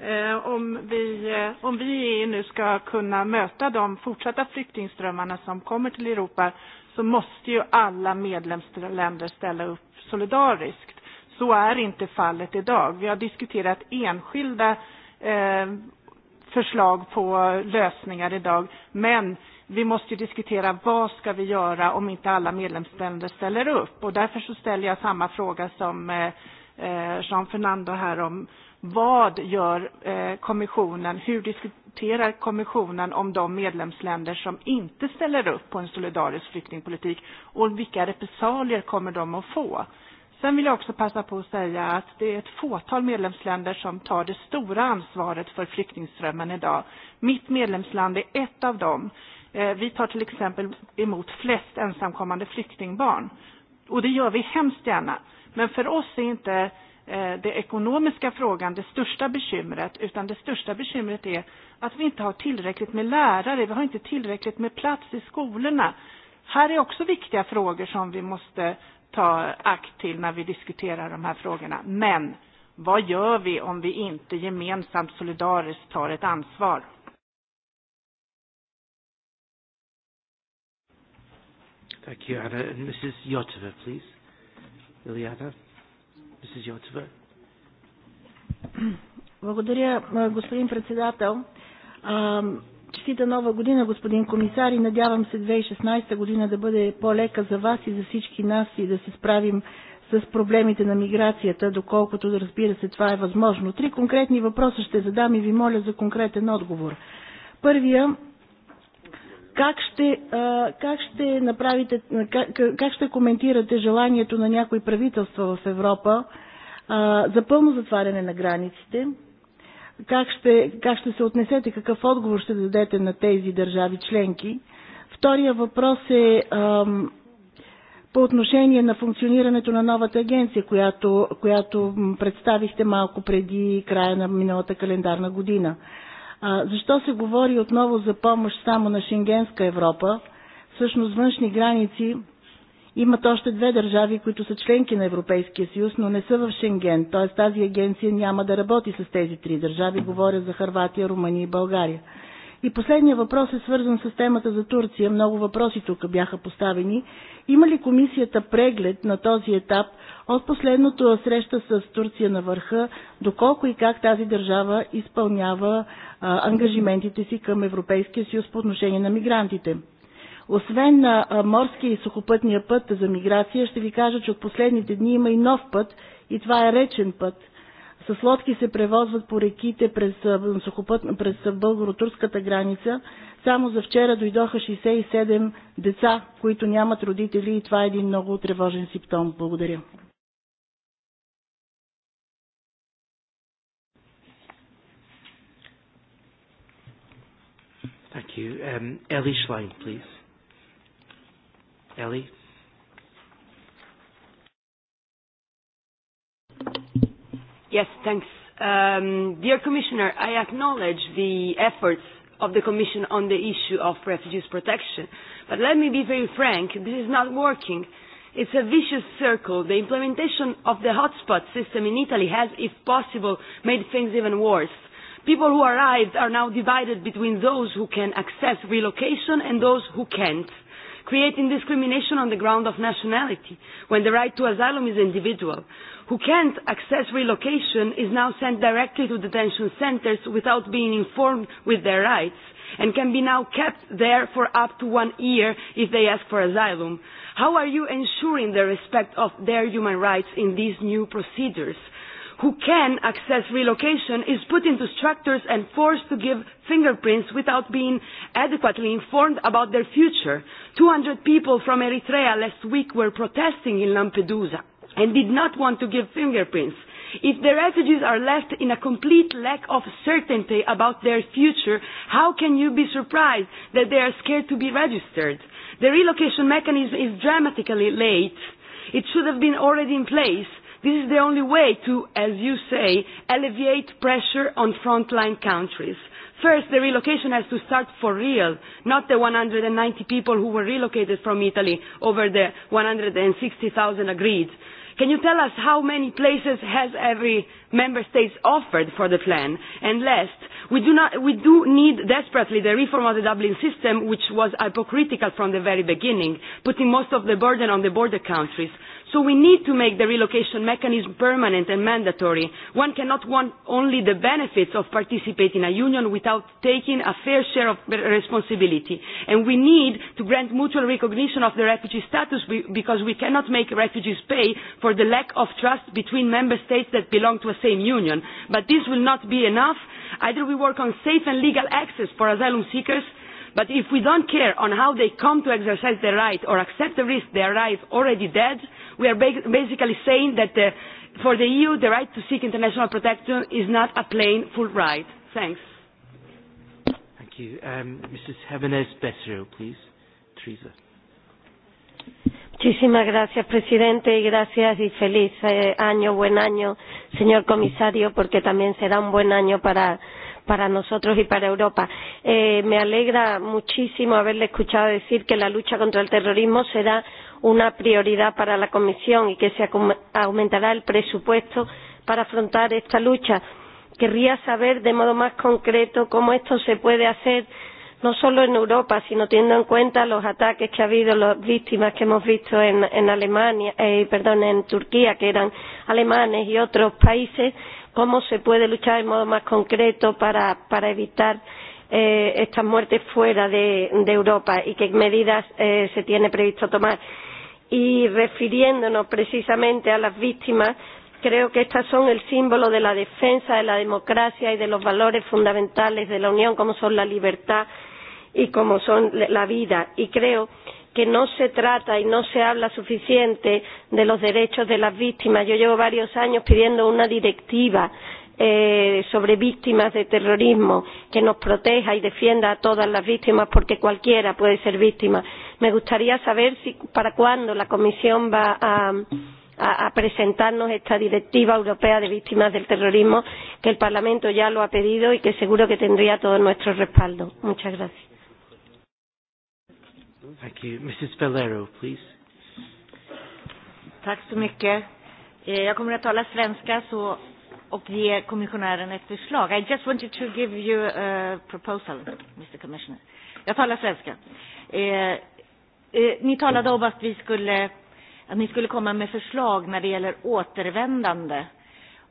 Eh, om, vi, eh, om vi i EU nu ska kunna möta de fortsatta flyktingströmmarna som kommer till Europa så måste ju alla medlemsländer ställa upp solidariskt. Så är inte fallet idag. Vi har diskuterat enskilda eh, förslag på lösningar idag, men vi måste ju diskutera vad ska vi göra om inte alla medlemsländer ställer upp. Och därför så ställer jag samma fråga som eh, eh, Jean Fernando här om vad gör eh, kommissionen, hur diskuterar kommissionen om de medlemsländer som inte ställer upp på en solidarisk flyktingpolitik och vilka repressalier kommer de att få? Sen vill jag också passa på att säga att det är ett fåtal medlemsländer som tar det stora ansvaret för flyktingströmmen idag. Mitt medlemsland är ett av dem. Eh, vi tar till exempel emot flest ensamkommande flyktingbarn. Och det gör vi hemskt gärna. Men för oss är inte eh, den ekonomiska frågan det största bekymret, utan det största bekymret är att vi inte har tillräckligt med lärare, vi har inte tillräckligt med plats i skolorna. Här är också viktiga frågor som vi måste ta akt till när vi diskuterar de här frågorna. Men vad gör vi om vi inte gemensamt solidariskt tar ett ansvar? Thank you, Anna. And Mrs. Yotova, please. Iliana. Mrs. Yotova. Благодаря, господин председател. Честита нова година, господин комисар, и надявам се 2016 година да бъде по-лека за вас и за всички нас и да се справим с проблемите на миграцията, доколкото, да разбира се, това е възможно. Три конкретни въпроса ще задам и ви моля за конкретен отговор. Първия как ще, как ще направите, как, как ще коментирате желанието на някои правителства в Европа а, за пълно затваряне на границите? Как ще, как ще се отнесете, какъв отговор ще дадете на тези държави членки? Втория въпрос е ам, по отношение на функционирането на новата агенция, която, която представихте малко преди края на миналата календарна година защо се говори отново за помощ само на Шенгенска Европа? Всъщност външни граници имат още две държави, които са членки на Европейския съюз, но не са в Шенген, т.е. тази агенция няма да работи с тези три държави, говоря за Харватия, Румъния и България. И последният въпрос е свързан с темата за Турция. Много въпроси тук бяха поставени. Има ли комисията преглед на този етап от последното среща с Турция на върха, доколко и как тази държава изпълнява ангажиментите си към Европейския съюз по отношение на мигрантите. Освен на морския и сухопътния път за миграция, ще ви кажа, че от последните дни има и нов път, и това е речен път. С лодки се превозват по реките през, сухопът, през българо-турската граница. Само за вчера дойдоха 67 деца, които нямат родители и това е един много тревожен симптом. Благодаря. Thank you. Um, Ellie Schlein, please. Ellie. Yes, thanks. Um, dear Commissioner, I acknowledge the efforts of the Commission on the issue of refugees protection, but let me be very frank, this is not working. It's a vicious circle. The implementation of the hotspot system in Italy has, if possible, made things even worse People who arrived are now divided between those who can access relocation and those who can't, creating discrimination on the ground of nationality, when the right to asylum is individual. Who can't access relocation is now sent directly to detention centers without being informed with their rights and can be now kept there for up to one year if they ask for asylum. How are you ensuring the respect of their human rights in these new procedures? who can access relocation is put into structures and forced to give fingerprints without being adequately informed about their future. 200 people from Eritrea last week were protesting in Lampedusa and did not want to give fingerprints. If the refugees are left in a complete lack of certainty about their future, how can you be surprised that they are scared to be registered? The relocation mechanism is dramatically late. It should have been already in place This is the only way to, as you say, alleviate pressure on frontline countries. First, the relocation has to start for real, not the 190 people who were relocated from Italy over the 160,000 agreed. Can you tell us how many places has every member state offered for the plan? And last, we do, not, we do need desperately the reform of the Dublin system, which was hypocritical from the very beginning, putting most of the burden on the border countries. So we need to make the relocation mechanism permanent and mandatory. One cannot want only the benefits of participating in a union without taking a fair share of responsibility. And we need to grant mutual recognition of the refugee status because we cannot make refugees pay for the lack of trust between member states that belong to a same union. But this will not be enough. Either we work on safe and legal access for asylum seekers But if we don't care on how they come to exercise their right or accept the risk they arrive already dead, we are basically saying that uh, for the EU, the right to seek international protection is not a plain full right. Thanks. Thank you. Um, Mrs. Jimenez Becerril, please. Teresa. Muchísimas gracias, presidente, y gracias y feliz eh, año, buen año, señor comisario, porque también será un buen año para, para nosotros y para Europa. Eh, me alegra muchísimo haberle escuchado decir que la lucha contra el terrorismo será una prioridad para la Comisión y que se aumentará el presupuesto para afrontar esta lucha. Querría saber de modo más concreto cómo esto se puede hacer no solo en Europa, sino teniendo en cuenta los ataques que ha habido, las víctimas que hemos visto en, en Alemania, eh, perdón, en Turquía, que eran alemanes y otros países, cómo se puede luchar de modo más concreto para, para evitar eh, estas muertes fuera de, de Europa y qué medidas eh, se tiene previsto tomar y refiriéndonos precisamente a las víctimas, creo que estas son el símbolo de la defensa de la democracia y de los valores fundamentales de la Unión, como son la libertad y como son la vida. Y creo que no se trata y no se habla suficiente de los derechos de las víctimas. Yo llevo varios años pidiendo una directiva eh, sobre víctimas de terrorismo que nos proteja y defienda a todas las víctimas porque cualquiera puede ser víctima Me gustaría saber si, para cuándo la Comisión va a, a, presentarnos esta Directiva Europea de Víctimas del Terrorismo, que el Parlamento ya lo ha pedido y que seguro que tendría todo nuestro respaldo. Muchas gracias. Thank you. Mrs. Valero, please. Tack så mycket. Eh, Jag kommer att tala svenska så, och ge kommissionären ett förslag. I just wanted to give you a proposal, Mr. Commissioner. Jag talar svenska. Eh, Eh, ni talade om att, vi skulle, att ni skulle komma med förslag när det gäller återvändande.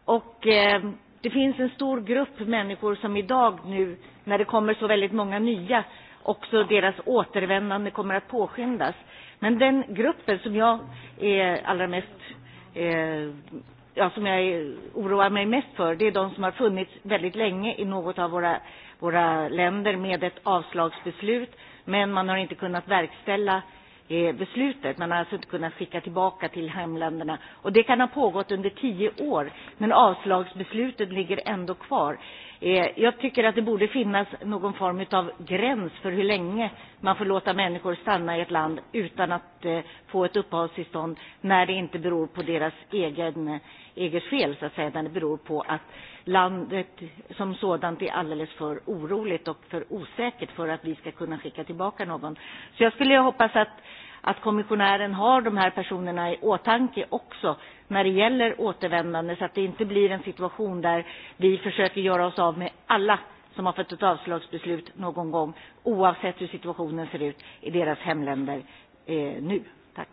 Och eh, det finns en stor grupp människor som idag nu, när det kommer så väldigt många nya, också deras återvändande kommer att påskyndas. Men den gruppen som jag är allra mest eh, ja, som jag oroar mig mest för, det är de som har funnits väldigt länge i något av våra, våra länder med ett avslagsbeslut men man har inte kunnat verkställa eh, beslutet. Man har alltså inte kunnat skicka tillbaka till hemländerna. Och det kan ha pågått under tio år, men avslagsbeslutet ligger ändå kvar. Eh, jag tycker att det borde finnas någon form av gräns för hur länge man får låta människor stanna i ett land utan att eh, få ett uppehållstillstånd när det inte beror på deras egen, eget fel, så att säga, utan det beror på att landet som sådant är alldeles för oroligt och för osäkert för att vi ska kunna skicka tillbaka någon. Så jag skulle hoppas att att kommissionären har de här personerna i åtanke också när det gäller återvändande så att det inte blir en situation där vi försöker göra oss av med alla som har fått ett avslagsbeslut någon gång oavsett hur situationen ser ut i deras hemländer eh, nu. Tack.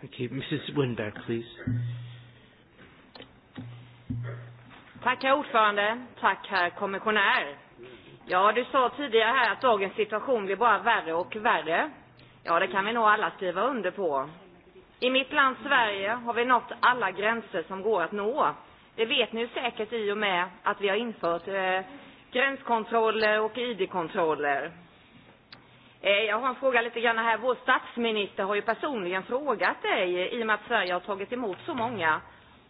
Thank you. Mrs Winberg, please. Tack, herr ordförande. Tack, herr kommissionär. Ja, du sa tidigare här att dagens situation blir bara värre och värre. Ja, det kan vi nog alla skriva under på. I mitt land Sverige har vi nått alla gränser som går att nå. Det vet ni säkert i och med att vi har infört eh, gränskontroller och ID-kontroller. Eh, jag har en fråga lite grann här. Vår statsminister har ju personligen frågat dig, eh, i och med att Sverige har tagit emot så många,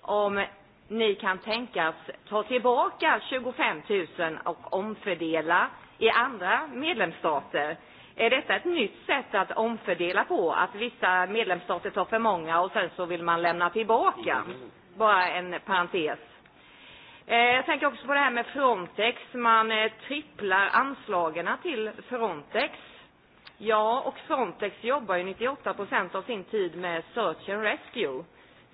om ni kan tänkas ta tillbaka 25 000 och omfördela i andra medlemsstater? Är detta ett nytt sätt att omfördela på? Att vissa medlemsstater tar för många och sen så vill man lämna tillbaka? Bara en parentes. Eh, jag tänker också på det här med Frontex. Man eh, tripplar anslagen till Frontex. Ja, och Frontex jobbar ju 98 av sin tid med Search and Rescue.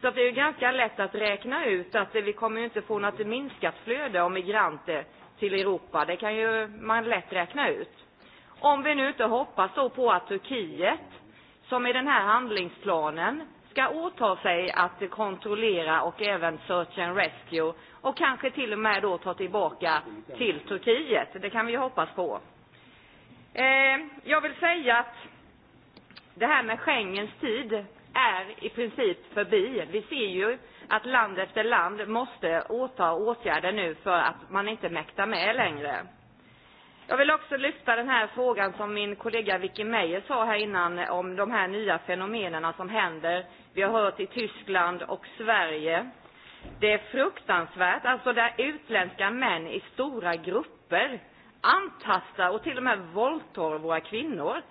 Så att det är ganska lätt att räkna ut att vi kommer inte få något minskat flöde av migranter till Europa. Det kan ju man lätt räkna ut. Om vi nu inte hoppas då på att Turkiet, som i den här handlingsplanen, ska åta sig att kontrollera och även search and rescue och kanske till och med då ta tillbaka till Turkiet. Det kan vi hoppas på. Eh, jag vill säga att det här med Schengens tid är i princip förbi. Vi ser ju att land efter land måste åta åtgärder nu för att man inte mäktar med längre. Jag vill också lyfta den här frågan som min kollega Vicky Meyer sa här innan om de här nya fenomenerna som händer. Vi har hört i Tyskland och Sverige. Det är fruktansvärt, alltså där utländska män i stora grupper antastar och till och med våldtar våra kvinnor.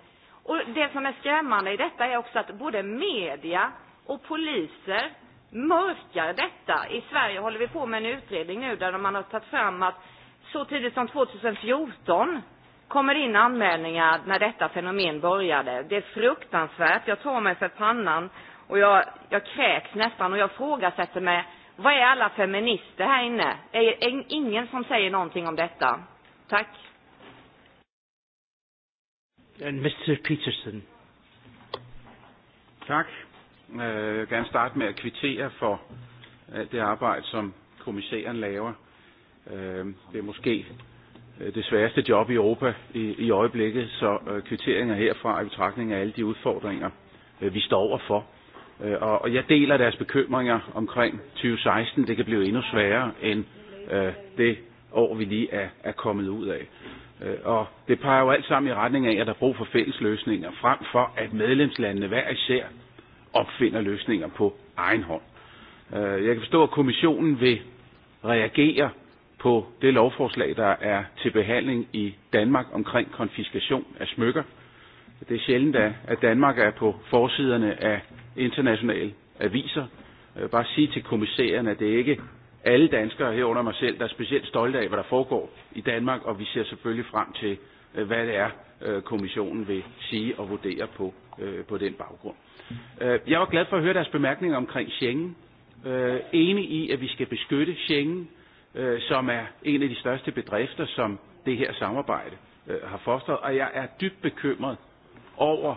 Och det som är skrämmande i detta är också att både media och poliser mörkar detta. I Sverige håller vi på med en utredning nu där man har tagit fram att så tidigt som 2014 kommer in anmälningar när detta fenomen började. Det är fruktansvärt. Jag tar mig för pannan och jag, jag kräks nästan och jag frågasätter mig vad är alla feminister här inne? Det ingen som säger någonting om detta. Tack and Mr. Peterson. Tak. Øh, jeg vil gerne starte med at kvittere for alt øh, det arbejde, som kommissæren laver. Øh, det er måske det sværeste job i Europa i, øjeblikket, så kvitteringer herfra i betragtning af alle de udfordringer, vi står overfor. Og, jeg deler deres bekymringer omkring 2016. Det kan blive endnu sværere end det år, vi lige er, er kommet ud af. Øh, og det peger jo alt sammen i retning af, at der er brug for fælles løsninger, frem for at medlemslandene hver især opfinder løsninger på egen hånd. Øh, jeg kan forstå, at kommissionen vil reagere på det lovforslag, der er til behandling i Danmark omkring konfiskation af smykker. Det er sjældent, at Danmark er på forsiderne af internationale aviser. Jeg vil bare sige til kommissæren, at det er ikke alle danskere herunder mig selv, der er specielt stolte af, hvad der foregår i Danmark, og vi ser selvfølgelig frem til, øh, hvad det er, øh, kommissionen vil sige og vurdere på, øh, på den baggrund. Jeg var glad for at høre deres bemærkninger omkring Schengen. Enig i, at vi skal beskytte Schengen, som er en af de største bedrifter, som det her samarbejde har fostret, og jeg er dybt bekymret over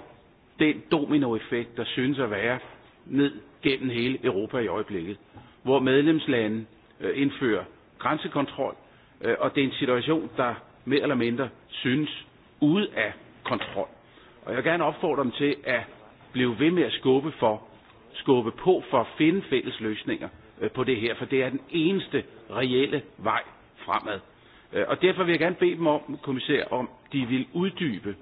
den dominoeffekt, der synes at være ned gennem hele Europa i øjeblikket, hvor medlemslande Øh, indføre grænsekontrol, øh, og det er en situation, der mere eller mindre synes ude af kontrol. Og jeg vil gerne opfordre dem til at blive ved med at skubbe, for, skubbe på for at finde fælles løsninger øh, på det her, for det er den eneste reelle vej fremad. Og derfor vil jeg gerne bede dem om, kommissær, om de vil uddybe,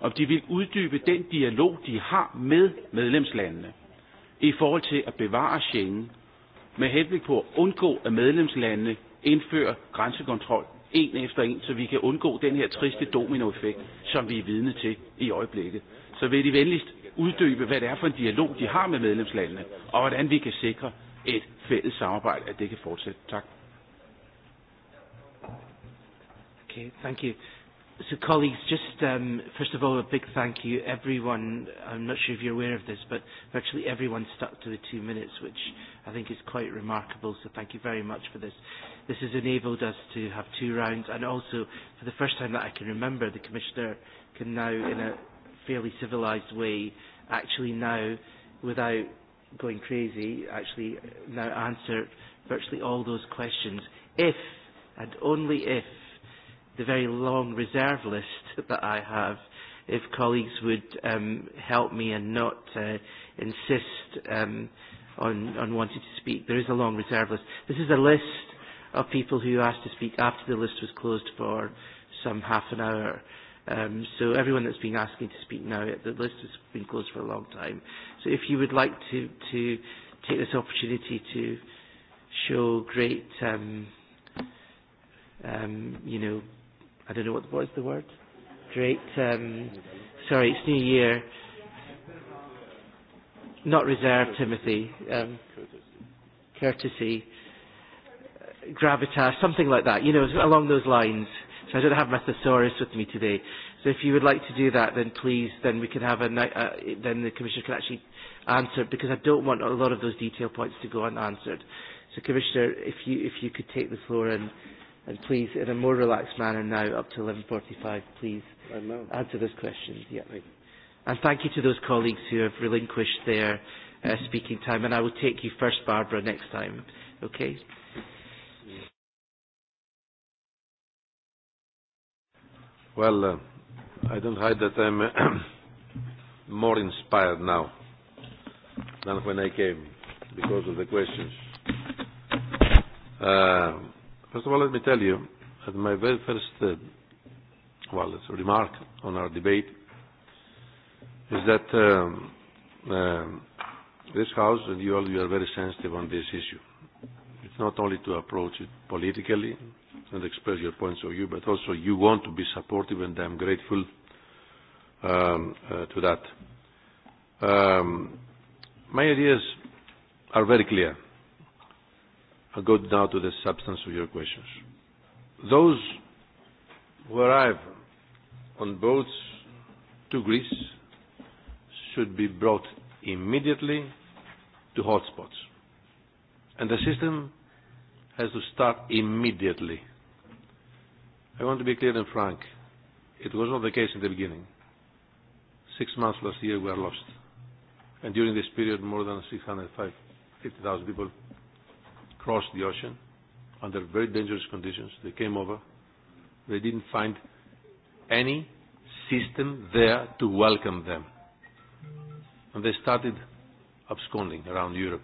om de vil uddybe den dialog, de har med medlemslandene i forhold til at bevare Schengen med henblik på at undgå, at medlemslandene indfører grænsekontrol en efter en, så vi kan undgå den her triste dominoeffekt, som vi er vidne til i øjeblikket. Så vil de venligst uddybe, hvad det er for en dialog, de har med medlemslandene, og hvordan vi kan sikre et fælles samarbejde, at det kan fortsætte. Tak. Okay, thank you. So colleagues, just um, first of all, a big thank you. Everyone, I'm not sure if you're aware of this, but virtually everyone stuck to the two minutes, which I think is quite remarkable. So thank you very much for this. This has enabled us to have two rounds, and also for the first time that I can remember, the Commissioner can now, in a fairly civilised way, actually now, without going crazy, actually now answer virtually all those questions, if and only if the very long reserve list (laughs) that I have if colleagues would um, help me and not uh, insist um, on, on wanting to speak. There is a long reserve list. This is a list of people who asked to speak after the list was closed for some half an hour. Um, so everyone that's been asking to speak now, the list has been closed for a long time. So if you would like to, to take this opportunity to show great, um, um, you know, I don't know what is the word. Great. Um, sorry, it's New Year. Not reserved, Timothy. Um, courtesy. Gravitas, something like that. You know, along those lines. So I don't have my thesaurus with me today. So if you would like to do that, then please, then we can have a night. Uh, then the commissioner can actually answer because I don't want a lot of those detail points to go unanswered. So commissioner, if you if you could take the floor and And please, in a more relaxed manner now, up to 11.45, please answer those questions. Yeah. Thank And thank you to those colleagues who have relinquished their uh, speaking time. And I will take you first, Barbara, next time. Okay? Well, uh, I don't hide that I'm uh, (coughs) more inspired now than when I came because of the questions. Uh, First of all, let me tell you that my very first, uh, well, it's a remark on our debate is that um, uh, this House and you all you are very sensitive on this issue. It's not only to approach it politically and express your points of view, but also you want to be supportive, and I'm grateful um, uh, to that. Um, my ideas are very clear. I go now to the substance of your questions. Those who arrive on boats to Greece should be brought immediately to hotspots. And the system has to start immediately. I want to be clear and frank. It was not the case in the beginning. Six months last year we were lost. And during this period, more than 650,000 people crossed the ocean under very dangerous conditions. They came over. They didn't find any system there to welcome them. And they started absconding around Europe.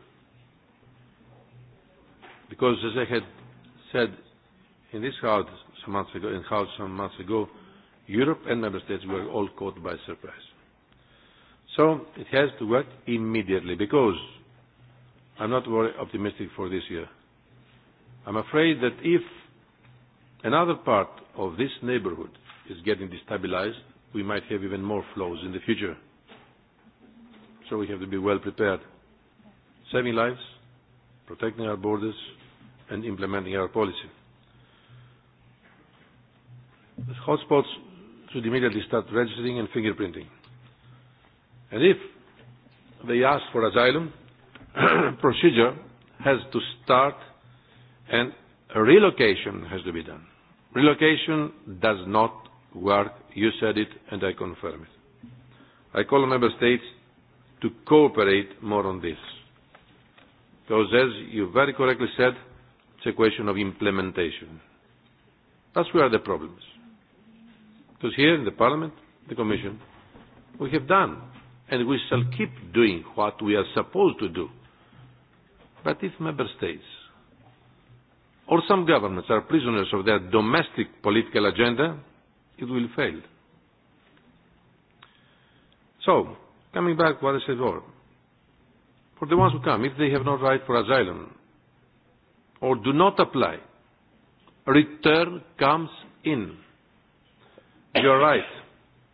Because as I had said in this house some months ago, in house some months ago, Europe and member states were all caught by surprise. So it has to work immediately because I'm not very optimistic for this year. I'm afraid that if another part of this neighborhood is getting destabilized, we might have even more flows in the future. So we have to be well prepared. Saving lives, protecting our borders, and implementing our policy. The hotspots should immediately start registering and fingerprinting. And if they ask for asylum, (clears throat) procedure has to start and relocation has to be done. Relocation does not work. You said it and I confirm it. I call on member states to cooperate more on this. Because as you very correctly said, it's a question of implementation. That's where the problem is. Because here in the Parliament, the Commission, we have done and we shall keep doing what we are supposed to do But if member states or some governments are prisoners of their domestic political agenda, it will fail. So, coming back to what I said before, for the ones who come, if they have no right for asylum or do not apply, return comes in. You're right.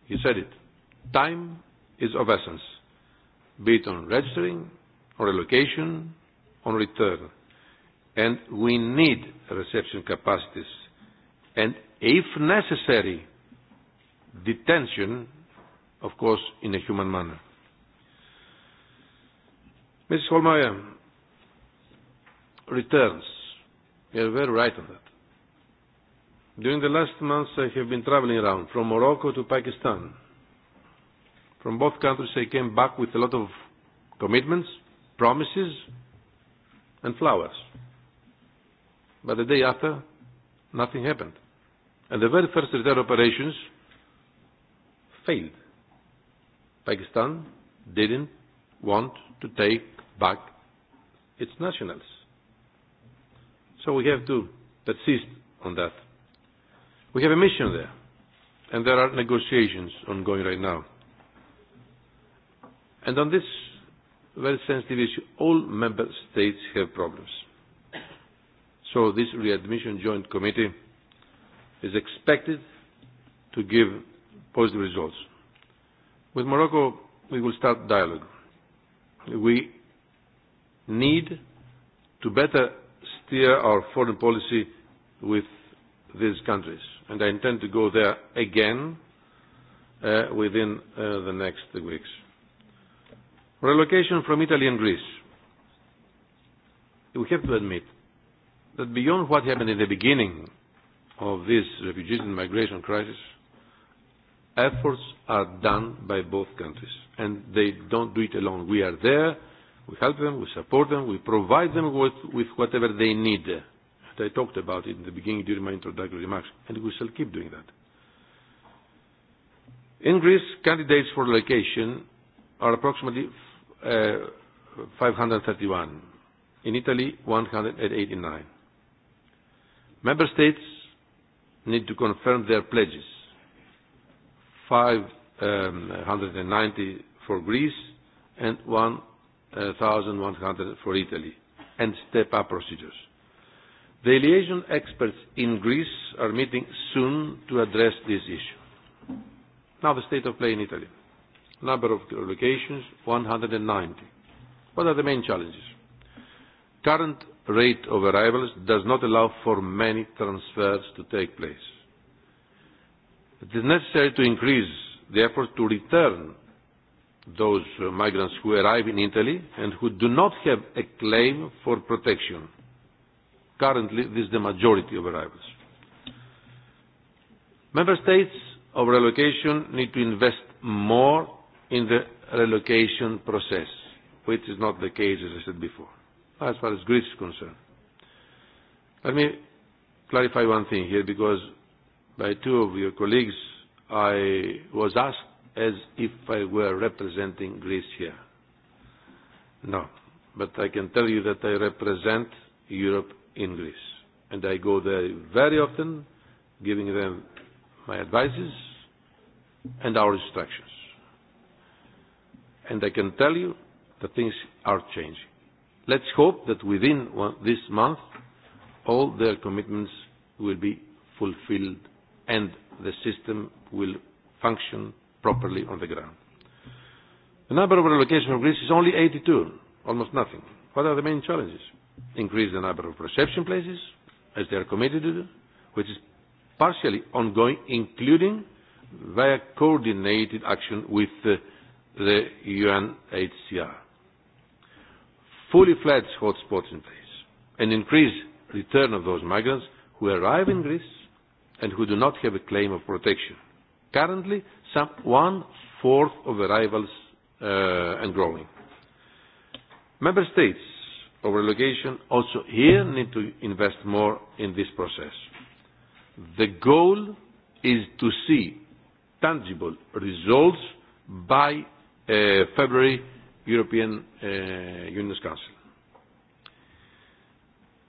You said it. Time is of essence, be it on registering or relocation on return. And we need reception capacities. And if necessary, detention, of course, in a human manner. Mrs. Holmeyer, returns. You're very right on that. During the last months, I have been traveling around from Morocco to Pakistan. From both countries, I came back with a lot of commitments, promises, and flowers. But the day after, nothing happened. And the very first reserve operations failed. Pakistan didn't want to take back its nationals. So we have to persist on that. We have a mission there, and there are negotiations ongoing right now. And on this very sensitive issue. All member states have problems. So this readmission joint committee is expected to give positive results. With Morocco, we will start dialogue. We need to better steer our foreign policy with these countries. And I intend to go there again uh, within uh, the next weeks. Relocation from Italy and Greece. We have to admit that beyond what happened in the beginning of this refugees and migration crisis, efforts are done by both countries. And they don't do it alone. We are there, we help them, we support them, we provide them with, with whatever they need. And I talked about it in the beginning during my introductory remarks, and we shall keep doing that. In Greece, candidates for relocation are approximately 531. Uh, in Italy, 189. Member states need to confirm their pledges. 590 um, for Greece and 1,100 uh, for Italy, and step-up procedures. The liaison experts in Greece are meeting soon to address this issue. Now the state of play in Italy. Number of relocations, 190. What are the main challenges? Current rate of arrivals does not allow for many transfers to take place. It is necessary to increase the effort to return those uh, migrants who arrive in Italy and who do not have a claim for protection. Currently, this is the majority of arrivals. Member States of relocation need to invest more in the relocation process, which is not the case, as I said before, as far as Greece is concerned. Let me clarify one thing here, because by two of your colleagues, I was asked as if I were representing Greece here. No, but I can tell you that I represent Europe in Greece. And I go there very often, giving them my advices and our instructions and I can tell you that things are changing. Let's hope that within one, this month all their commitments will be fulfilled and the system will function properly on the ground. The number of relocations from Greece is only 82, almost nothing. What are the main challenges? Increase the number of reception places, as they are committed to do, which is partially ongoing, including via coordinated action with uh, the UNHCR. Fully fledged hotspots in place, and increased return of those migrants who arrive in Greece and who do not have a claim of protection. Currently, some one fourth of arrivals uh, and growing. Member States of relocation also here need to invest more in this process. The goal is to see tangible results by uh, February European uh, eh, Union's Council.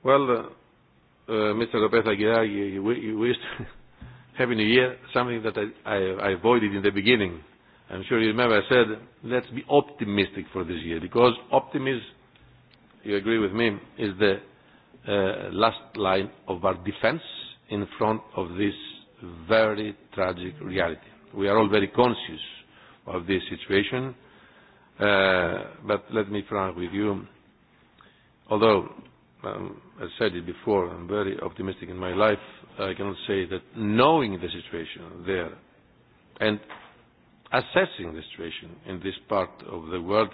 Well, uh, uh, Mr. Lopez Aguilar, you, you, you wished (laughs) Happy New Year, something that I, I, I avoided in the beginning. I'm sure you remember I said, let's be optimistic for this year, because optimism, you agree with me, is the uh, last line of our defense in front of this very tragic reality. We are all very conscious of this situation. Uh, but let me frank with you, although um, I said it before, I'm very optimistic in my life, I cannot say that knowing the situation there and assessing the situation in this part of the world,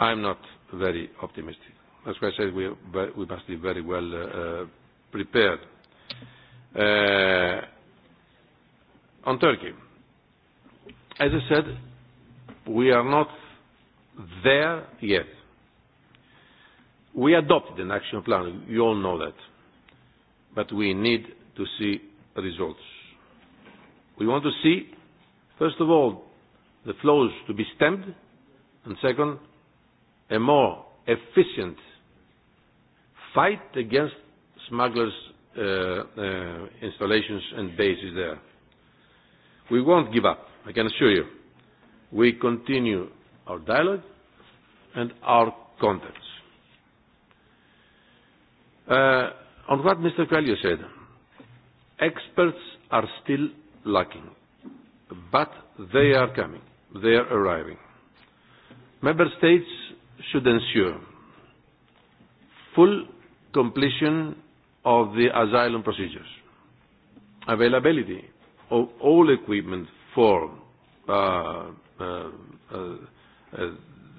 I'm not very optimistic. That's why I said we, we must be very well uh, prepared. Uh, on Turkey, as I said, we are not there yet. We adopted an action plan, you all know that, but we need to see results. We want to see, first of all, the flows to be stemmed, and second, a more efficient fight against smugglers' uh, uh, installations and bases there. We won't give up. I can assure you, we continue our dialogue and our contacts. Uh, on what Mr. Coelho said, experts are still lacking, but they are coming, they are arriving. Member States should ensure full completion of the asylum procedures, availability of all equipment for uh, uh, uh, uh,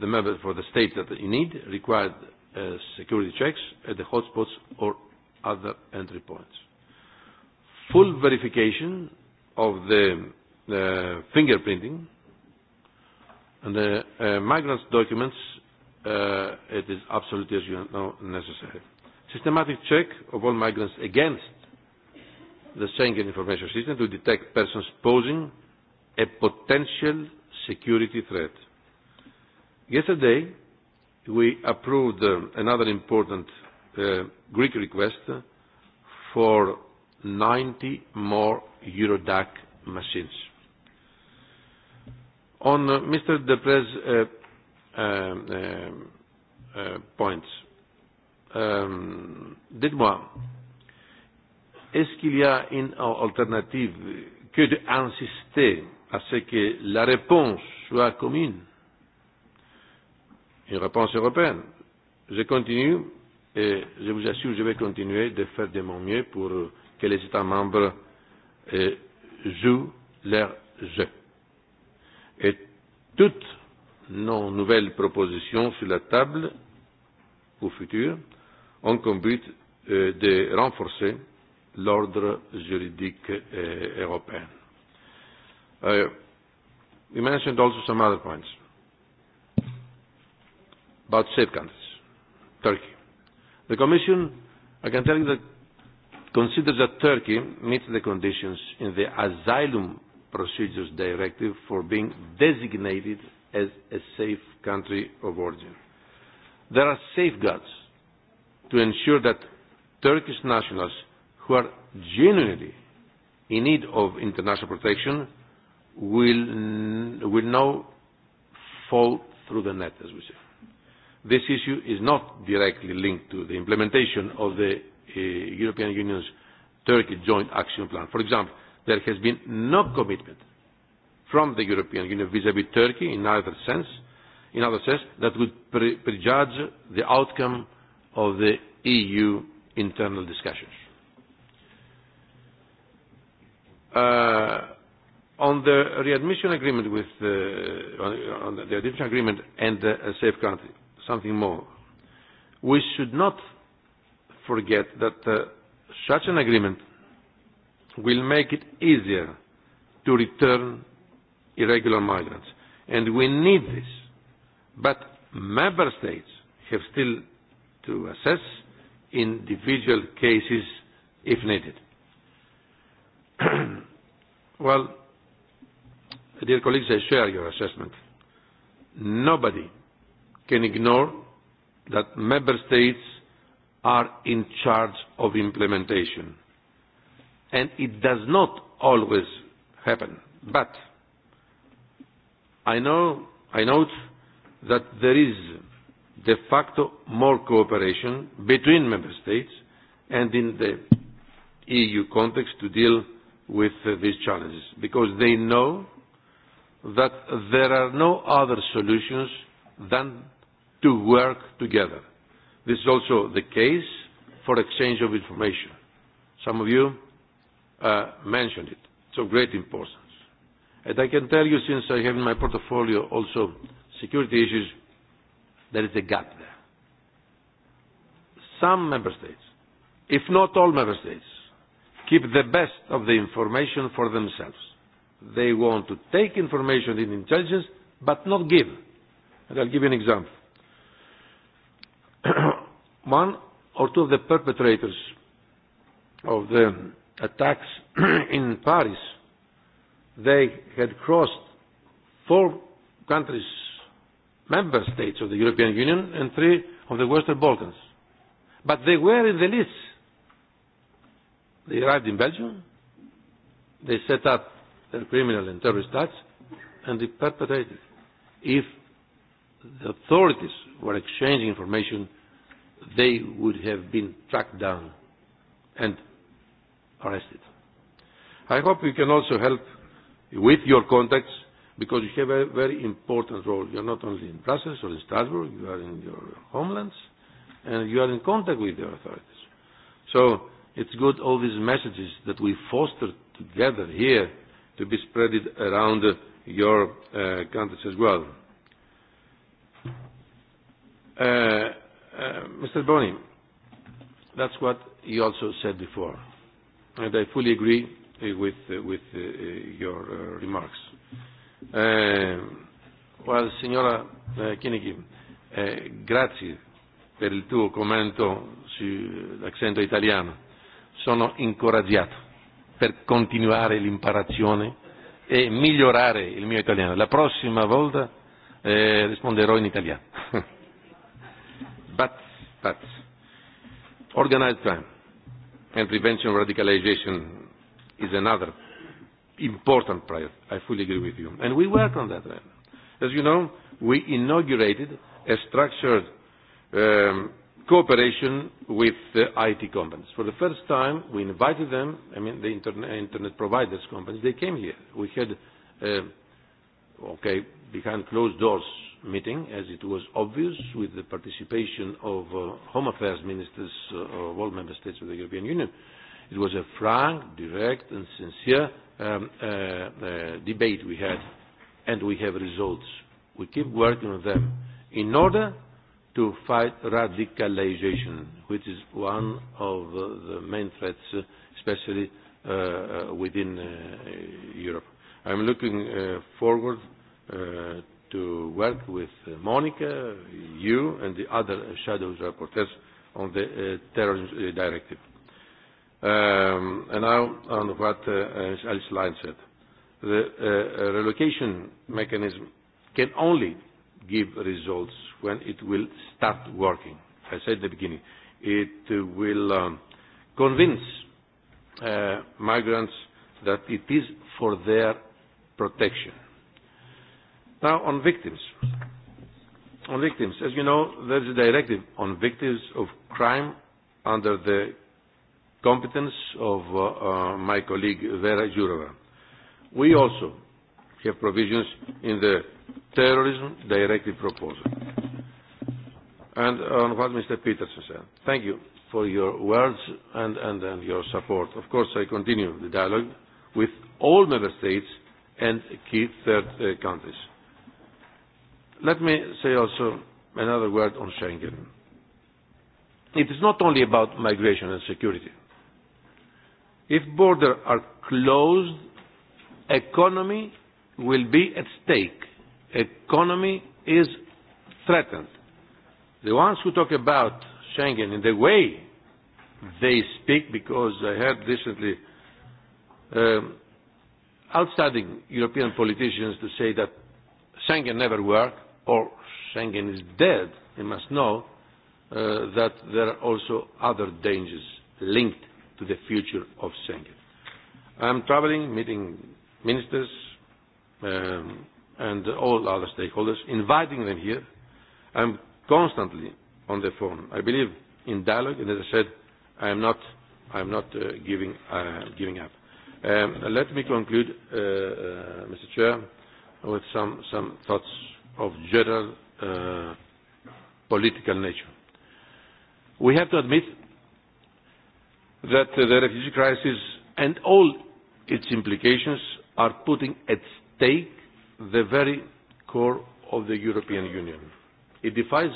the member for the state that you need required uh, security checks at the hotspots or other entry points. Full verification of the uh, fingerprinting and the uh, migrants' documents, uh, it is absolutely, as you know, necessary. Systematic check of all migrants against the Schengen information system to detect persons posing a potential security threat. Yesterday, we approved uh, another important uh, Greek request for 90 more Eurodac machines. On uh, Mr. Deprez's uh, um, uh, uh, points, um, dites-moi, est-ce qu'il y a une alternative que d'insister à ce que la réponse soit commune, une réponse européenne. Je continue et je vous assure, je vais continuer de faire de mon mieux pour que les États membres eh, jouent leur jeu. Et toutes nos nouvelles propositions sur la table au futur ont comme but eh, de renforcer l'ordre juridique eh, européen. Uh, you mentioned also some other points about safe countries, Turkey. The Commission, I can tell you that, considers that Turkey meets the conditions in the Asylum Procedures Directive for being designated as a safe country of origin. There are safeguards to ensure that Turkish nationals who are genuinely in need of international protection will, will now fall through the net, as we say. This issue is not directly linked to the implementation of the uh, European Union's Turkey Joint Action Plan. For example, there has been no commitment from the European Union vis-à-vis -vis Turkey in either sense, in other sense, that would pre prejudge the outcome of the EU internal discussions. Uh, On the readmission agreement with uh, on, on the readmission agreement and the uh, country, something more. We should not forget that uh, such an agreement will make it easier to return irregular migrants. And we need this. But member states have still to assess individual cases if needed. (clears throat) well, Dear colleagues, I share your assessment. Nobody can ignore that member states are in charge of implementation. And it does not always happen. But I know, I note that there is de facto more cooperation between member states and in the EU context to deal with uh, these challenges because they know that there are no other solutions than to work together. This is also the case for exchange of information. Some of you uh, mentioned it. It's of great importance. And I can tell you, since I have in my portfolio also security issues, there is a gap there. Some member states, if not all member states, keep the best of the information for themselves They want to take information in intelligence but not give. And I'll give you an example. (clears throat) One or two of the perpetrators of the attacks (clears throat) in Paris, they had crossed four countries, member states of the European Union and three of the Western Balkans. But they were in the list. They arrived in Belgium. They set up criminal and terrorist acts and the perpetrator. If the authorities were exchanging information, they would have been tracked down and arrested. I hope you can also help with your contacts because you have a very important role. You're not only in Brussels or in Strasbourg, you are in your homelands and you are in contact with the authorities. So it's good all these messages that we foster together here to be spread around your uh, countries as well. Uh, uh, Mr. Boni, that's what you also said before, and I fully agree with, uh, with uh, uh your uh, remarks. Uh, well, signora uh, Kinigi, uh, grazie per il tuo commento sull'accento italiano. Sono incoraggiato per continuare l'imparazione e migliorare il mio italiano. La prossima volta eh, risponderò in italiano. (laughs) but, but, organized crime and prevention of radicalization is another important priority. I fully agree with you. And we work on that. As you know, we inaugurated a structured um, cooperation with the IT companies. For the first time, we invited them, I mean the internet, internet providers companies, they came here. We had, uh, okay, behind closed doors meeting, as it was obvious, with the participation of uh, Home Affairs ministers uh, of all member states of the European Union. It was a frank, direct, and sincere um, uh, uh, debate we had, and we have results. We keep working on them in order to fight radicalization, which is one of uh, the main threats, uh, especially uh, uh, within uh, Europe. I'm looking uh, forward uh, to work with Monica, you, and the other shadow rapporteurs on the uh, terrorism directive. Um, and now on what uh, Alice Lyon said. The uh, relocation mechanism can only give results when it will start working. I said at the beginning, it will um, convince uh, migrants that it is for their protection. Now on victims. On victims, as you know, there is a directive on victims of crime under the competence of uh, uh, my colleague Vera Jurova. We also have provisions in the terrorism directive proposal. And on what Mr. Peterson said, thank you for your words and, and, and your support. Of course, I continue the dialogue with all member states and key third uh, countries. Let me say also another word on Schengen. It is not only about migration and security. If borders are closed, economy will be at stake. Economy is threatened. The ones who talk about Schengen in the way they speak, because I heard recently um, outstanding European politicians to say that Schengen never worked or Schengen is dead, they must know uh, that there are also other dangers linked to the future of Schengen. I'm traveling, meeting ministers, um, and all other stakeholders, inviting them here. I'm constantly on the phone. I believe in dialogue, and as I said, I am not, I am not uh, giving, uh, giving up. Um, let me conclude, uh, uh, Mr. Chair, with some, some thoughts of general uh, political nature. We have to admit that the refugee crisis and all its implications are putting at stake the very core of the European Union. It defies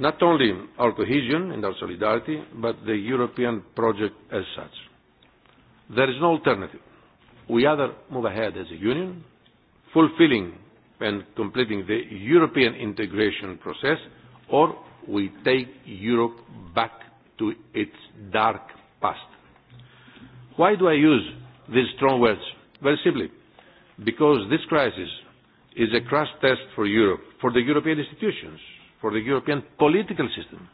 not only our cohesion and our solidarity, but the European project as such. There is no alternative. We either move ahead as a union, fulfilling and completing the European integration process, or we take Europe back to its dark past. Why do I use these strong words? Very simply, because this crisis is a crash test for Europe, for the European institutions, for the European political system,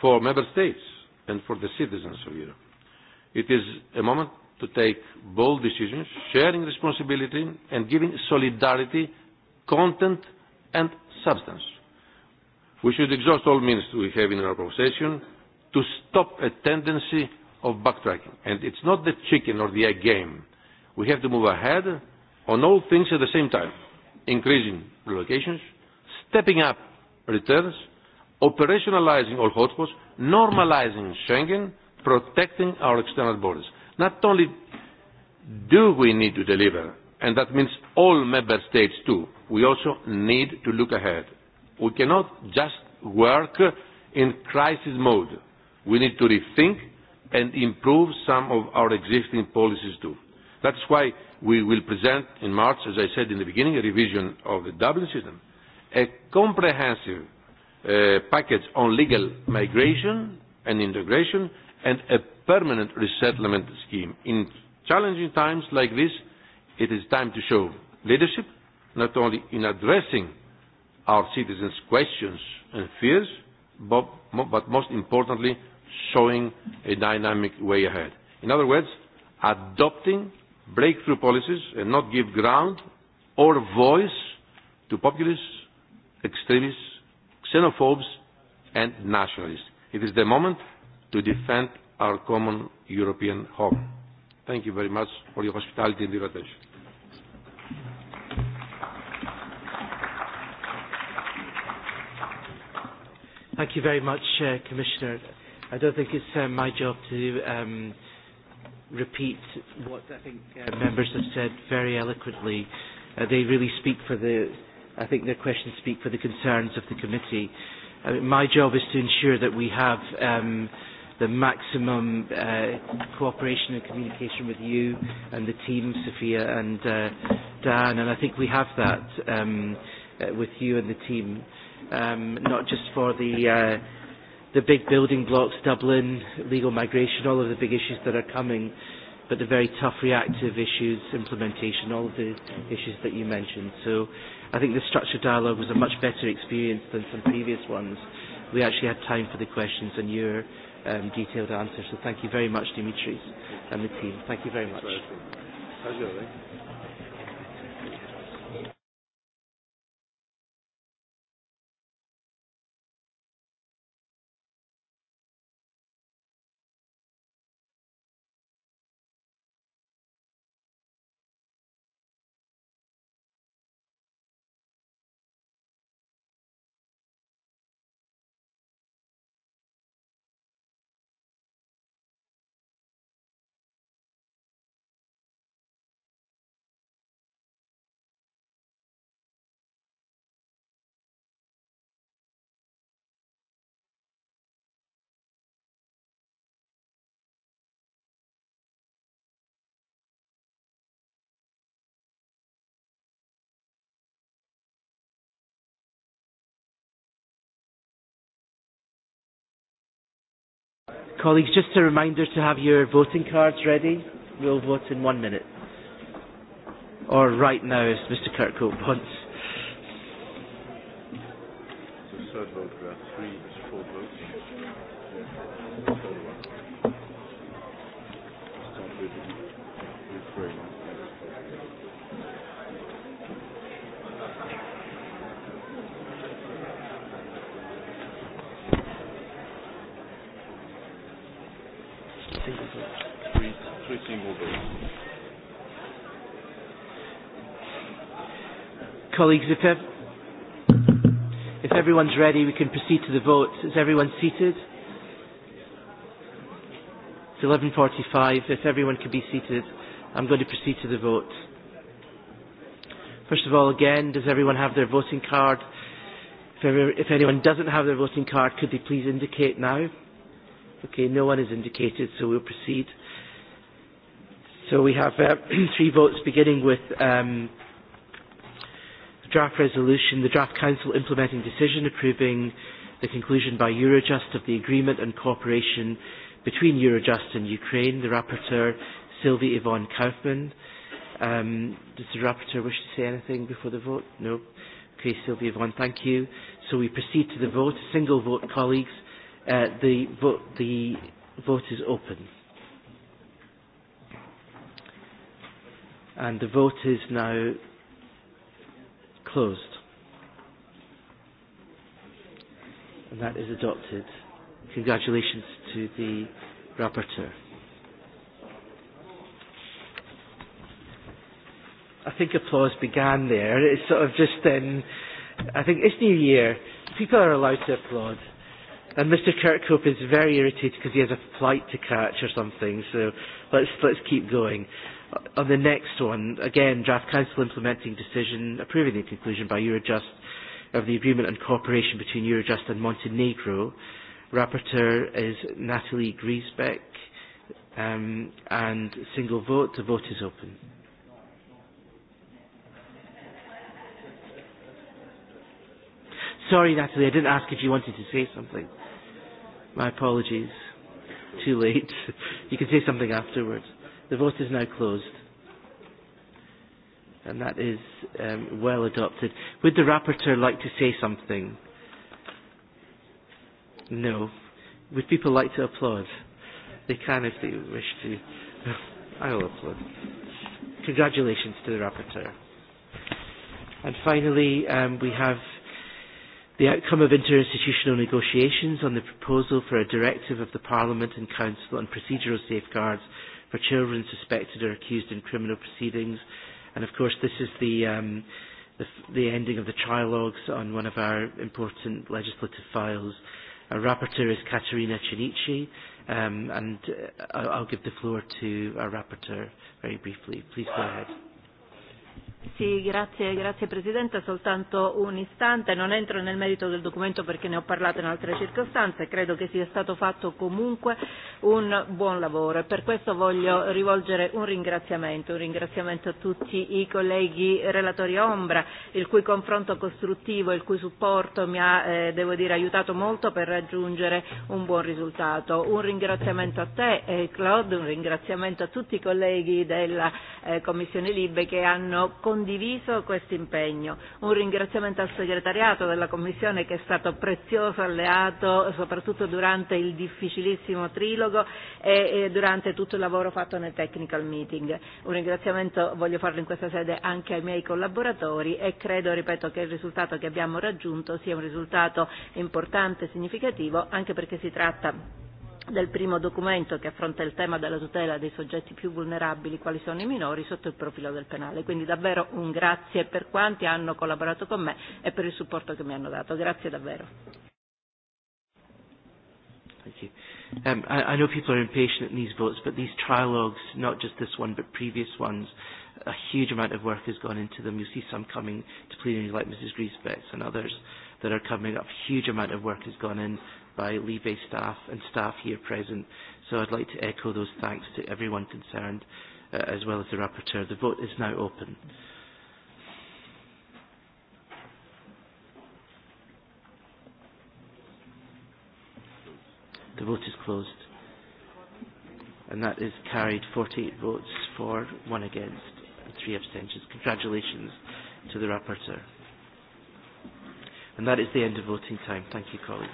for member states, and for the citizens of Europe. It is a moment to take bold decisions, sharing responsibility and giving solidarity, content and substance. We should exhaust all means we have in our conversation to stop a tendency of backtracking. And it's not the chicken or the egg game. We have to move ahead on all things at the same time, increasing relocations, stepping up returns, operationalizing all hotspots, normalizing Schengen, protecting our external borders. Not only do we need to deliver, and that means all member states too, we also need to look ahead. We cannot just work in crisis mode. We need to rethink and improve some of our existing policies too. That's why we will present in March, as I said in the beginning, a revision of the Dublin system, a comprehensive uh, package on legal migration and integration, and a permanent resettlement scheme. In challenging times like this, it is time to show leadership, not only in addressing our citizens' questions and fears, but, but most importantly, showing a dynamic way ahead. In other words, adopting breakthrough policies and not give ground or voice to populists, extremists, xenophobes and nationalists. It is the moment to defend our common European home. Thank you very much for your hospitality and your attention. Thank you very much, uh, Commissioner. I don't think it's uh, my job to um, repeat what I think uh, members have said very eloquently. Uh, they really speak for the, I think their questions speak for the concerns of the committee. I uh, mean, my job is to ensure that we have um, the maximum uh, cooperation and communication with you and the team, Sophia and uh, Dan, and I think we have that um, uh, with you and the team, um, not just for the uh, the big building blocks, Dublin, legal migration, all of the big issues that are coming, but the very tough reactive issues, implementation, all of the issues that you mentioned. So I think the structured dialogue was a much better experience than some previous ones. We actually had time for the questions and your um, detailed answers. So thank you very much, Dimitris and the team. Thank you very much. you. Colleagues, just a reminder to have your voting cards ready. We'll vote in one minute. Or right now, as Mr. Kirkhope (laughs) wants. It's a third vote, three. Colleagues, if, ev if everyone's ready, we can proceed to the vote. Is everyone seated? It's 11.45. If everyone can be seated, I'm going to proceed to the vote. First of all, again, does everyone have their voting card? If, ever, if anyone doesn't have their voting card, could they please indicate now? Okay, no one is indicated, so we'll proceed. So we have uh, (clears throat) three votes beginning with... Um, draft resolution, the draft council implementing decision approving the conclusion by Eurojust of the agreement and cooperation between Eurojust and Ukraine. The rapporteur, Sylvie Yvonne Kaufman. Um, does the rapporteur wish to say anything before the vote? No. Okay, Sylvie Yvonne, thank you. So we proceed to the vote. A single vote, colleagues. Uh, the, vo the vote is open. And the vote is now closed. And that is adopted. Congratulations to the rapporteur. I think applause began there. It's sort of just then, I think it's New Year. People are allowed to applaud. And Mr. Kirkhope is very irritated because he has a flight to catch or something. So let's, let's keep going. Uh, on the next one, again, draft council implementing decision approving the conclusion by Eurojust of the agreement on cooperation between Eurojust and Montenegro. Rapporteur is Natalie Griesbeck. Um, and single vote, the vote is open. Sorry, Natalie, I didn't ask if you wanted to say something. My apologies. Too late. (laughs) you can say something afterwards. The vote is now closed. And that is um, well adopted. Would the rapporteur like to say something? No. Would people like to applaud? They can if they wish to. (laughs) I will applaud. Congratulations to the rapporteur. And finally, um, we have the outcome of interinstitutional negotiations on the proposal for a directive of the Parliament and Council on procedural safeguards for children suspected or accused in criminal proceedings. And of course, this is the, um, the, the ending of the trilogues on one of our important legislative files. Our rapporteur is Katerina Cinici, um, and uh, I'll give the floor to our rapporteur very briefly. Please go ahead. Sì, grazie, grazie Presidente. Soltanto un istante, non entro nel merito del documento perché ne ho parlato in altre circostanze, credo che sia stato fatto comunque un buon lavoro e per questo voglio rivolgere un ringraziamento, un ringraziamento a tutti i colleghi relatori ombra, il cui confronto costruttivo, il cui supporto mi ha, eh, devo dire, aiutato molto per raggiungere un buon risultato. Un ringraziamento a te, eh, Claude, un ringraziamento a tutti i colleghi della eh, Commissione Libe che hanno condiviso questo impegno. Un ringraziamento al segretariato della Commissione che è stato prezioso alleato soprattutto durante il difficilissimo trilogo e, e durante tutto il lavoro fatto nel technical meeting. Un ringraziamento voglio farlo in questa sede anche ai miei collaboratori e credo, ripeto, che il risultato che abbiamo raggiunto sia un risultato importante e significativo anche perché si tratta del primo documento che affronta il tema della tutela dei soggetti più vulnerabili quali sono i minori sotto il profilo del penale. Quindi davvero un grazie per quanti hanno collaborato con me e per il supporto che mi hanno dato. Grazie davvero. Um, I, I know people are impatient in these votes, but these trilogues, not just this one but previous ones, a huge amount of work has gone into them. You see some coming to plenary like Mrs. Griesbeck and others that are coming up. A huge amount of work has gone in by Libe staff and staff here present. So I'd like to echo those thanks to everyone concerned, uh, as well as the rapporteur. The vote is now open. The vote is closed. And that is carried 48 votes for, one against, and three abstentions. Congratulations to the rapporteur. And that is the end of voting time. Thank you, colleagues.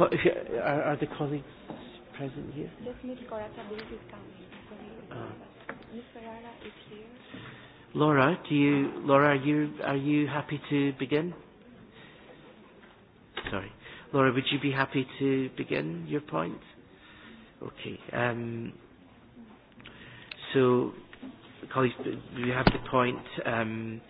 are, are the colleagues present here? Just Ms. Corata Booth is Ms. Ah. Ferrara is here. Laura, do you, Laura, are you, are you happy to begin? Sorry. Laura, would you be happy to begin your point? Okay. Um, so, colleagues, we have the point um,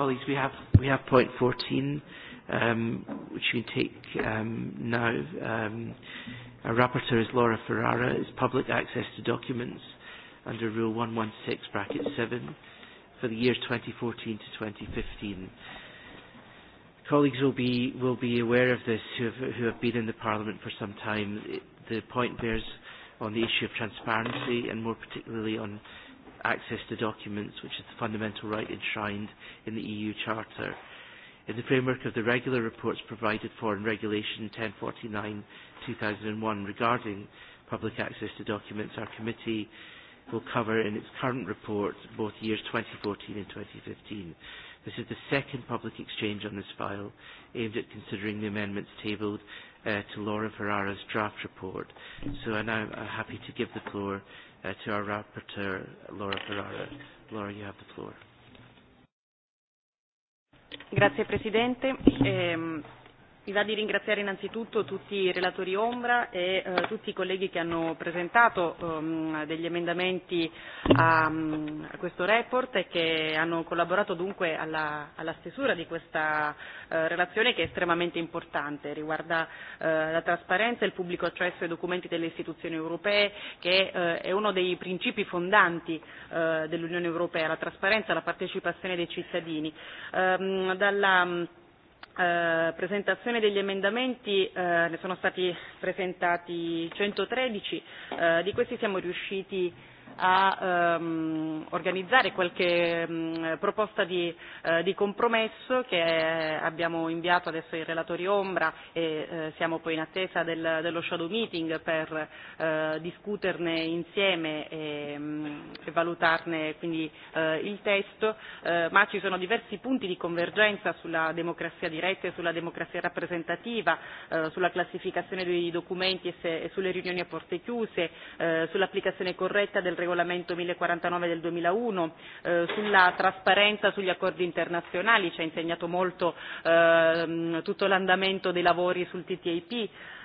Colleagues, we have, we have point 14, um, which we take um, now. Um, our rapporteur is Laura Ferrara. It's public access to documents under Rule 116, bracket 7, for the years 2014 to 2015. Colleagues will be, will be aware of this who have, who have been in the Parliament for some time. It, the point bears on the issue of transparency and more particularly on access to documents, which is the fundamental right enshrined in the EU Charter. In the framework of the regular reports provided for in Regulation 1049-2001 regarding public access to documents, our committee will cover in its current report both years 2014 and 2015. This is the second public exchange on this file, aimed at considering the amendments tabled uh, to Laura Ferrara's draft report. So I'm now happy to give the floor uh, to our rapporteur, Laura Ferrara. Laura, you have the floor. Grazie Presidente. Eh, Mi va di ringraziare innanzitutto tutti i relatori ombra e eh, tutti i colleghi che hanno presentato um, degli emendamenti a, a questo report e che hanno collaborato dunque alla, alla stesura di questa uh, relazione che è estremamente importante, riguarda uh, la trasparenza e il pubblico accesso ai documenti delle istituzioni europee che uh, è uno dei principi fondanti uh, dell'Unione Europea, la trasparenza e la partecipazione dei cittadini. Um, dalla, eh, presentazione degli emendamenti eh, ne sono stati presentati 113, eh, di questi siamo riusciti a um, organizzare qualche um, proposta di, uh, di compromesso che eh, abbiamo inviato adesso ai relatori Ombra e eh, siamo poi in attesa del, dello shadow meeting per uh, discuterne insieme e, um, e valutarne quindi uh, il testo, uh, ma ci sono diversi punti di convergenza sulla democrazia diretta e sulla democrazia rappresentativa, uh, sulla classificazione dei documenti e, se, e sulle riunioni a porte chiuse, uh, sull'applicazione corretta del regolamento regolamento 1049 del 2001, eh, sulla trasparenza sugli accordi internazionali, ci ha insegnato molto eh, tutto l'andamento dei lavori sul TTIP,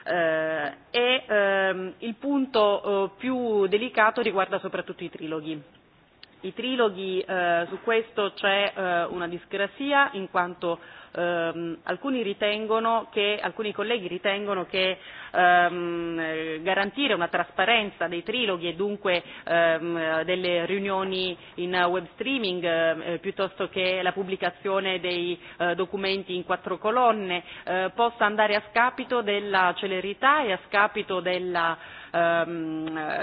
eh, e eh, il punto eh, più delicato riguarda soprattutto i triloghi. I triloghi eh, su questo c'è eh, una discrasia in quanto eh, ehm, alcuni, ritengono che, alcuni colleghi ritengono che ehm, garantire una trasparenza dei triloghi e dunque ehm, delle riunioni in web streaming ehm, eh, piuttosto che la pubblicazione dei eh, documenti in quattro colonne eh, possa andare a scapito della celerità e a scapito della ehm,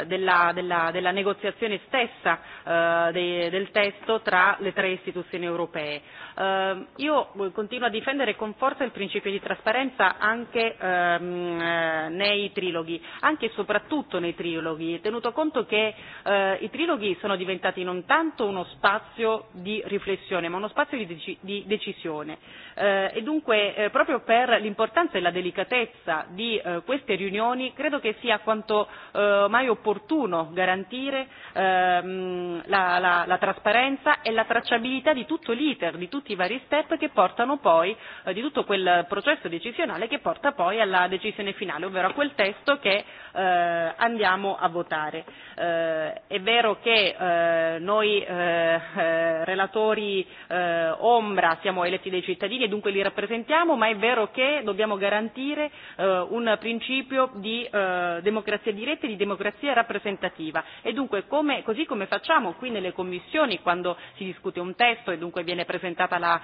della, della, della negoziazione stessa uh, de, del testo tra le tre istituzioni europee. Eh, io continuo a difendere con forza il principio di trasparenza anche ehm, eh, nei triloghi, anche e soprattutto nei triloghi, tenuto conto che eh, i triloghi sono diventati non tanto uno spazio di riflessione, ma uno spazio di, dec- di decisione. Eh, e dunque, eh, proprio per l'importanza e la delicatezza di eh, queste riunioni, credo che sia quanto eh, mai opportuno garantire ehm, la, la, la trasparenza e la tracciabilità di tutto l'iter, di tutto tutti i vari step che portano poi eh, di tutto quel processo decisionale che porta poi alla decisione finale, ovvero a quel testo che eh, andiamo a votare. Eh, è vero che eh, noi eh, eh, relatori eh, ombra siamo eletti dai cittadini e dunque li rappresentiamo, ma è vero che dobbiamo garantire eh, un principio di eh, democrazia diretta e di democrazia rappresentativa e dunque come, così come facciamo qui nelle commissioni quando si discute un testo e dunque viene presentato pubblicata la,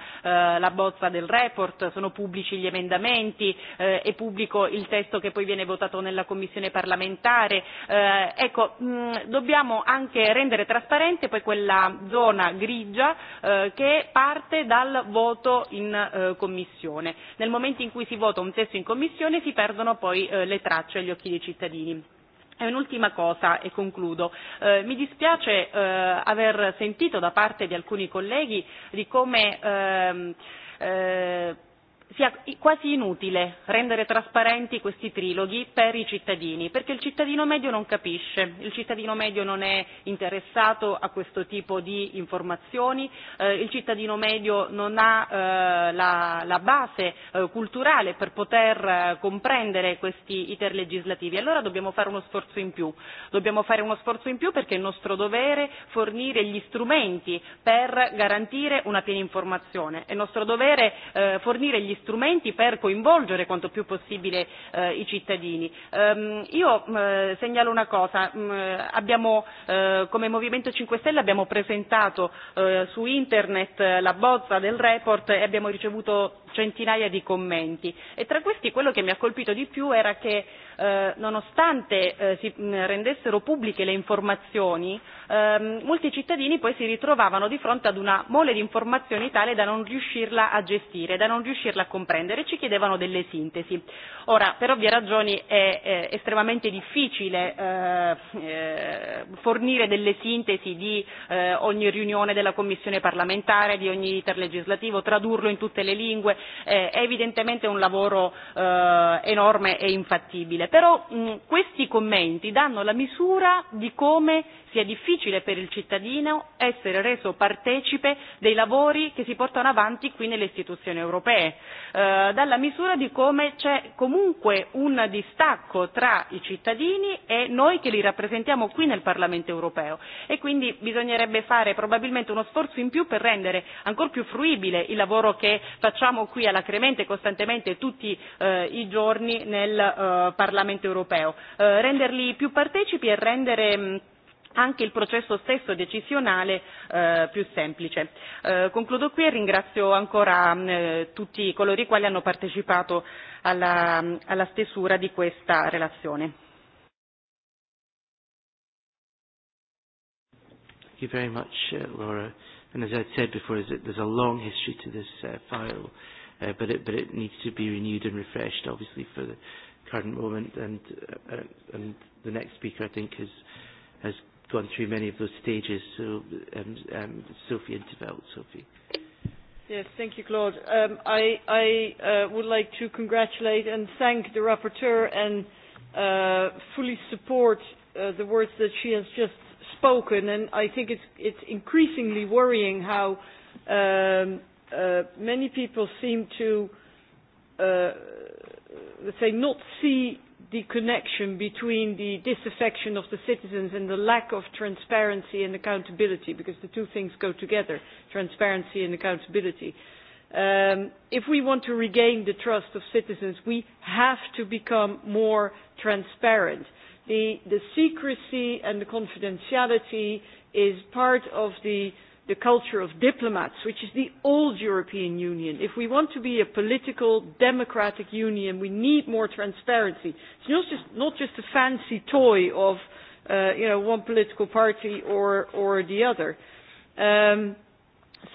eh, la bozza del report, sono pubblici gli emendamenti, eh, è e pubblico il testo che poi viene votato nella commissione parlamentare. Eh, ecco, mh, mm, dobbiamo anche rendere trasparente poi quella zona grigia eh, che parte dal voto in eh, commissione. Nel momento in cui si vota un testo in commissione si perdono poi eh, le tracce agli occhi dei cittadini E un'ultima cosa e concludo. Eh, mi dispiace eh, aver sentito da parte di alcuni colleghi di come ehm, eh, sia quasi inutile rendere trasparenti questi triloghi per i cittadini, perché il cittadino medio non capisce, il cittadino medio non è interessato a questo tipo di informazioni, eh, il cittadino medio non ha eh, la, la base eh, culturale per poter eh, comprendere questi iter legislativi. Allora dobbiamo fare uno sforzo in più, dobbiamo fare uno sforzo in più perché è nostro dovere fornire gli strumenti per garantire una piena informazione, è nostro dovere eh, fornire gli strumenti per coinvolgere quanto più possibile eh, i cittadini. Um, io eh, segnalo una cosa, um, abbiamo, eh, come Movimento 5 Stelle abbiamo presentato eh, su internet la bozza del report e abbiamo ricevuto centinaia di commenti e tra questi quello che mi ha colpito di più era che Eh, nonostante eh, si mm, rendessero pubbliche le informazioni, ehm, molti cittadini poi si ritrovavano di fronte ad una mole di informazioni tale da non riuscirla a gestire, da non riuscirla a comprendere e ci chiedevano delle sintesi. Ora, per ovvie ragioni è, è estremamente difficile eh, eh, fornire delle sintesi di eh, ogni riunione della Commissione parlamentare, di ogni iter legislativo, tradurlo in tutte le lingue, eh, è evidentemente un lavoro eh, enorme e infattibile però mh, mm, questi commenti danno la misura di come sia difficile per il cittadino essere reso partecipe dei lavori che si portano avanti qui nelle istituzioni europee, eh, dalla misura di come c'è comunque un distacco tra i cittadini e noi che li rappresentiamo qui nel Parlamento europeo e quindi bisognerebbe fare probabilmente uno sforzo in più per rendere ancora più fruibile il lavoro che facciamo qui alla Cremente costantemente tutti eh, i giorni nel eh, Parlamento Parlamento europeo, eh, renderli più partecipi e rendere mh, mm, anche il processo stesso decisionale eh, più semplice. Eh, concludo qui e ringrazio ancora mm, eh, tutti coloro i quali hanno partecipato alla, mm, alla stesura di questa relazione. Thank you very much, uh, Laura. And as I said before, is there's a long history to this uh, file, uh, but, it, but it needs to be renewed and refreshed, obviously, for the, current moment and, uh, uh, and the next speaker I think has, has gone through many of those stages so um, um, Sophie Intervelt, Sophie. Yes, thank you, Claude. Um, I, I uh, would like to congratulate and thank the rapporteur and uh, fully support uh, the words that she has just spoken. And I think it's, it's increasingly worrying how um, uh, many people seem to uh, Uh, let's say, not see the connection between the disaffection of the citizens and the lack of transparency and accountability, because the two things go together, transparency and accountability. Um, if we want to regain the trust of citizens, we have to become more transparent. The, the secrecy and the confidentiality is part of the uh, the culture of diplomats, which is the old European Union. If we want to be a political, democratic union, we need more transparency. It's not just, not just a fancy toy of uh, you know, one political party or, or the other. Um,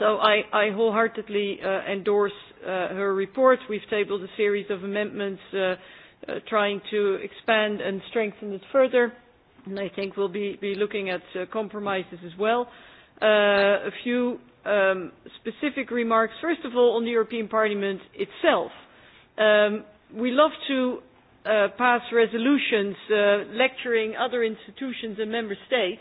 so I, I wholeheartedly uh, endorse uh, her report. We've tabled a series of amendments uh, uh, trying to expand and strengthen it further, and I think we'll be, be looking at uh, compromises as well uh, a few um, specific remarks. First of all, on the European Parliament itself. Um, we love to uh, pass resolutions uh, lecturing other institutions and member states,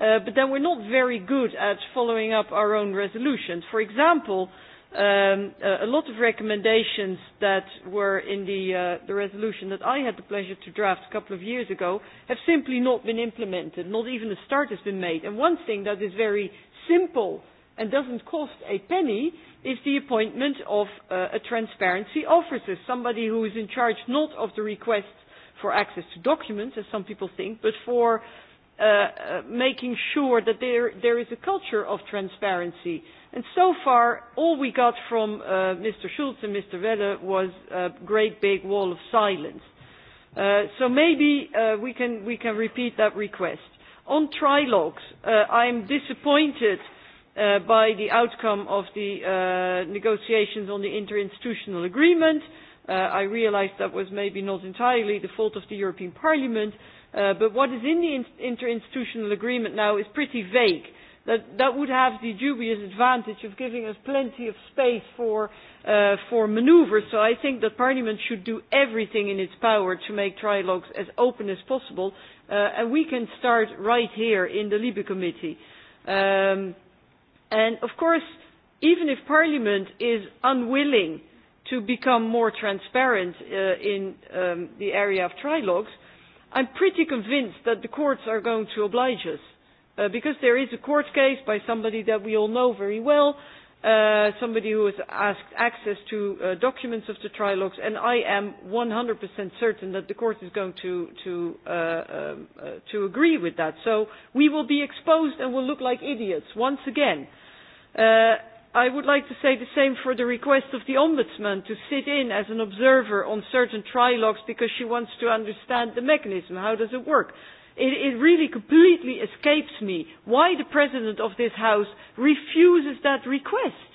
uh, but then we're not very good at following up our own resolutions. For example, uh, um, uh, a lot of recommendations that were in the, uh, the resolution that I had the pleasure to draft a couple of years ago have simply not been implemented. Not even a start has been made. And one thing that is very simple and doesn't cost a penny is the appointment of uh, a transparency officer, somebody who is in charge not of the request for access to documents, as some people think, but for uh, uh, making sure that there, there is a culture of transparency And so far, all we got from uh, Mr. Schulz and Mr. Weller was a great big wall of silence. Uh, so maybe uh, we, can, we can repeat that request. On trilogues, uh, I'm disappointed uh, by the outcome of the uh, negotiations on the interinstitutional agreement. Uh, I realize that was maybe not entirely the fault of the European Parliament, uh, but what is in the in interinstitutional agreement now is pretty vague that, that would have the dubious advantage of giving us plenty of space for, uh, for maneuver. So I think that Parliament should do everything in its power to make trilogues as open as possible. Uh, and we can start right here in the Libe Committee. Um, and of course, even if Parliament is unwilling to become more transparent uh, in um, the area of trilogues, I'm pretty convinced that the courts are going to oblige us Uh, because there is a court case by somebody that we all know very well, uh, somebody who has asked access to uh, documents of the trilogues, and I am 100% certain that the court is going to, to, uh, um, uh, to agree with that. So we will be exposed and will look like idiots once again. Uh, I would like to say the same for the request of the Ombudsman to sit in as an observer on certain trilogues because she wants to understand the mechanism. How does it work? It, it really completely escapes me why the President of this House refuses that request.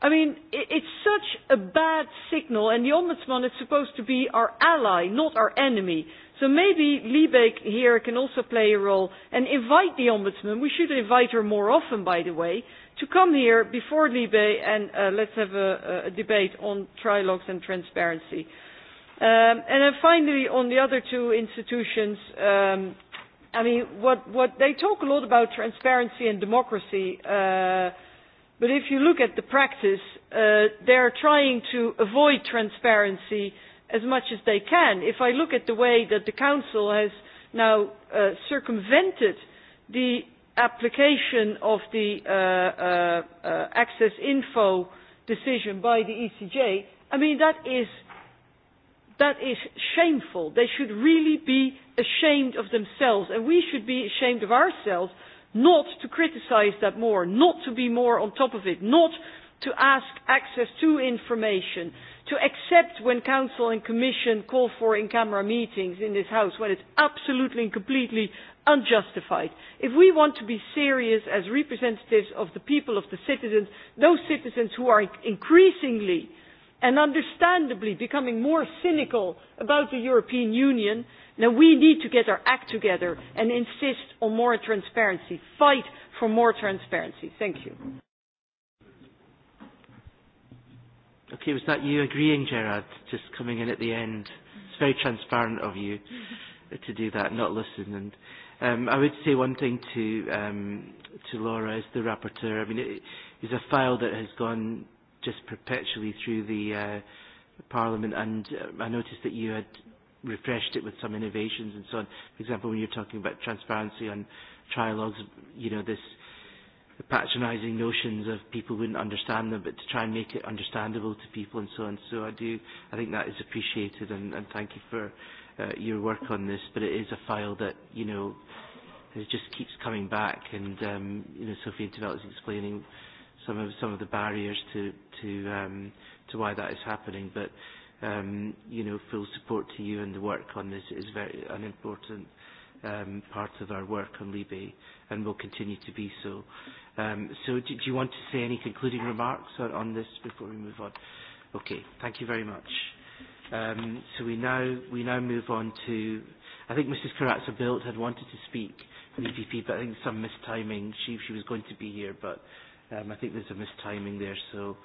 I mean, it, it's such a bad signal, and the Ombudsman is supposed to be our ally, not our enemy. So maybe Liebeck here can also play a role and invite the Ombudsman, we should invite her more often, by the way, to come here before Libe and uh, let's have a, a debate on trilogues and transparency. Um, and then finally, on the other two institutions, um, I mean, what, what they talk a lot about transparency and democracy, uh, but if you look at the practice, uh, they're trying to avoid transparency as much as they can. If I look at the way that the Council has now uh, circumvented the application of the uh, uh, uh, access info decision by the ECJ, I mean, that is That is shameful. They should really be ashamed of themselves, and we should be ashamed of ourselves not to criticize that more, not to be more on top of it, not to ask access to information, to accept when Council and Commission call for in-camera meetings in this House when it's absolutely and completely unjustified. If we want to be serious as representatives of the people, of the citizens, those citizens who are increasingly – and understandably becoming more cynical about the European Union, Now we need to get our act together and insist on more transparency, fight for more transparency. Thank you. Okay, was that you agreeing, Gerard, just coming in at the end? It's very transparent of you to do that, not listen. And um, I would say one thing to um, to Laura as the rapporteur. I mean, it is a file that has gone just perpetually through the uh, Parliament, and uh, I noticed that you had refreshed it with some innovations and so on. For example, when you're talking about transparency on trialogues, you know, this the patronizing notions of people wouldn't understand them, but to try and make it understandable to people and so on. So I do, I think that is appreciated, and, and thank you for uh, your work on this. But it is a file that, you know, it just keeps coming back, and, um, you know, Sophie Intervelt is explaining some of some of the barriers to to um, to why that is happening. But um, you know, full support to you and the work on this is very an important um, part of our work on Libby and will continue to be so. Um, so, do, do you want to say any concluding remarks on, on this before we move on? Okay, thank you very much. Um, so we now we now move on to. I think Mrs. Karatza-Bilt had wanted to speak for the EPP, but I think some mistiming. She she was going to be here, but Um, I think there's a mistiming there, so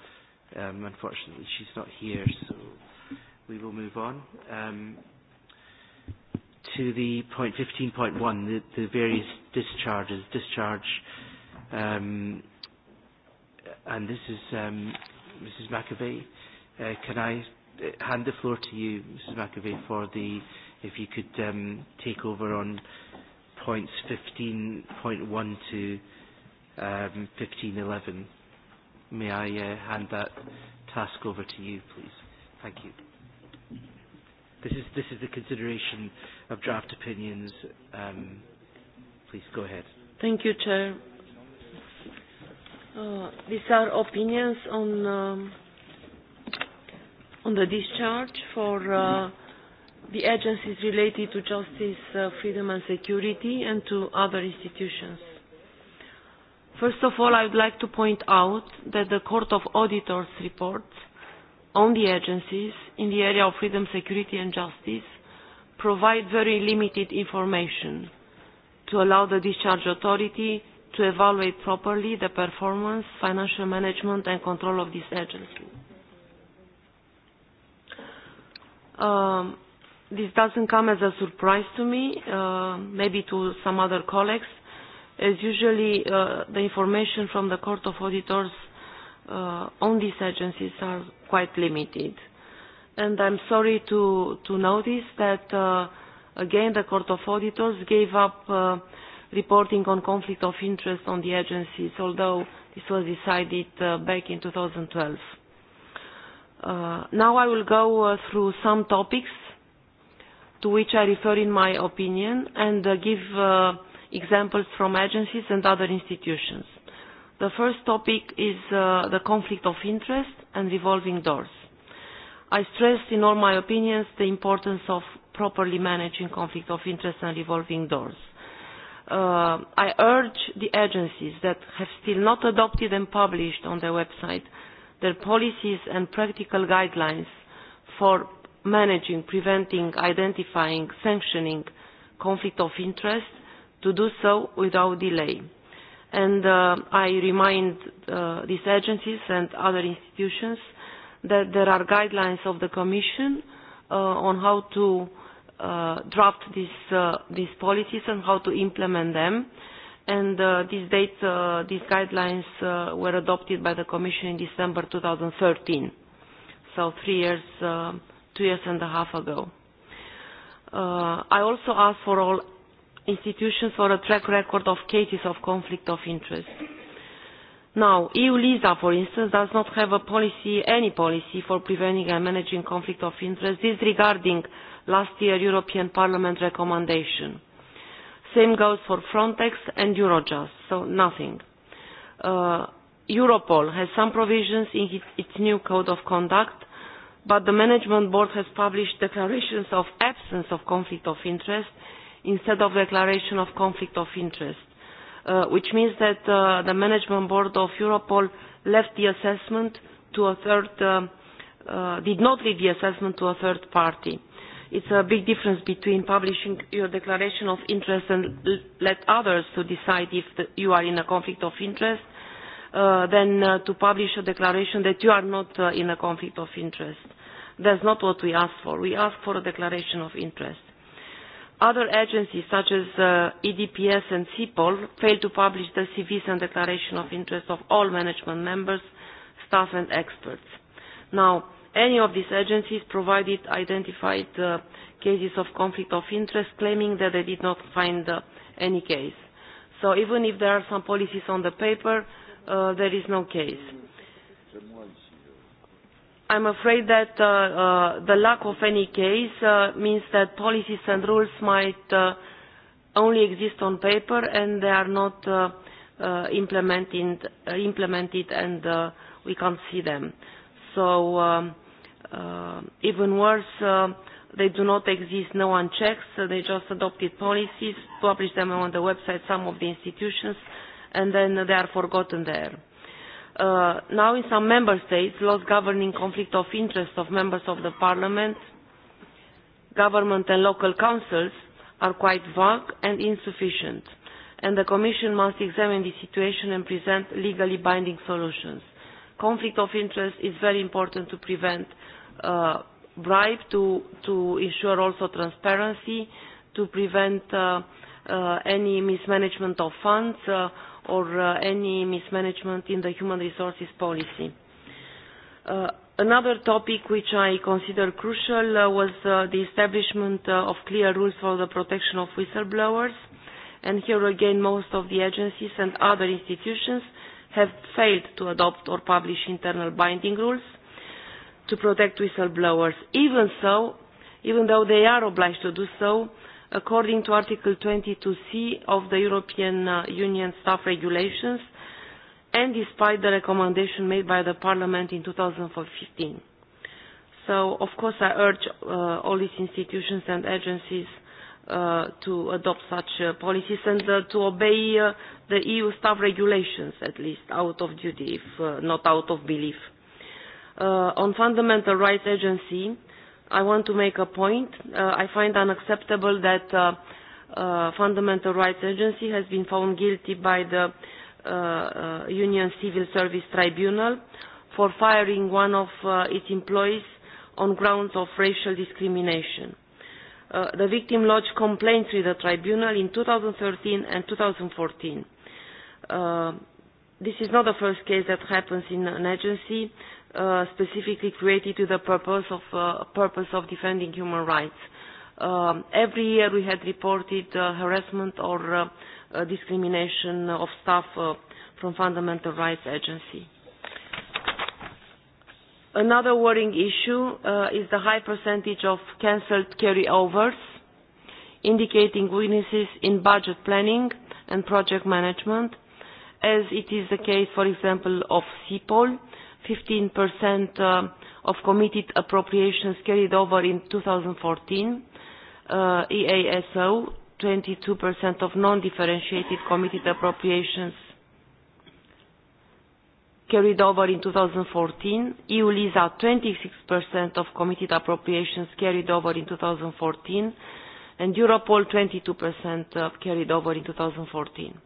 um, unfortunately she's not here, so we will move on. Um, to the point 15.1, the, the various discharges, discharge, um, and this is um, Mrs. McAvey. Uh, can I uh, hand the floor to you, Mrs. McAvey, for the, if you could um, take over on points 15.1 to um, 1511. May I uh, hand that task over to you, please? Thank you. This is, this is the consideration of draft opinions. Um, please go ahead. Thank you, Chair. Uh, these are opinions on, um, on the discharge for uh, the agencies related to justice, uh, freedom and security and to other institutions. First of all, I would like to point out that the Court of Auditors reports on the agencies in the area of freedom, security and justice provide very limited information to allow the discharge authority to evaluate properly the performance, financial management and control of this agency. Um, this doesn't come as a surprise to me, uh, maybe to some other colleagues, as usually uh, the information from the Court of Auditors uh, on these agencies are quite limited. And I'm sorry to, to notice that, uh, again, the Court of Auditors gave up uh, reporting on conflict of interest on the agencies, although this was decided uh, back in 2012. Uh, now I will go uh, through some topics to which I refer in my opinion and uh, give uh, examples from agencies and other institutions. The first topic is uh, the conflict of interest and revolving doors. I stressed in all my opinions the importance of properly managing conflict of interest and revolving doors. Uh, I urge the agencies that have still not adopted and published on their website their policies and practical guidelines for managing, preventing, identifying, sanctioning conflict of interest to do so without delay. And uh, I remind uh, these agencies and other institutions that there are guidelines of the Commission uh, on how to uh, draft these, uh, these policies and how to implement them. And uh, these, date, uh, these guidelines uh, were adopted by the Commission in December 2013, so three years, uh, two years and a half ago. Uh, I also asked for all institutions for a track record of cases of conflict of interest. Now, EU LISA, for instance, does not have a policy, any policy for preventing and managing conflict of interest, disregarding last year European Parliament recommendation. Same goes for Frontex and Eurojust, so nothing. Uh, Europol has some provisions in its new code of conduct, but the management board has published declarations of absence of conflict of interest instead of declaration of conflict of interest, uh, which means that uh, the management board of Europol left the assessment to a third, uh, uh, did not leave the assessment to a third party. It's a big difference between publishing your declaration of interest and let others to decide if the, you are in a conflict of interest uh, than uh, to publish a declaration that you are not uh, in a conflict of interest. That's not what we ask for. We ask for a declaration of interest. Other agencies such as uh, EDPS and CEPOL failed to publish the CVs and declaration of interest of all management members, staff and experts. Now, any of these agencies provided identified uh, cases of conflict of interest claiming that they did not find uh, any case. So even if there are some policies on the paper, uh, there is no case. I'm afraid that uh, uh, the lack of any case uh, means that policies and rules might uh, only exist on paper and they are not uh, uh, implemented, uh, implemented and uh, we can't see them. So um, uh, even worse, uh, they do not exist, no one checks, so they just adopted policies, publish them on the website some of the institutions, and then they are forgotten there. Uh, now in some member states, laws governing conflict of interest of members of the parliament, government and local councils are quite vague and insufficient, and the commission must examine the situation and present legally binding solutions. Conflict of interest is very important to prevent uh, bribe, to, to ensure also transparency, to prevent uh, uh, any mismanagement of funds, uh, or uh, any mismanagement in the human resources policy. Uh, another topic which I consider crucial uh, was uh, the establishment uh, of clear rules for the protection of whistleblowers. And here again, most of the agencies and other institutions have failed to adopt or publish internal binding rules to protect whistleblowers. Even so, even though they are obliged to do so, according to Article 22C of the European uh, Union staff regulations and despite the recommendation made by the Parliament in 2015. So, of course, I urge uh, all these institutions and agencies uh, to adopt such uh, policies and uh, to obey uh, the EU staff regulations, at least out of duty, if uh, not out of belief. Uh, on Fundamental Rights Agency, I want to make a point. Uh, I find unacceptable that uh, uh, Fundamental Rights Agency has been found guilty by the uh, uh, Union Civil Service Tribunal for firing one of uh, its employees on grounds of racial discrimination. Uh, the victim lodged complaints with the tribunal in 2013 and 2014. Uh, this is not the first case that happens in an agency uh, specifically created to the purpose of, uh, purpose of defending human rights. Um, every year we had reported uh, harassment or uh, uh, discrimination of staff uh, from Fundamental Rights Agency. Another worrying issue uh, is the high percentage of cancelled carryovers, indicating weaknesses in budget planning and project management, as it is the case, for example, of CEPOL, 15% uh, of committed appropriations carried over in 2014, uh, EASO, 22% of non-differentiated committed appropriations carried over in 2014, EU LISA 26% of committed appropriations carried over in 2014, and Europol 22% uh, carried over in 2014.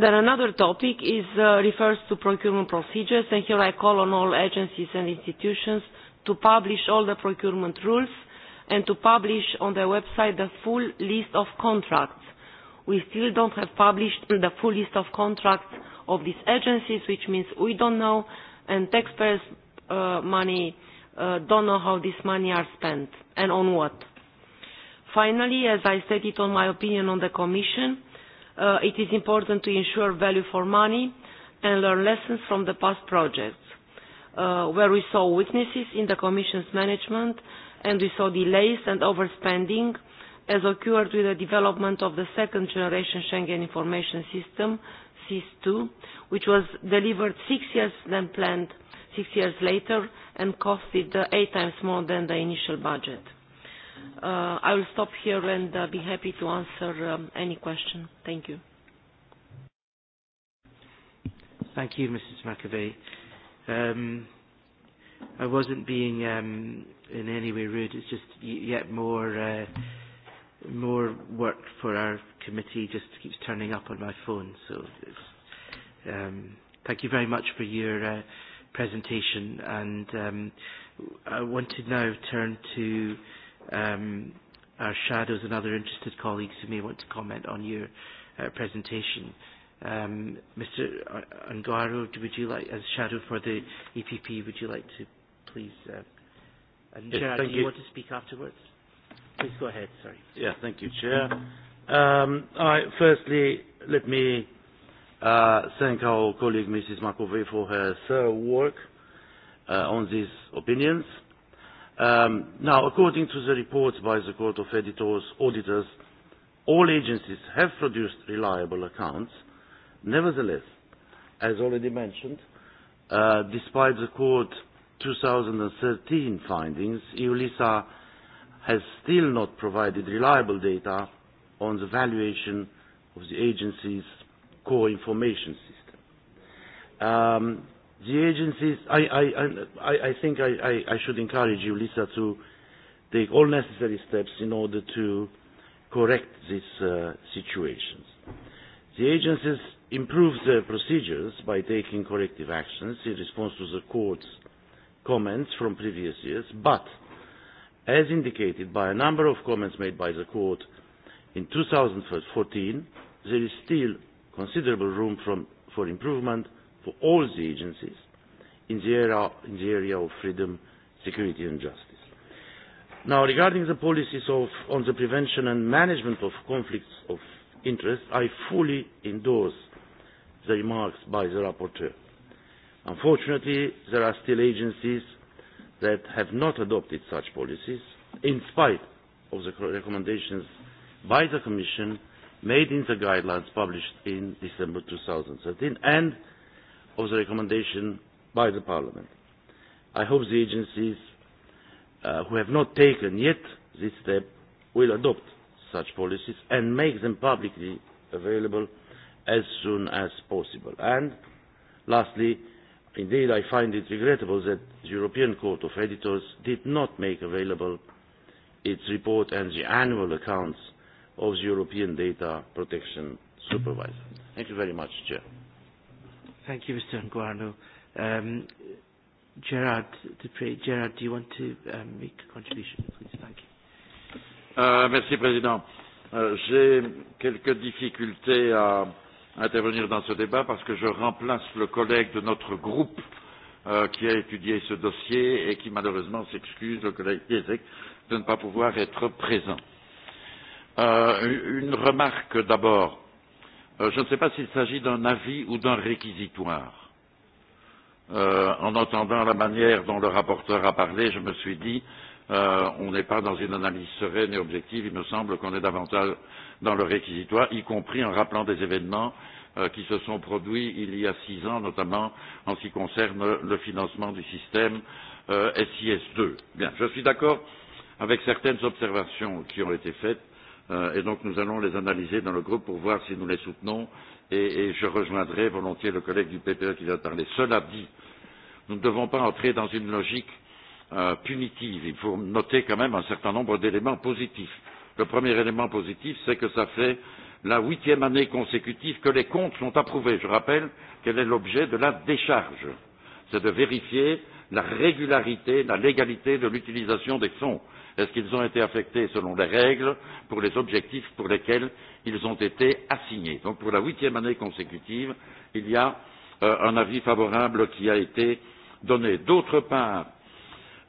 Then another topic is uh, refers to procurement procedures, and here I call on all agencies and institutions to publish all the procurement rules and to publish on their website the full list of contracts. We still don't have published the full list of contracts of these agencies, which means we don't know, and taxpayers' uh, money uh, don't know how this money are spent and on what. Finally, as I stated on my opinion on the Commission, uh, it is important to ensure value for money and learn lessons from the past projects, uh, where we saw weaknesses in the Commission's management and we saw delays and overspending as occurred with the development of the second generation Schengen Information System, SIS-2, which was delivered six years than planned, six years later, and costed uh, eight times more than the initial budget uh, I will stop here and uh, be happy to answer um, any question. Thank you. Thank you, Mrs. McAvey. Um, I wasn't being um, in any way rude. It's just yet more uh, more work for our committee. Just keeps turning up on my phone. So it's, um, thank you very much for your uh, presentation. And um, I want to now turn to um, our shadows and other interested colleagues who may want to comment on your uh, presentation. Um, Mr. Angaro, would you like, as shadow for the EPP, would you like to please, uh, and yes, Gerard, do you, you want to speak afterwards? Please go ahead, sorry. Yeah, thank you, Chair. Um, I, firstly, let me uh, thank our colleague Mrs. Makovey, for her thorough work uh, on these opinions. Um, now, according to the reports by the Court of Editors, auditors, all agencies have produced reliable accounts. Nevertheless, as already mentioned, uh, despite the Court 2013 findings, EULISA has still not provided reliable data on the valuation of the agency's core information system. Um, the agencies, I, I, I, I think I, I, I should encourage you, Lisa, to take all necessary steps in order to correct these uh, situations. The agencies improve their procedures by taking corrective actions in response to the court's comments from previous years, but as indicated by a number of comments made by the court in 2014, there is still considerable room from, for improvement for all the agencies in the era in the area of freedom, security and justice. Now, regarding the policies of, on the prevention and management of conflicts of interest, I fully endorse the remarks by the rapporteur. Unfortunately, there are still agencies that have not adopted such policies, in spite of the recommendations by the Commission made in the guidelines published in December 2013 and of the recommendation by the Parliament. I hope the agencies uh, who have not taken yet this step will adopt such policies and make them publicly available as soon as possible. And lastly, indeed I find it regrettable that the European Court of Editors did not make available its report and the annual accounts of the European Data Protection Supervisor. Thank you very much, Chair. Thank you, Mr. Nguarno. Um, Gerard, Dupre, Gerard, do you want to um, make a contribution, please? Thank you. Uh, merci, Président. Euh, j'ai quelques difficultés à intervenir dans ce débat parce que je remplace le collègue de notre groupe euh, qui a étudié ce dossier et qui malheureusement s'excuse, le collègue Piesek, de ne pas pouvoir être présent. Euh, une remarque d'abord Euh, je ne sais pas s'il s'agit d'un avis ou d'un réquisitoire. Euh, en entendant la manière dont le rapporteur a parlé, je me suis dit, euh, on n'est pas dans une analyse sereine et objective, il me semble qu'on est davantage dans le réquisitoire, y compris en rappelant des événements euh, qui se sont produits il y a six ans, notamment en ce qui concerne le financement du système euh, SIS2. Bien, je suis d'accord avec certaines observations qui ont été faites Euh, et donc nous allons les analyser dans le groupe pour voir si nous les soutenons et, et je rejoindrai volontiers le collègue du PPE qui vient de parler. Cela dit, nous ne devons pas entrer dans une logique euh, punitive. Il faut noter quand même un certain nombre d'éléments positifs. Le premier élément positif, c'est que ça fait la huitième année consécutive que les comptes sont approuvés. Je rappelle quel est l'objet de la décharge. C'est de vérifier la régularité, la légalité de l'utilisation des fonds. Est-ce qu'ils ont été affectés selon les règles pour les objectifs pour lesquels ils ont été assignés Donc pour la huitième année consécutive, il y a euh, un avis favorable qui a été donné. D'autre part,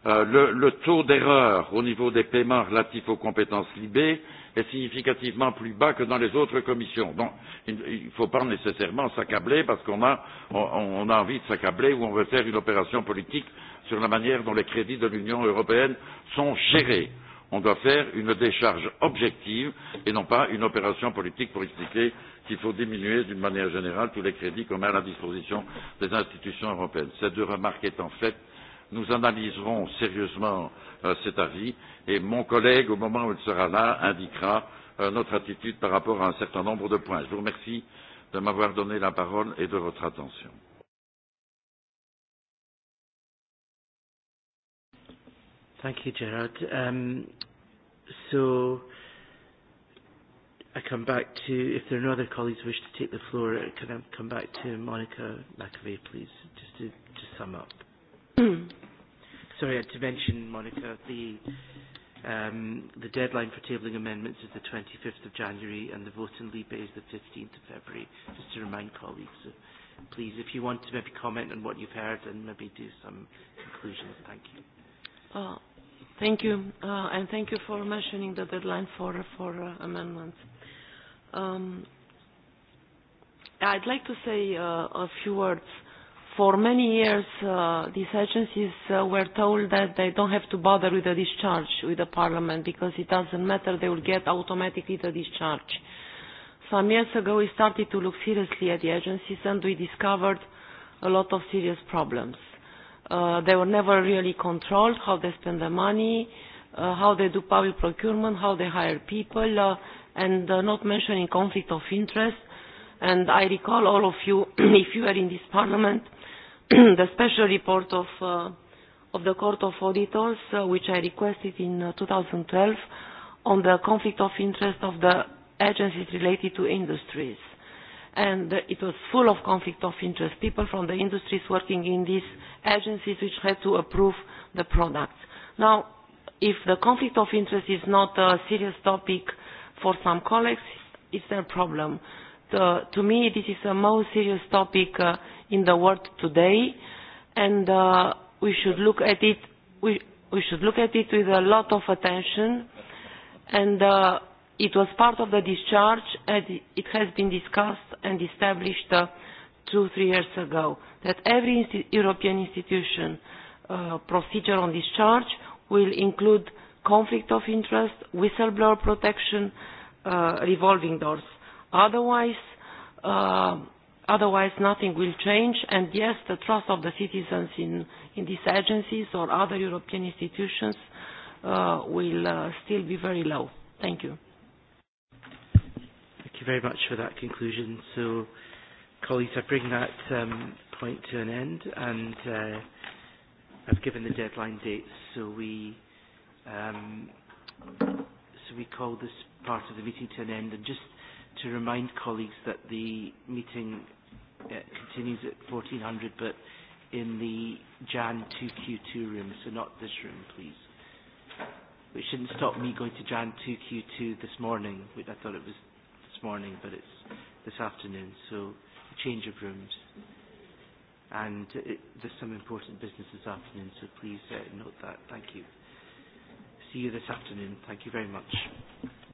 euh, le, le taux d'erreur au niveau des paiements relatifs aux compétences libées est significativement plus bas que dans les autres commissions. Donc, il ne faut pas nécessairement s'accabler parce qu'on a, on, on a envie de s'accabler ou on veut faire une opération politique sur la manière dont les crédits de l'Union européenne sont gérés. On doit faire une décharge objective et non pas une opération politique pour expliquer qu'il faut diminuer d'une manière générale tous les crédits qu'on met à la disposition des institutions européennes. Ces deux remarques étant faites, nous analyserons sérieusement euh, cet avis et mon collègue, au moment où il sera là, indiquera euh, notre attitude par rapport à un certain nombre de points. Je vous remercie de m'avoir donné la parole et de votre attention. Thank you, Gerard. Um, so I come back to, if there are no other colleagues who wish to take the floor, can I come back to Monica McAvey, please, just to, to sum up? (clears throat) Sorry, I had to mention, Monica, the, um, the deadline for tabling amendments is the 25th of January and the vote in Libe is the 15th of February, just to remind colleagues. So please, if you want to maybe comment on what you've heard and maybe do some conclusions, thank you. Oh Thank you, uh, and thank you for mentioning the deadline for, for uh, amendments. Um, I'd like to say uh, a few words. For many years, uh, these agencies uh, were told that they don't have to bother with the discharge with the parliament because it doesn't matter, they will get automatically the discharge. Some years ago, we started to look seriously at the agencies and we discovered a lot of serious problems. Uh, they were never really controlled how they spend their money, uh, how they do public procurement, how they hire people, uh, and uh, not mentioning conflict of interest. And I recall all of you, (clears throat) if you were in this parliament, (clears throat) the special report of, uh, of the Court of Auditors, uh, which I requested in uh, 2012, on the conflict of interest of the agencies related to industries and it was full of conflict of interest. People from the industries working in these agencies which had to approve the products. Now, if the conflict of interest is not a serious topic for some colleagues, it's their problem. The, to me, this is the most serious topic uh, in the world today, and uh, we should look at it. We, we should look at it with a lot of attention, and. Uh, It was part of the discharge and it has been discussed and established uh, two, three years ago that every insti European institution uh, procedure on discharge will include conflict of interest, whistleblower protection, uh, revolving doors. Otherwise, uh, otherwise nothing will change and yes, the trust of the citizens in, in these agencies or other European institutions uh, will uh, still be very low. Thank you you very much for that conclusion. So, colleagues, I bring that um, point to an end, and uh, I've given the deadline dates, so we um, so we call this part of the meeting to an end. And just to remind colleagues that the meeting uh, continues at 1400, but in the Jan 2Q2 room, so not this room, please. Which shouldn't stop me going to Jan 2Q2 this morning. which I thought it was morning, but it's this afternoon, so a change of rooms. And it, there's some important business this afternoon, so please uh, note that. Thank you. See you this afternoon. Thank you very much.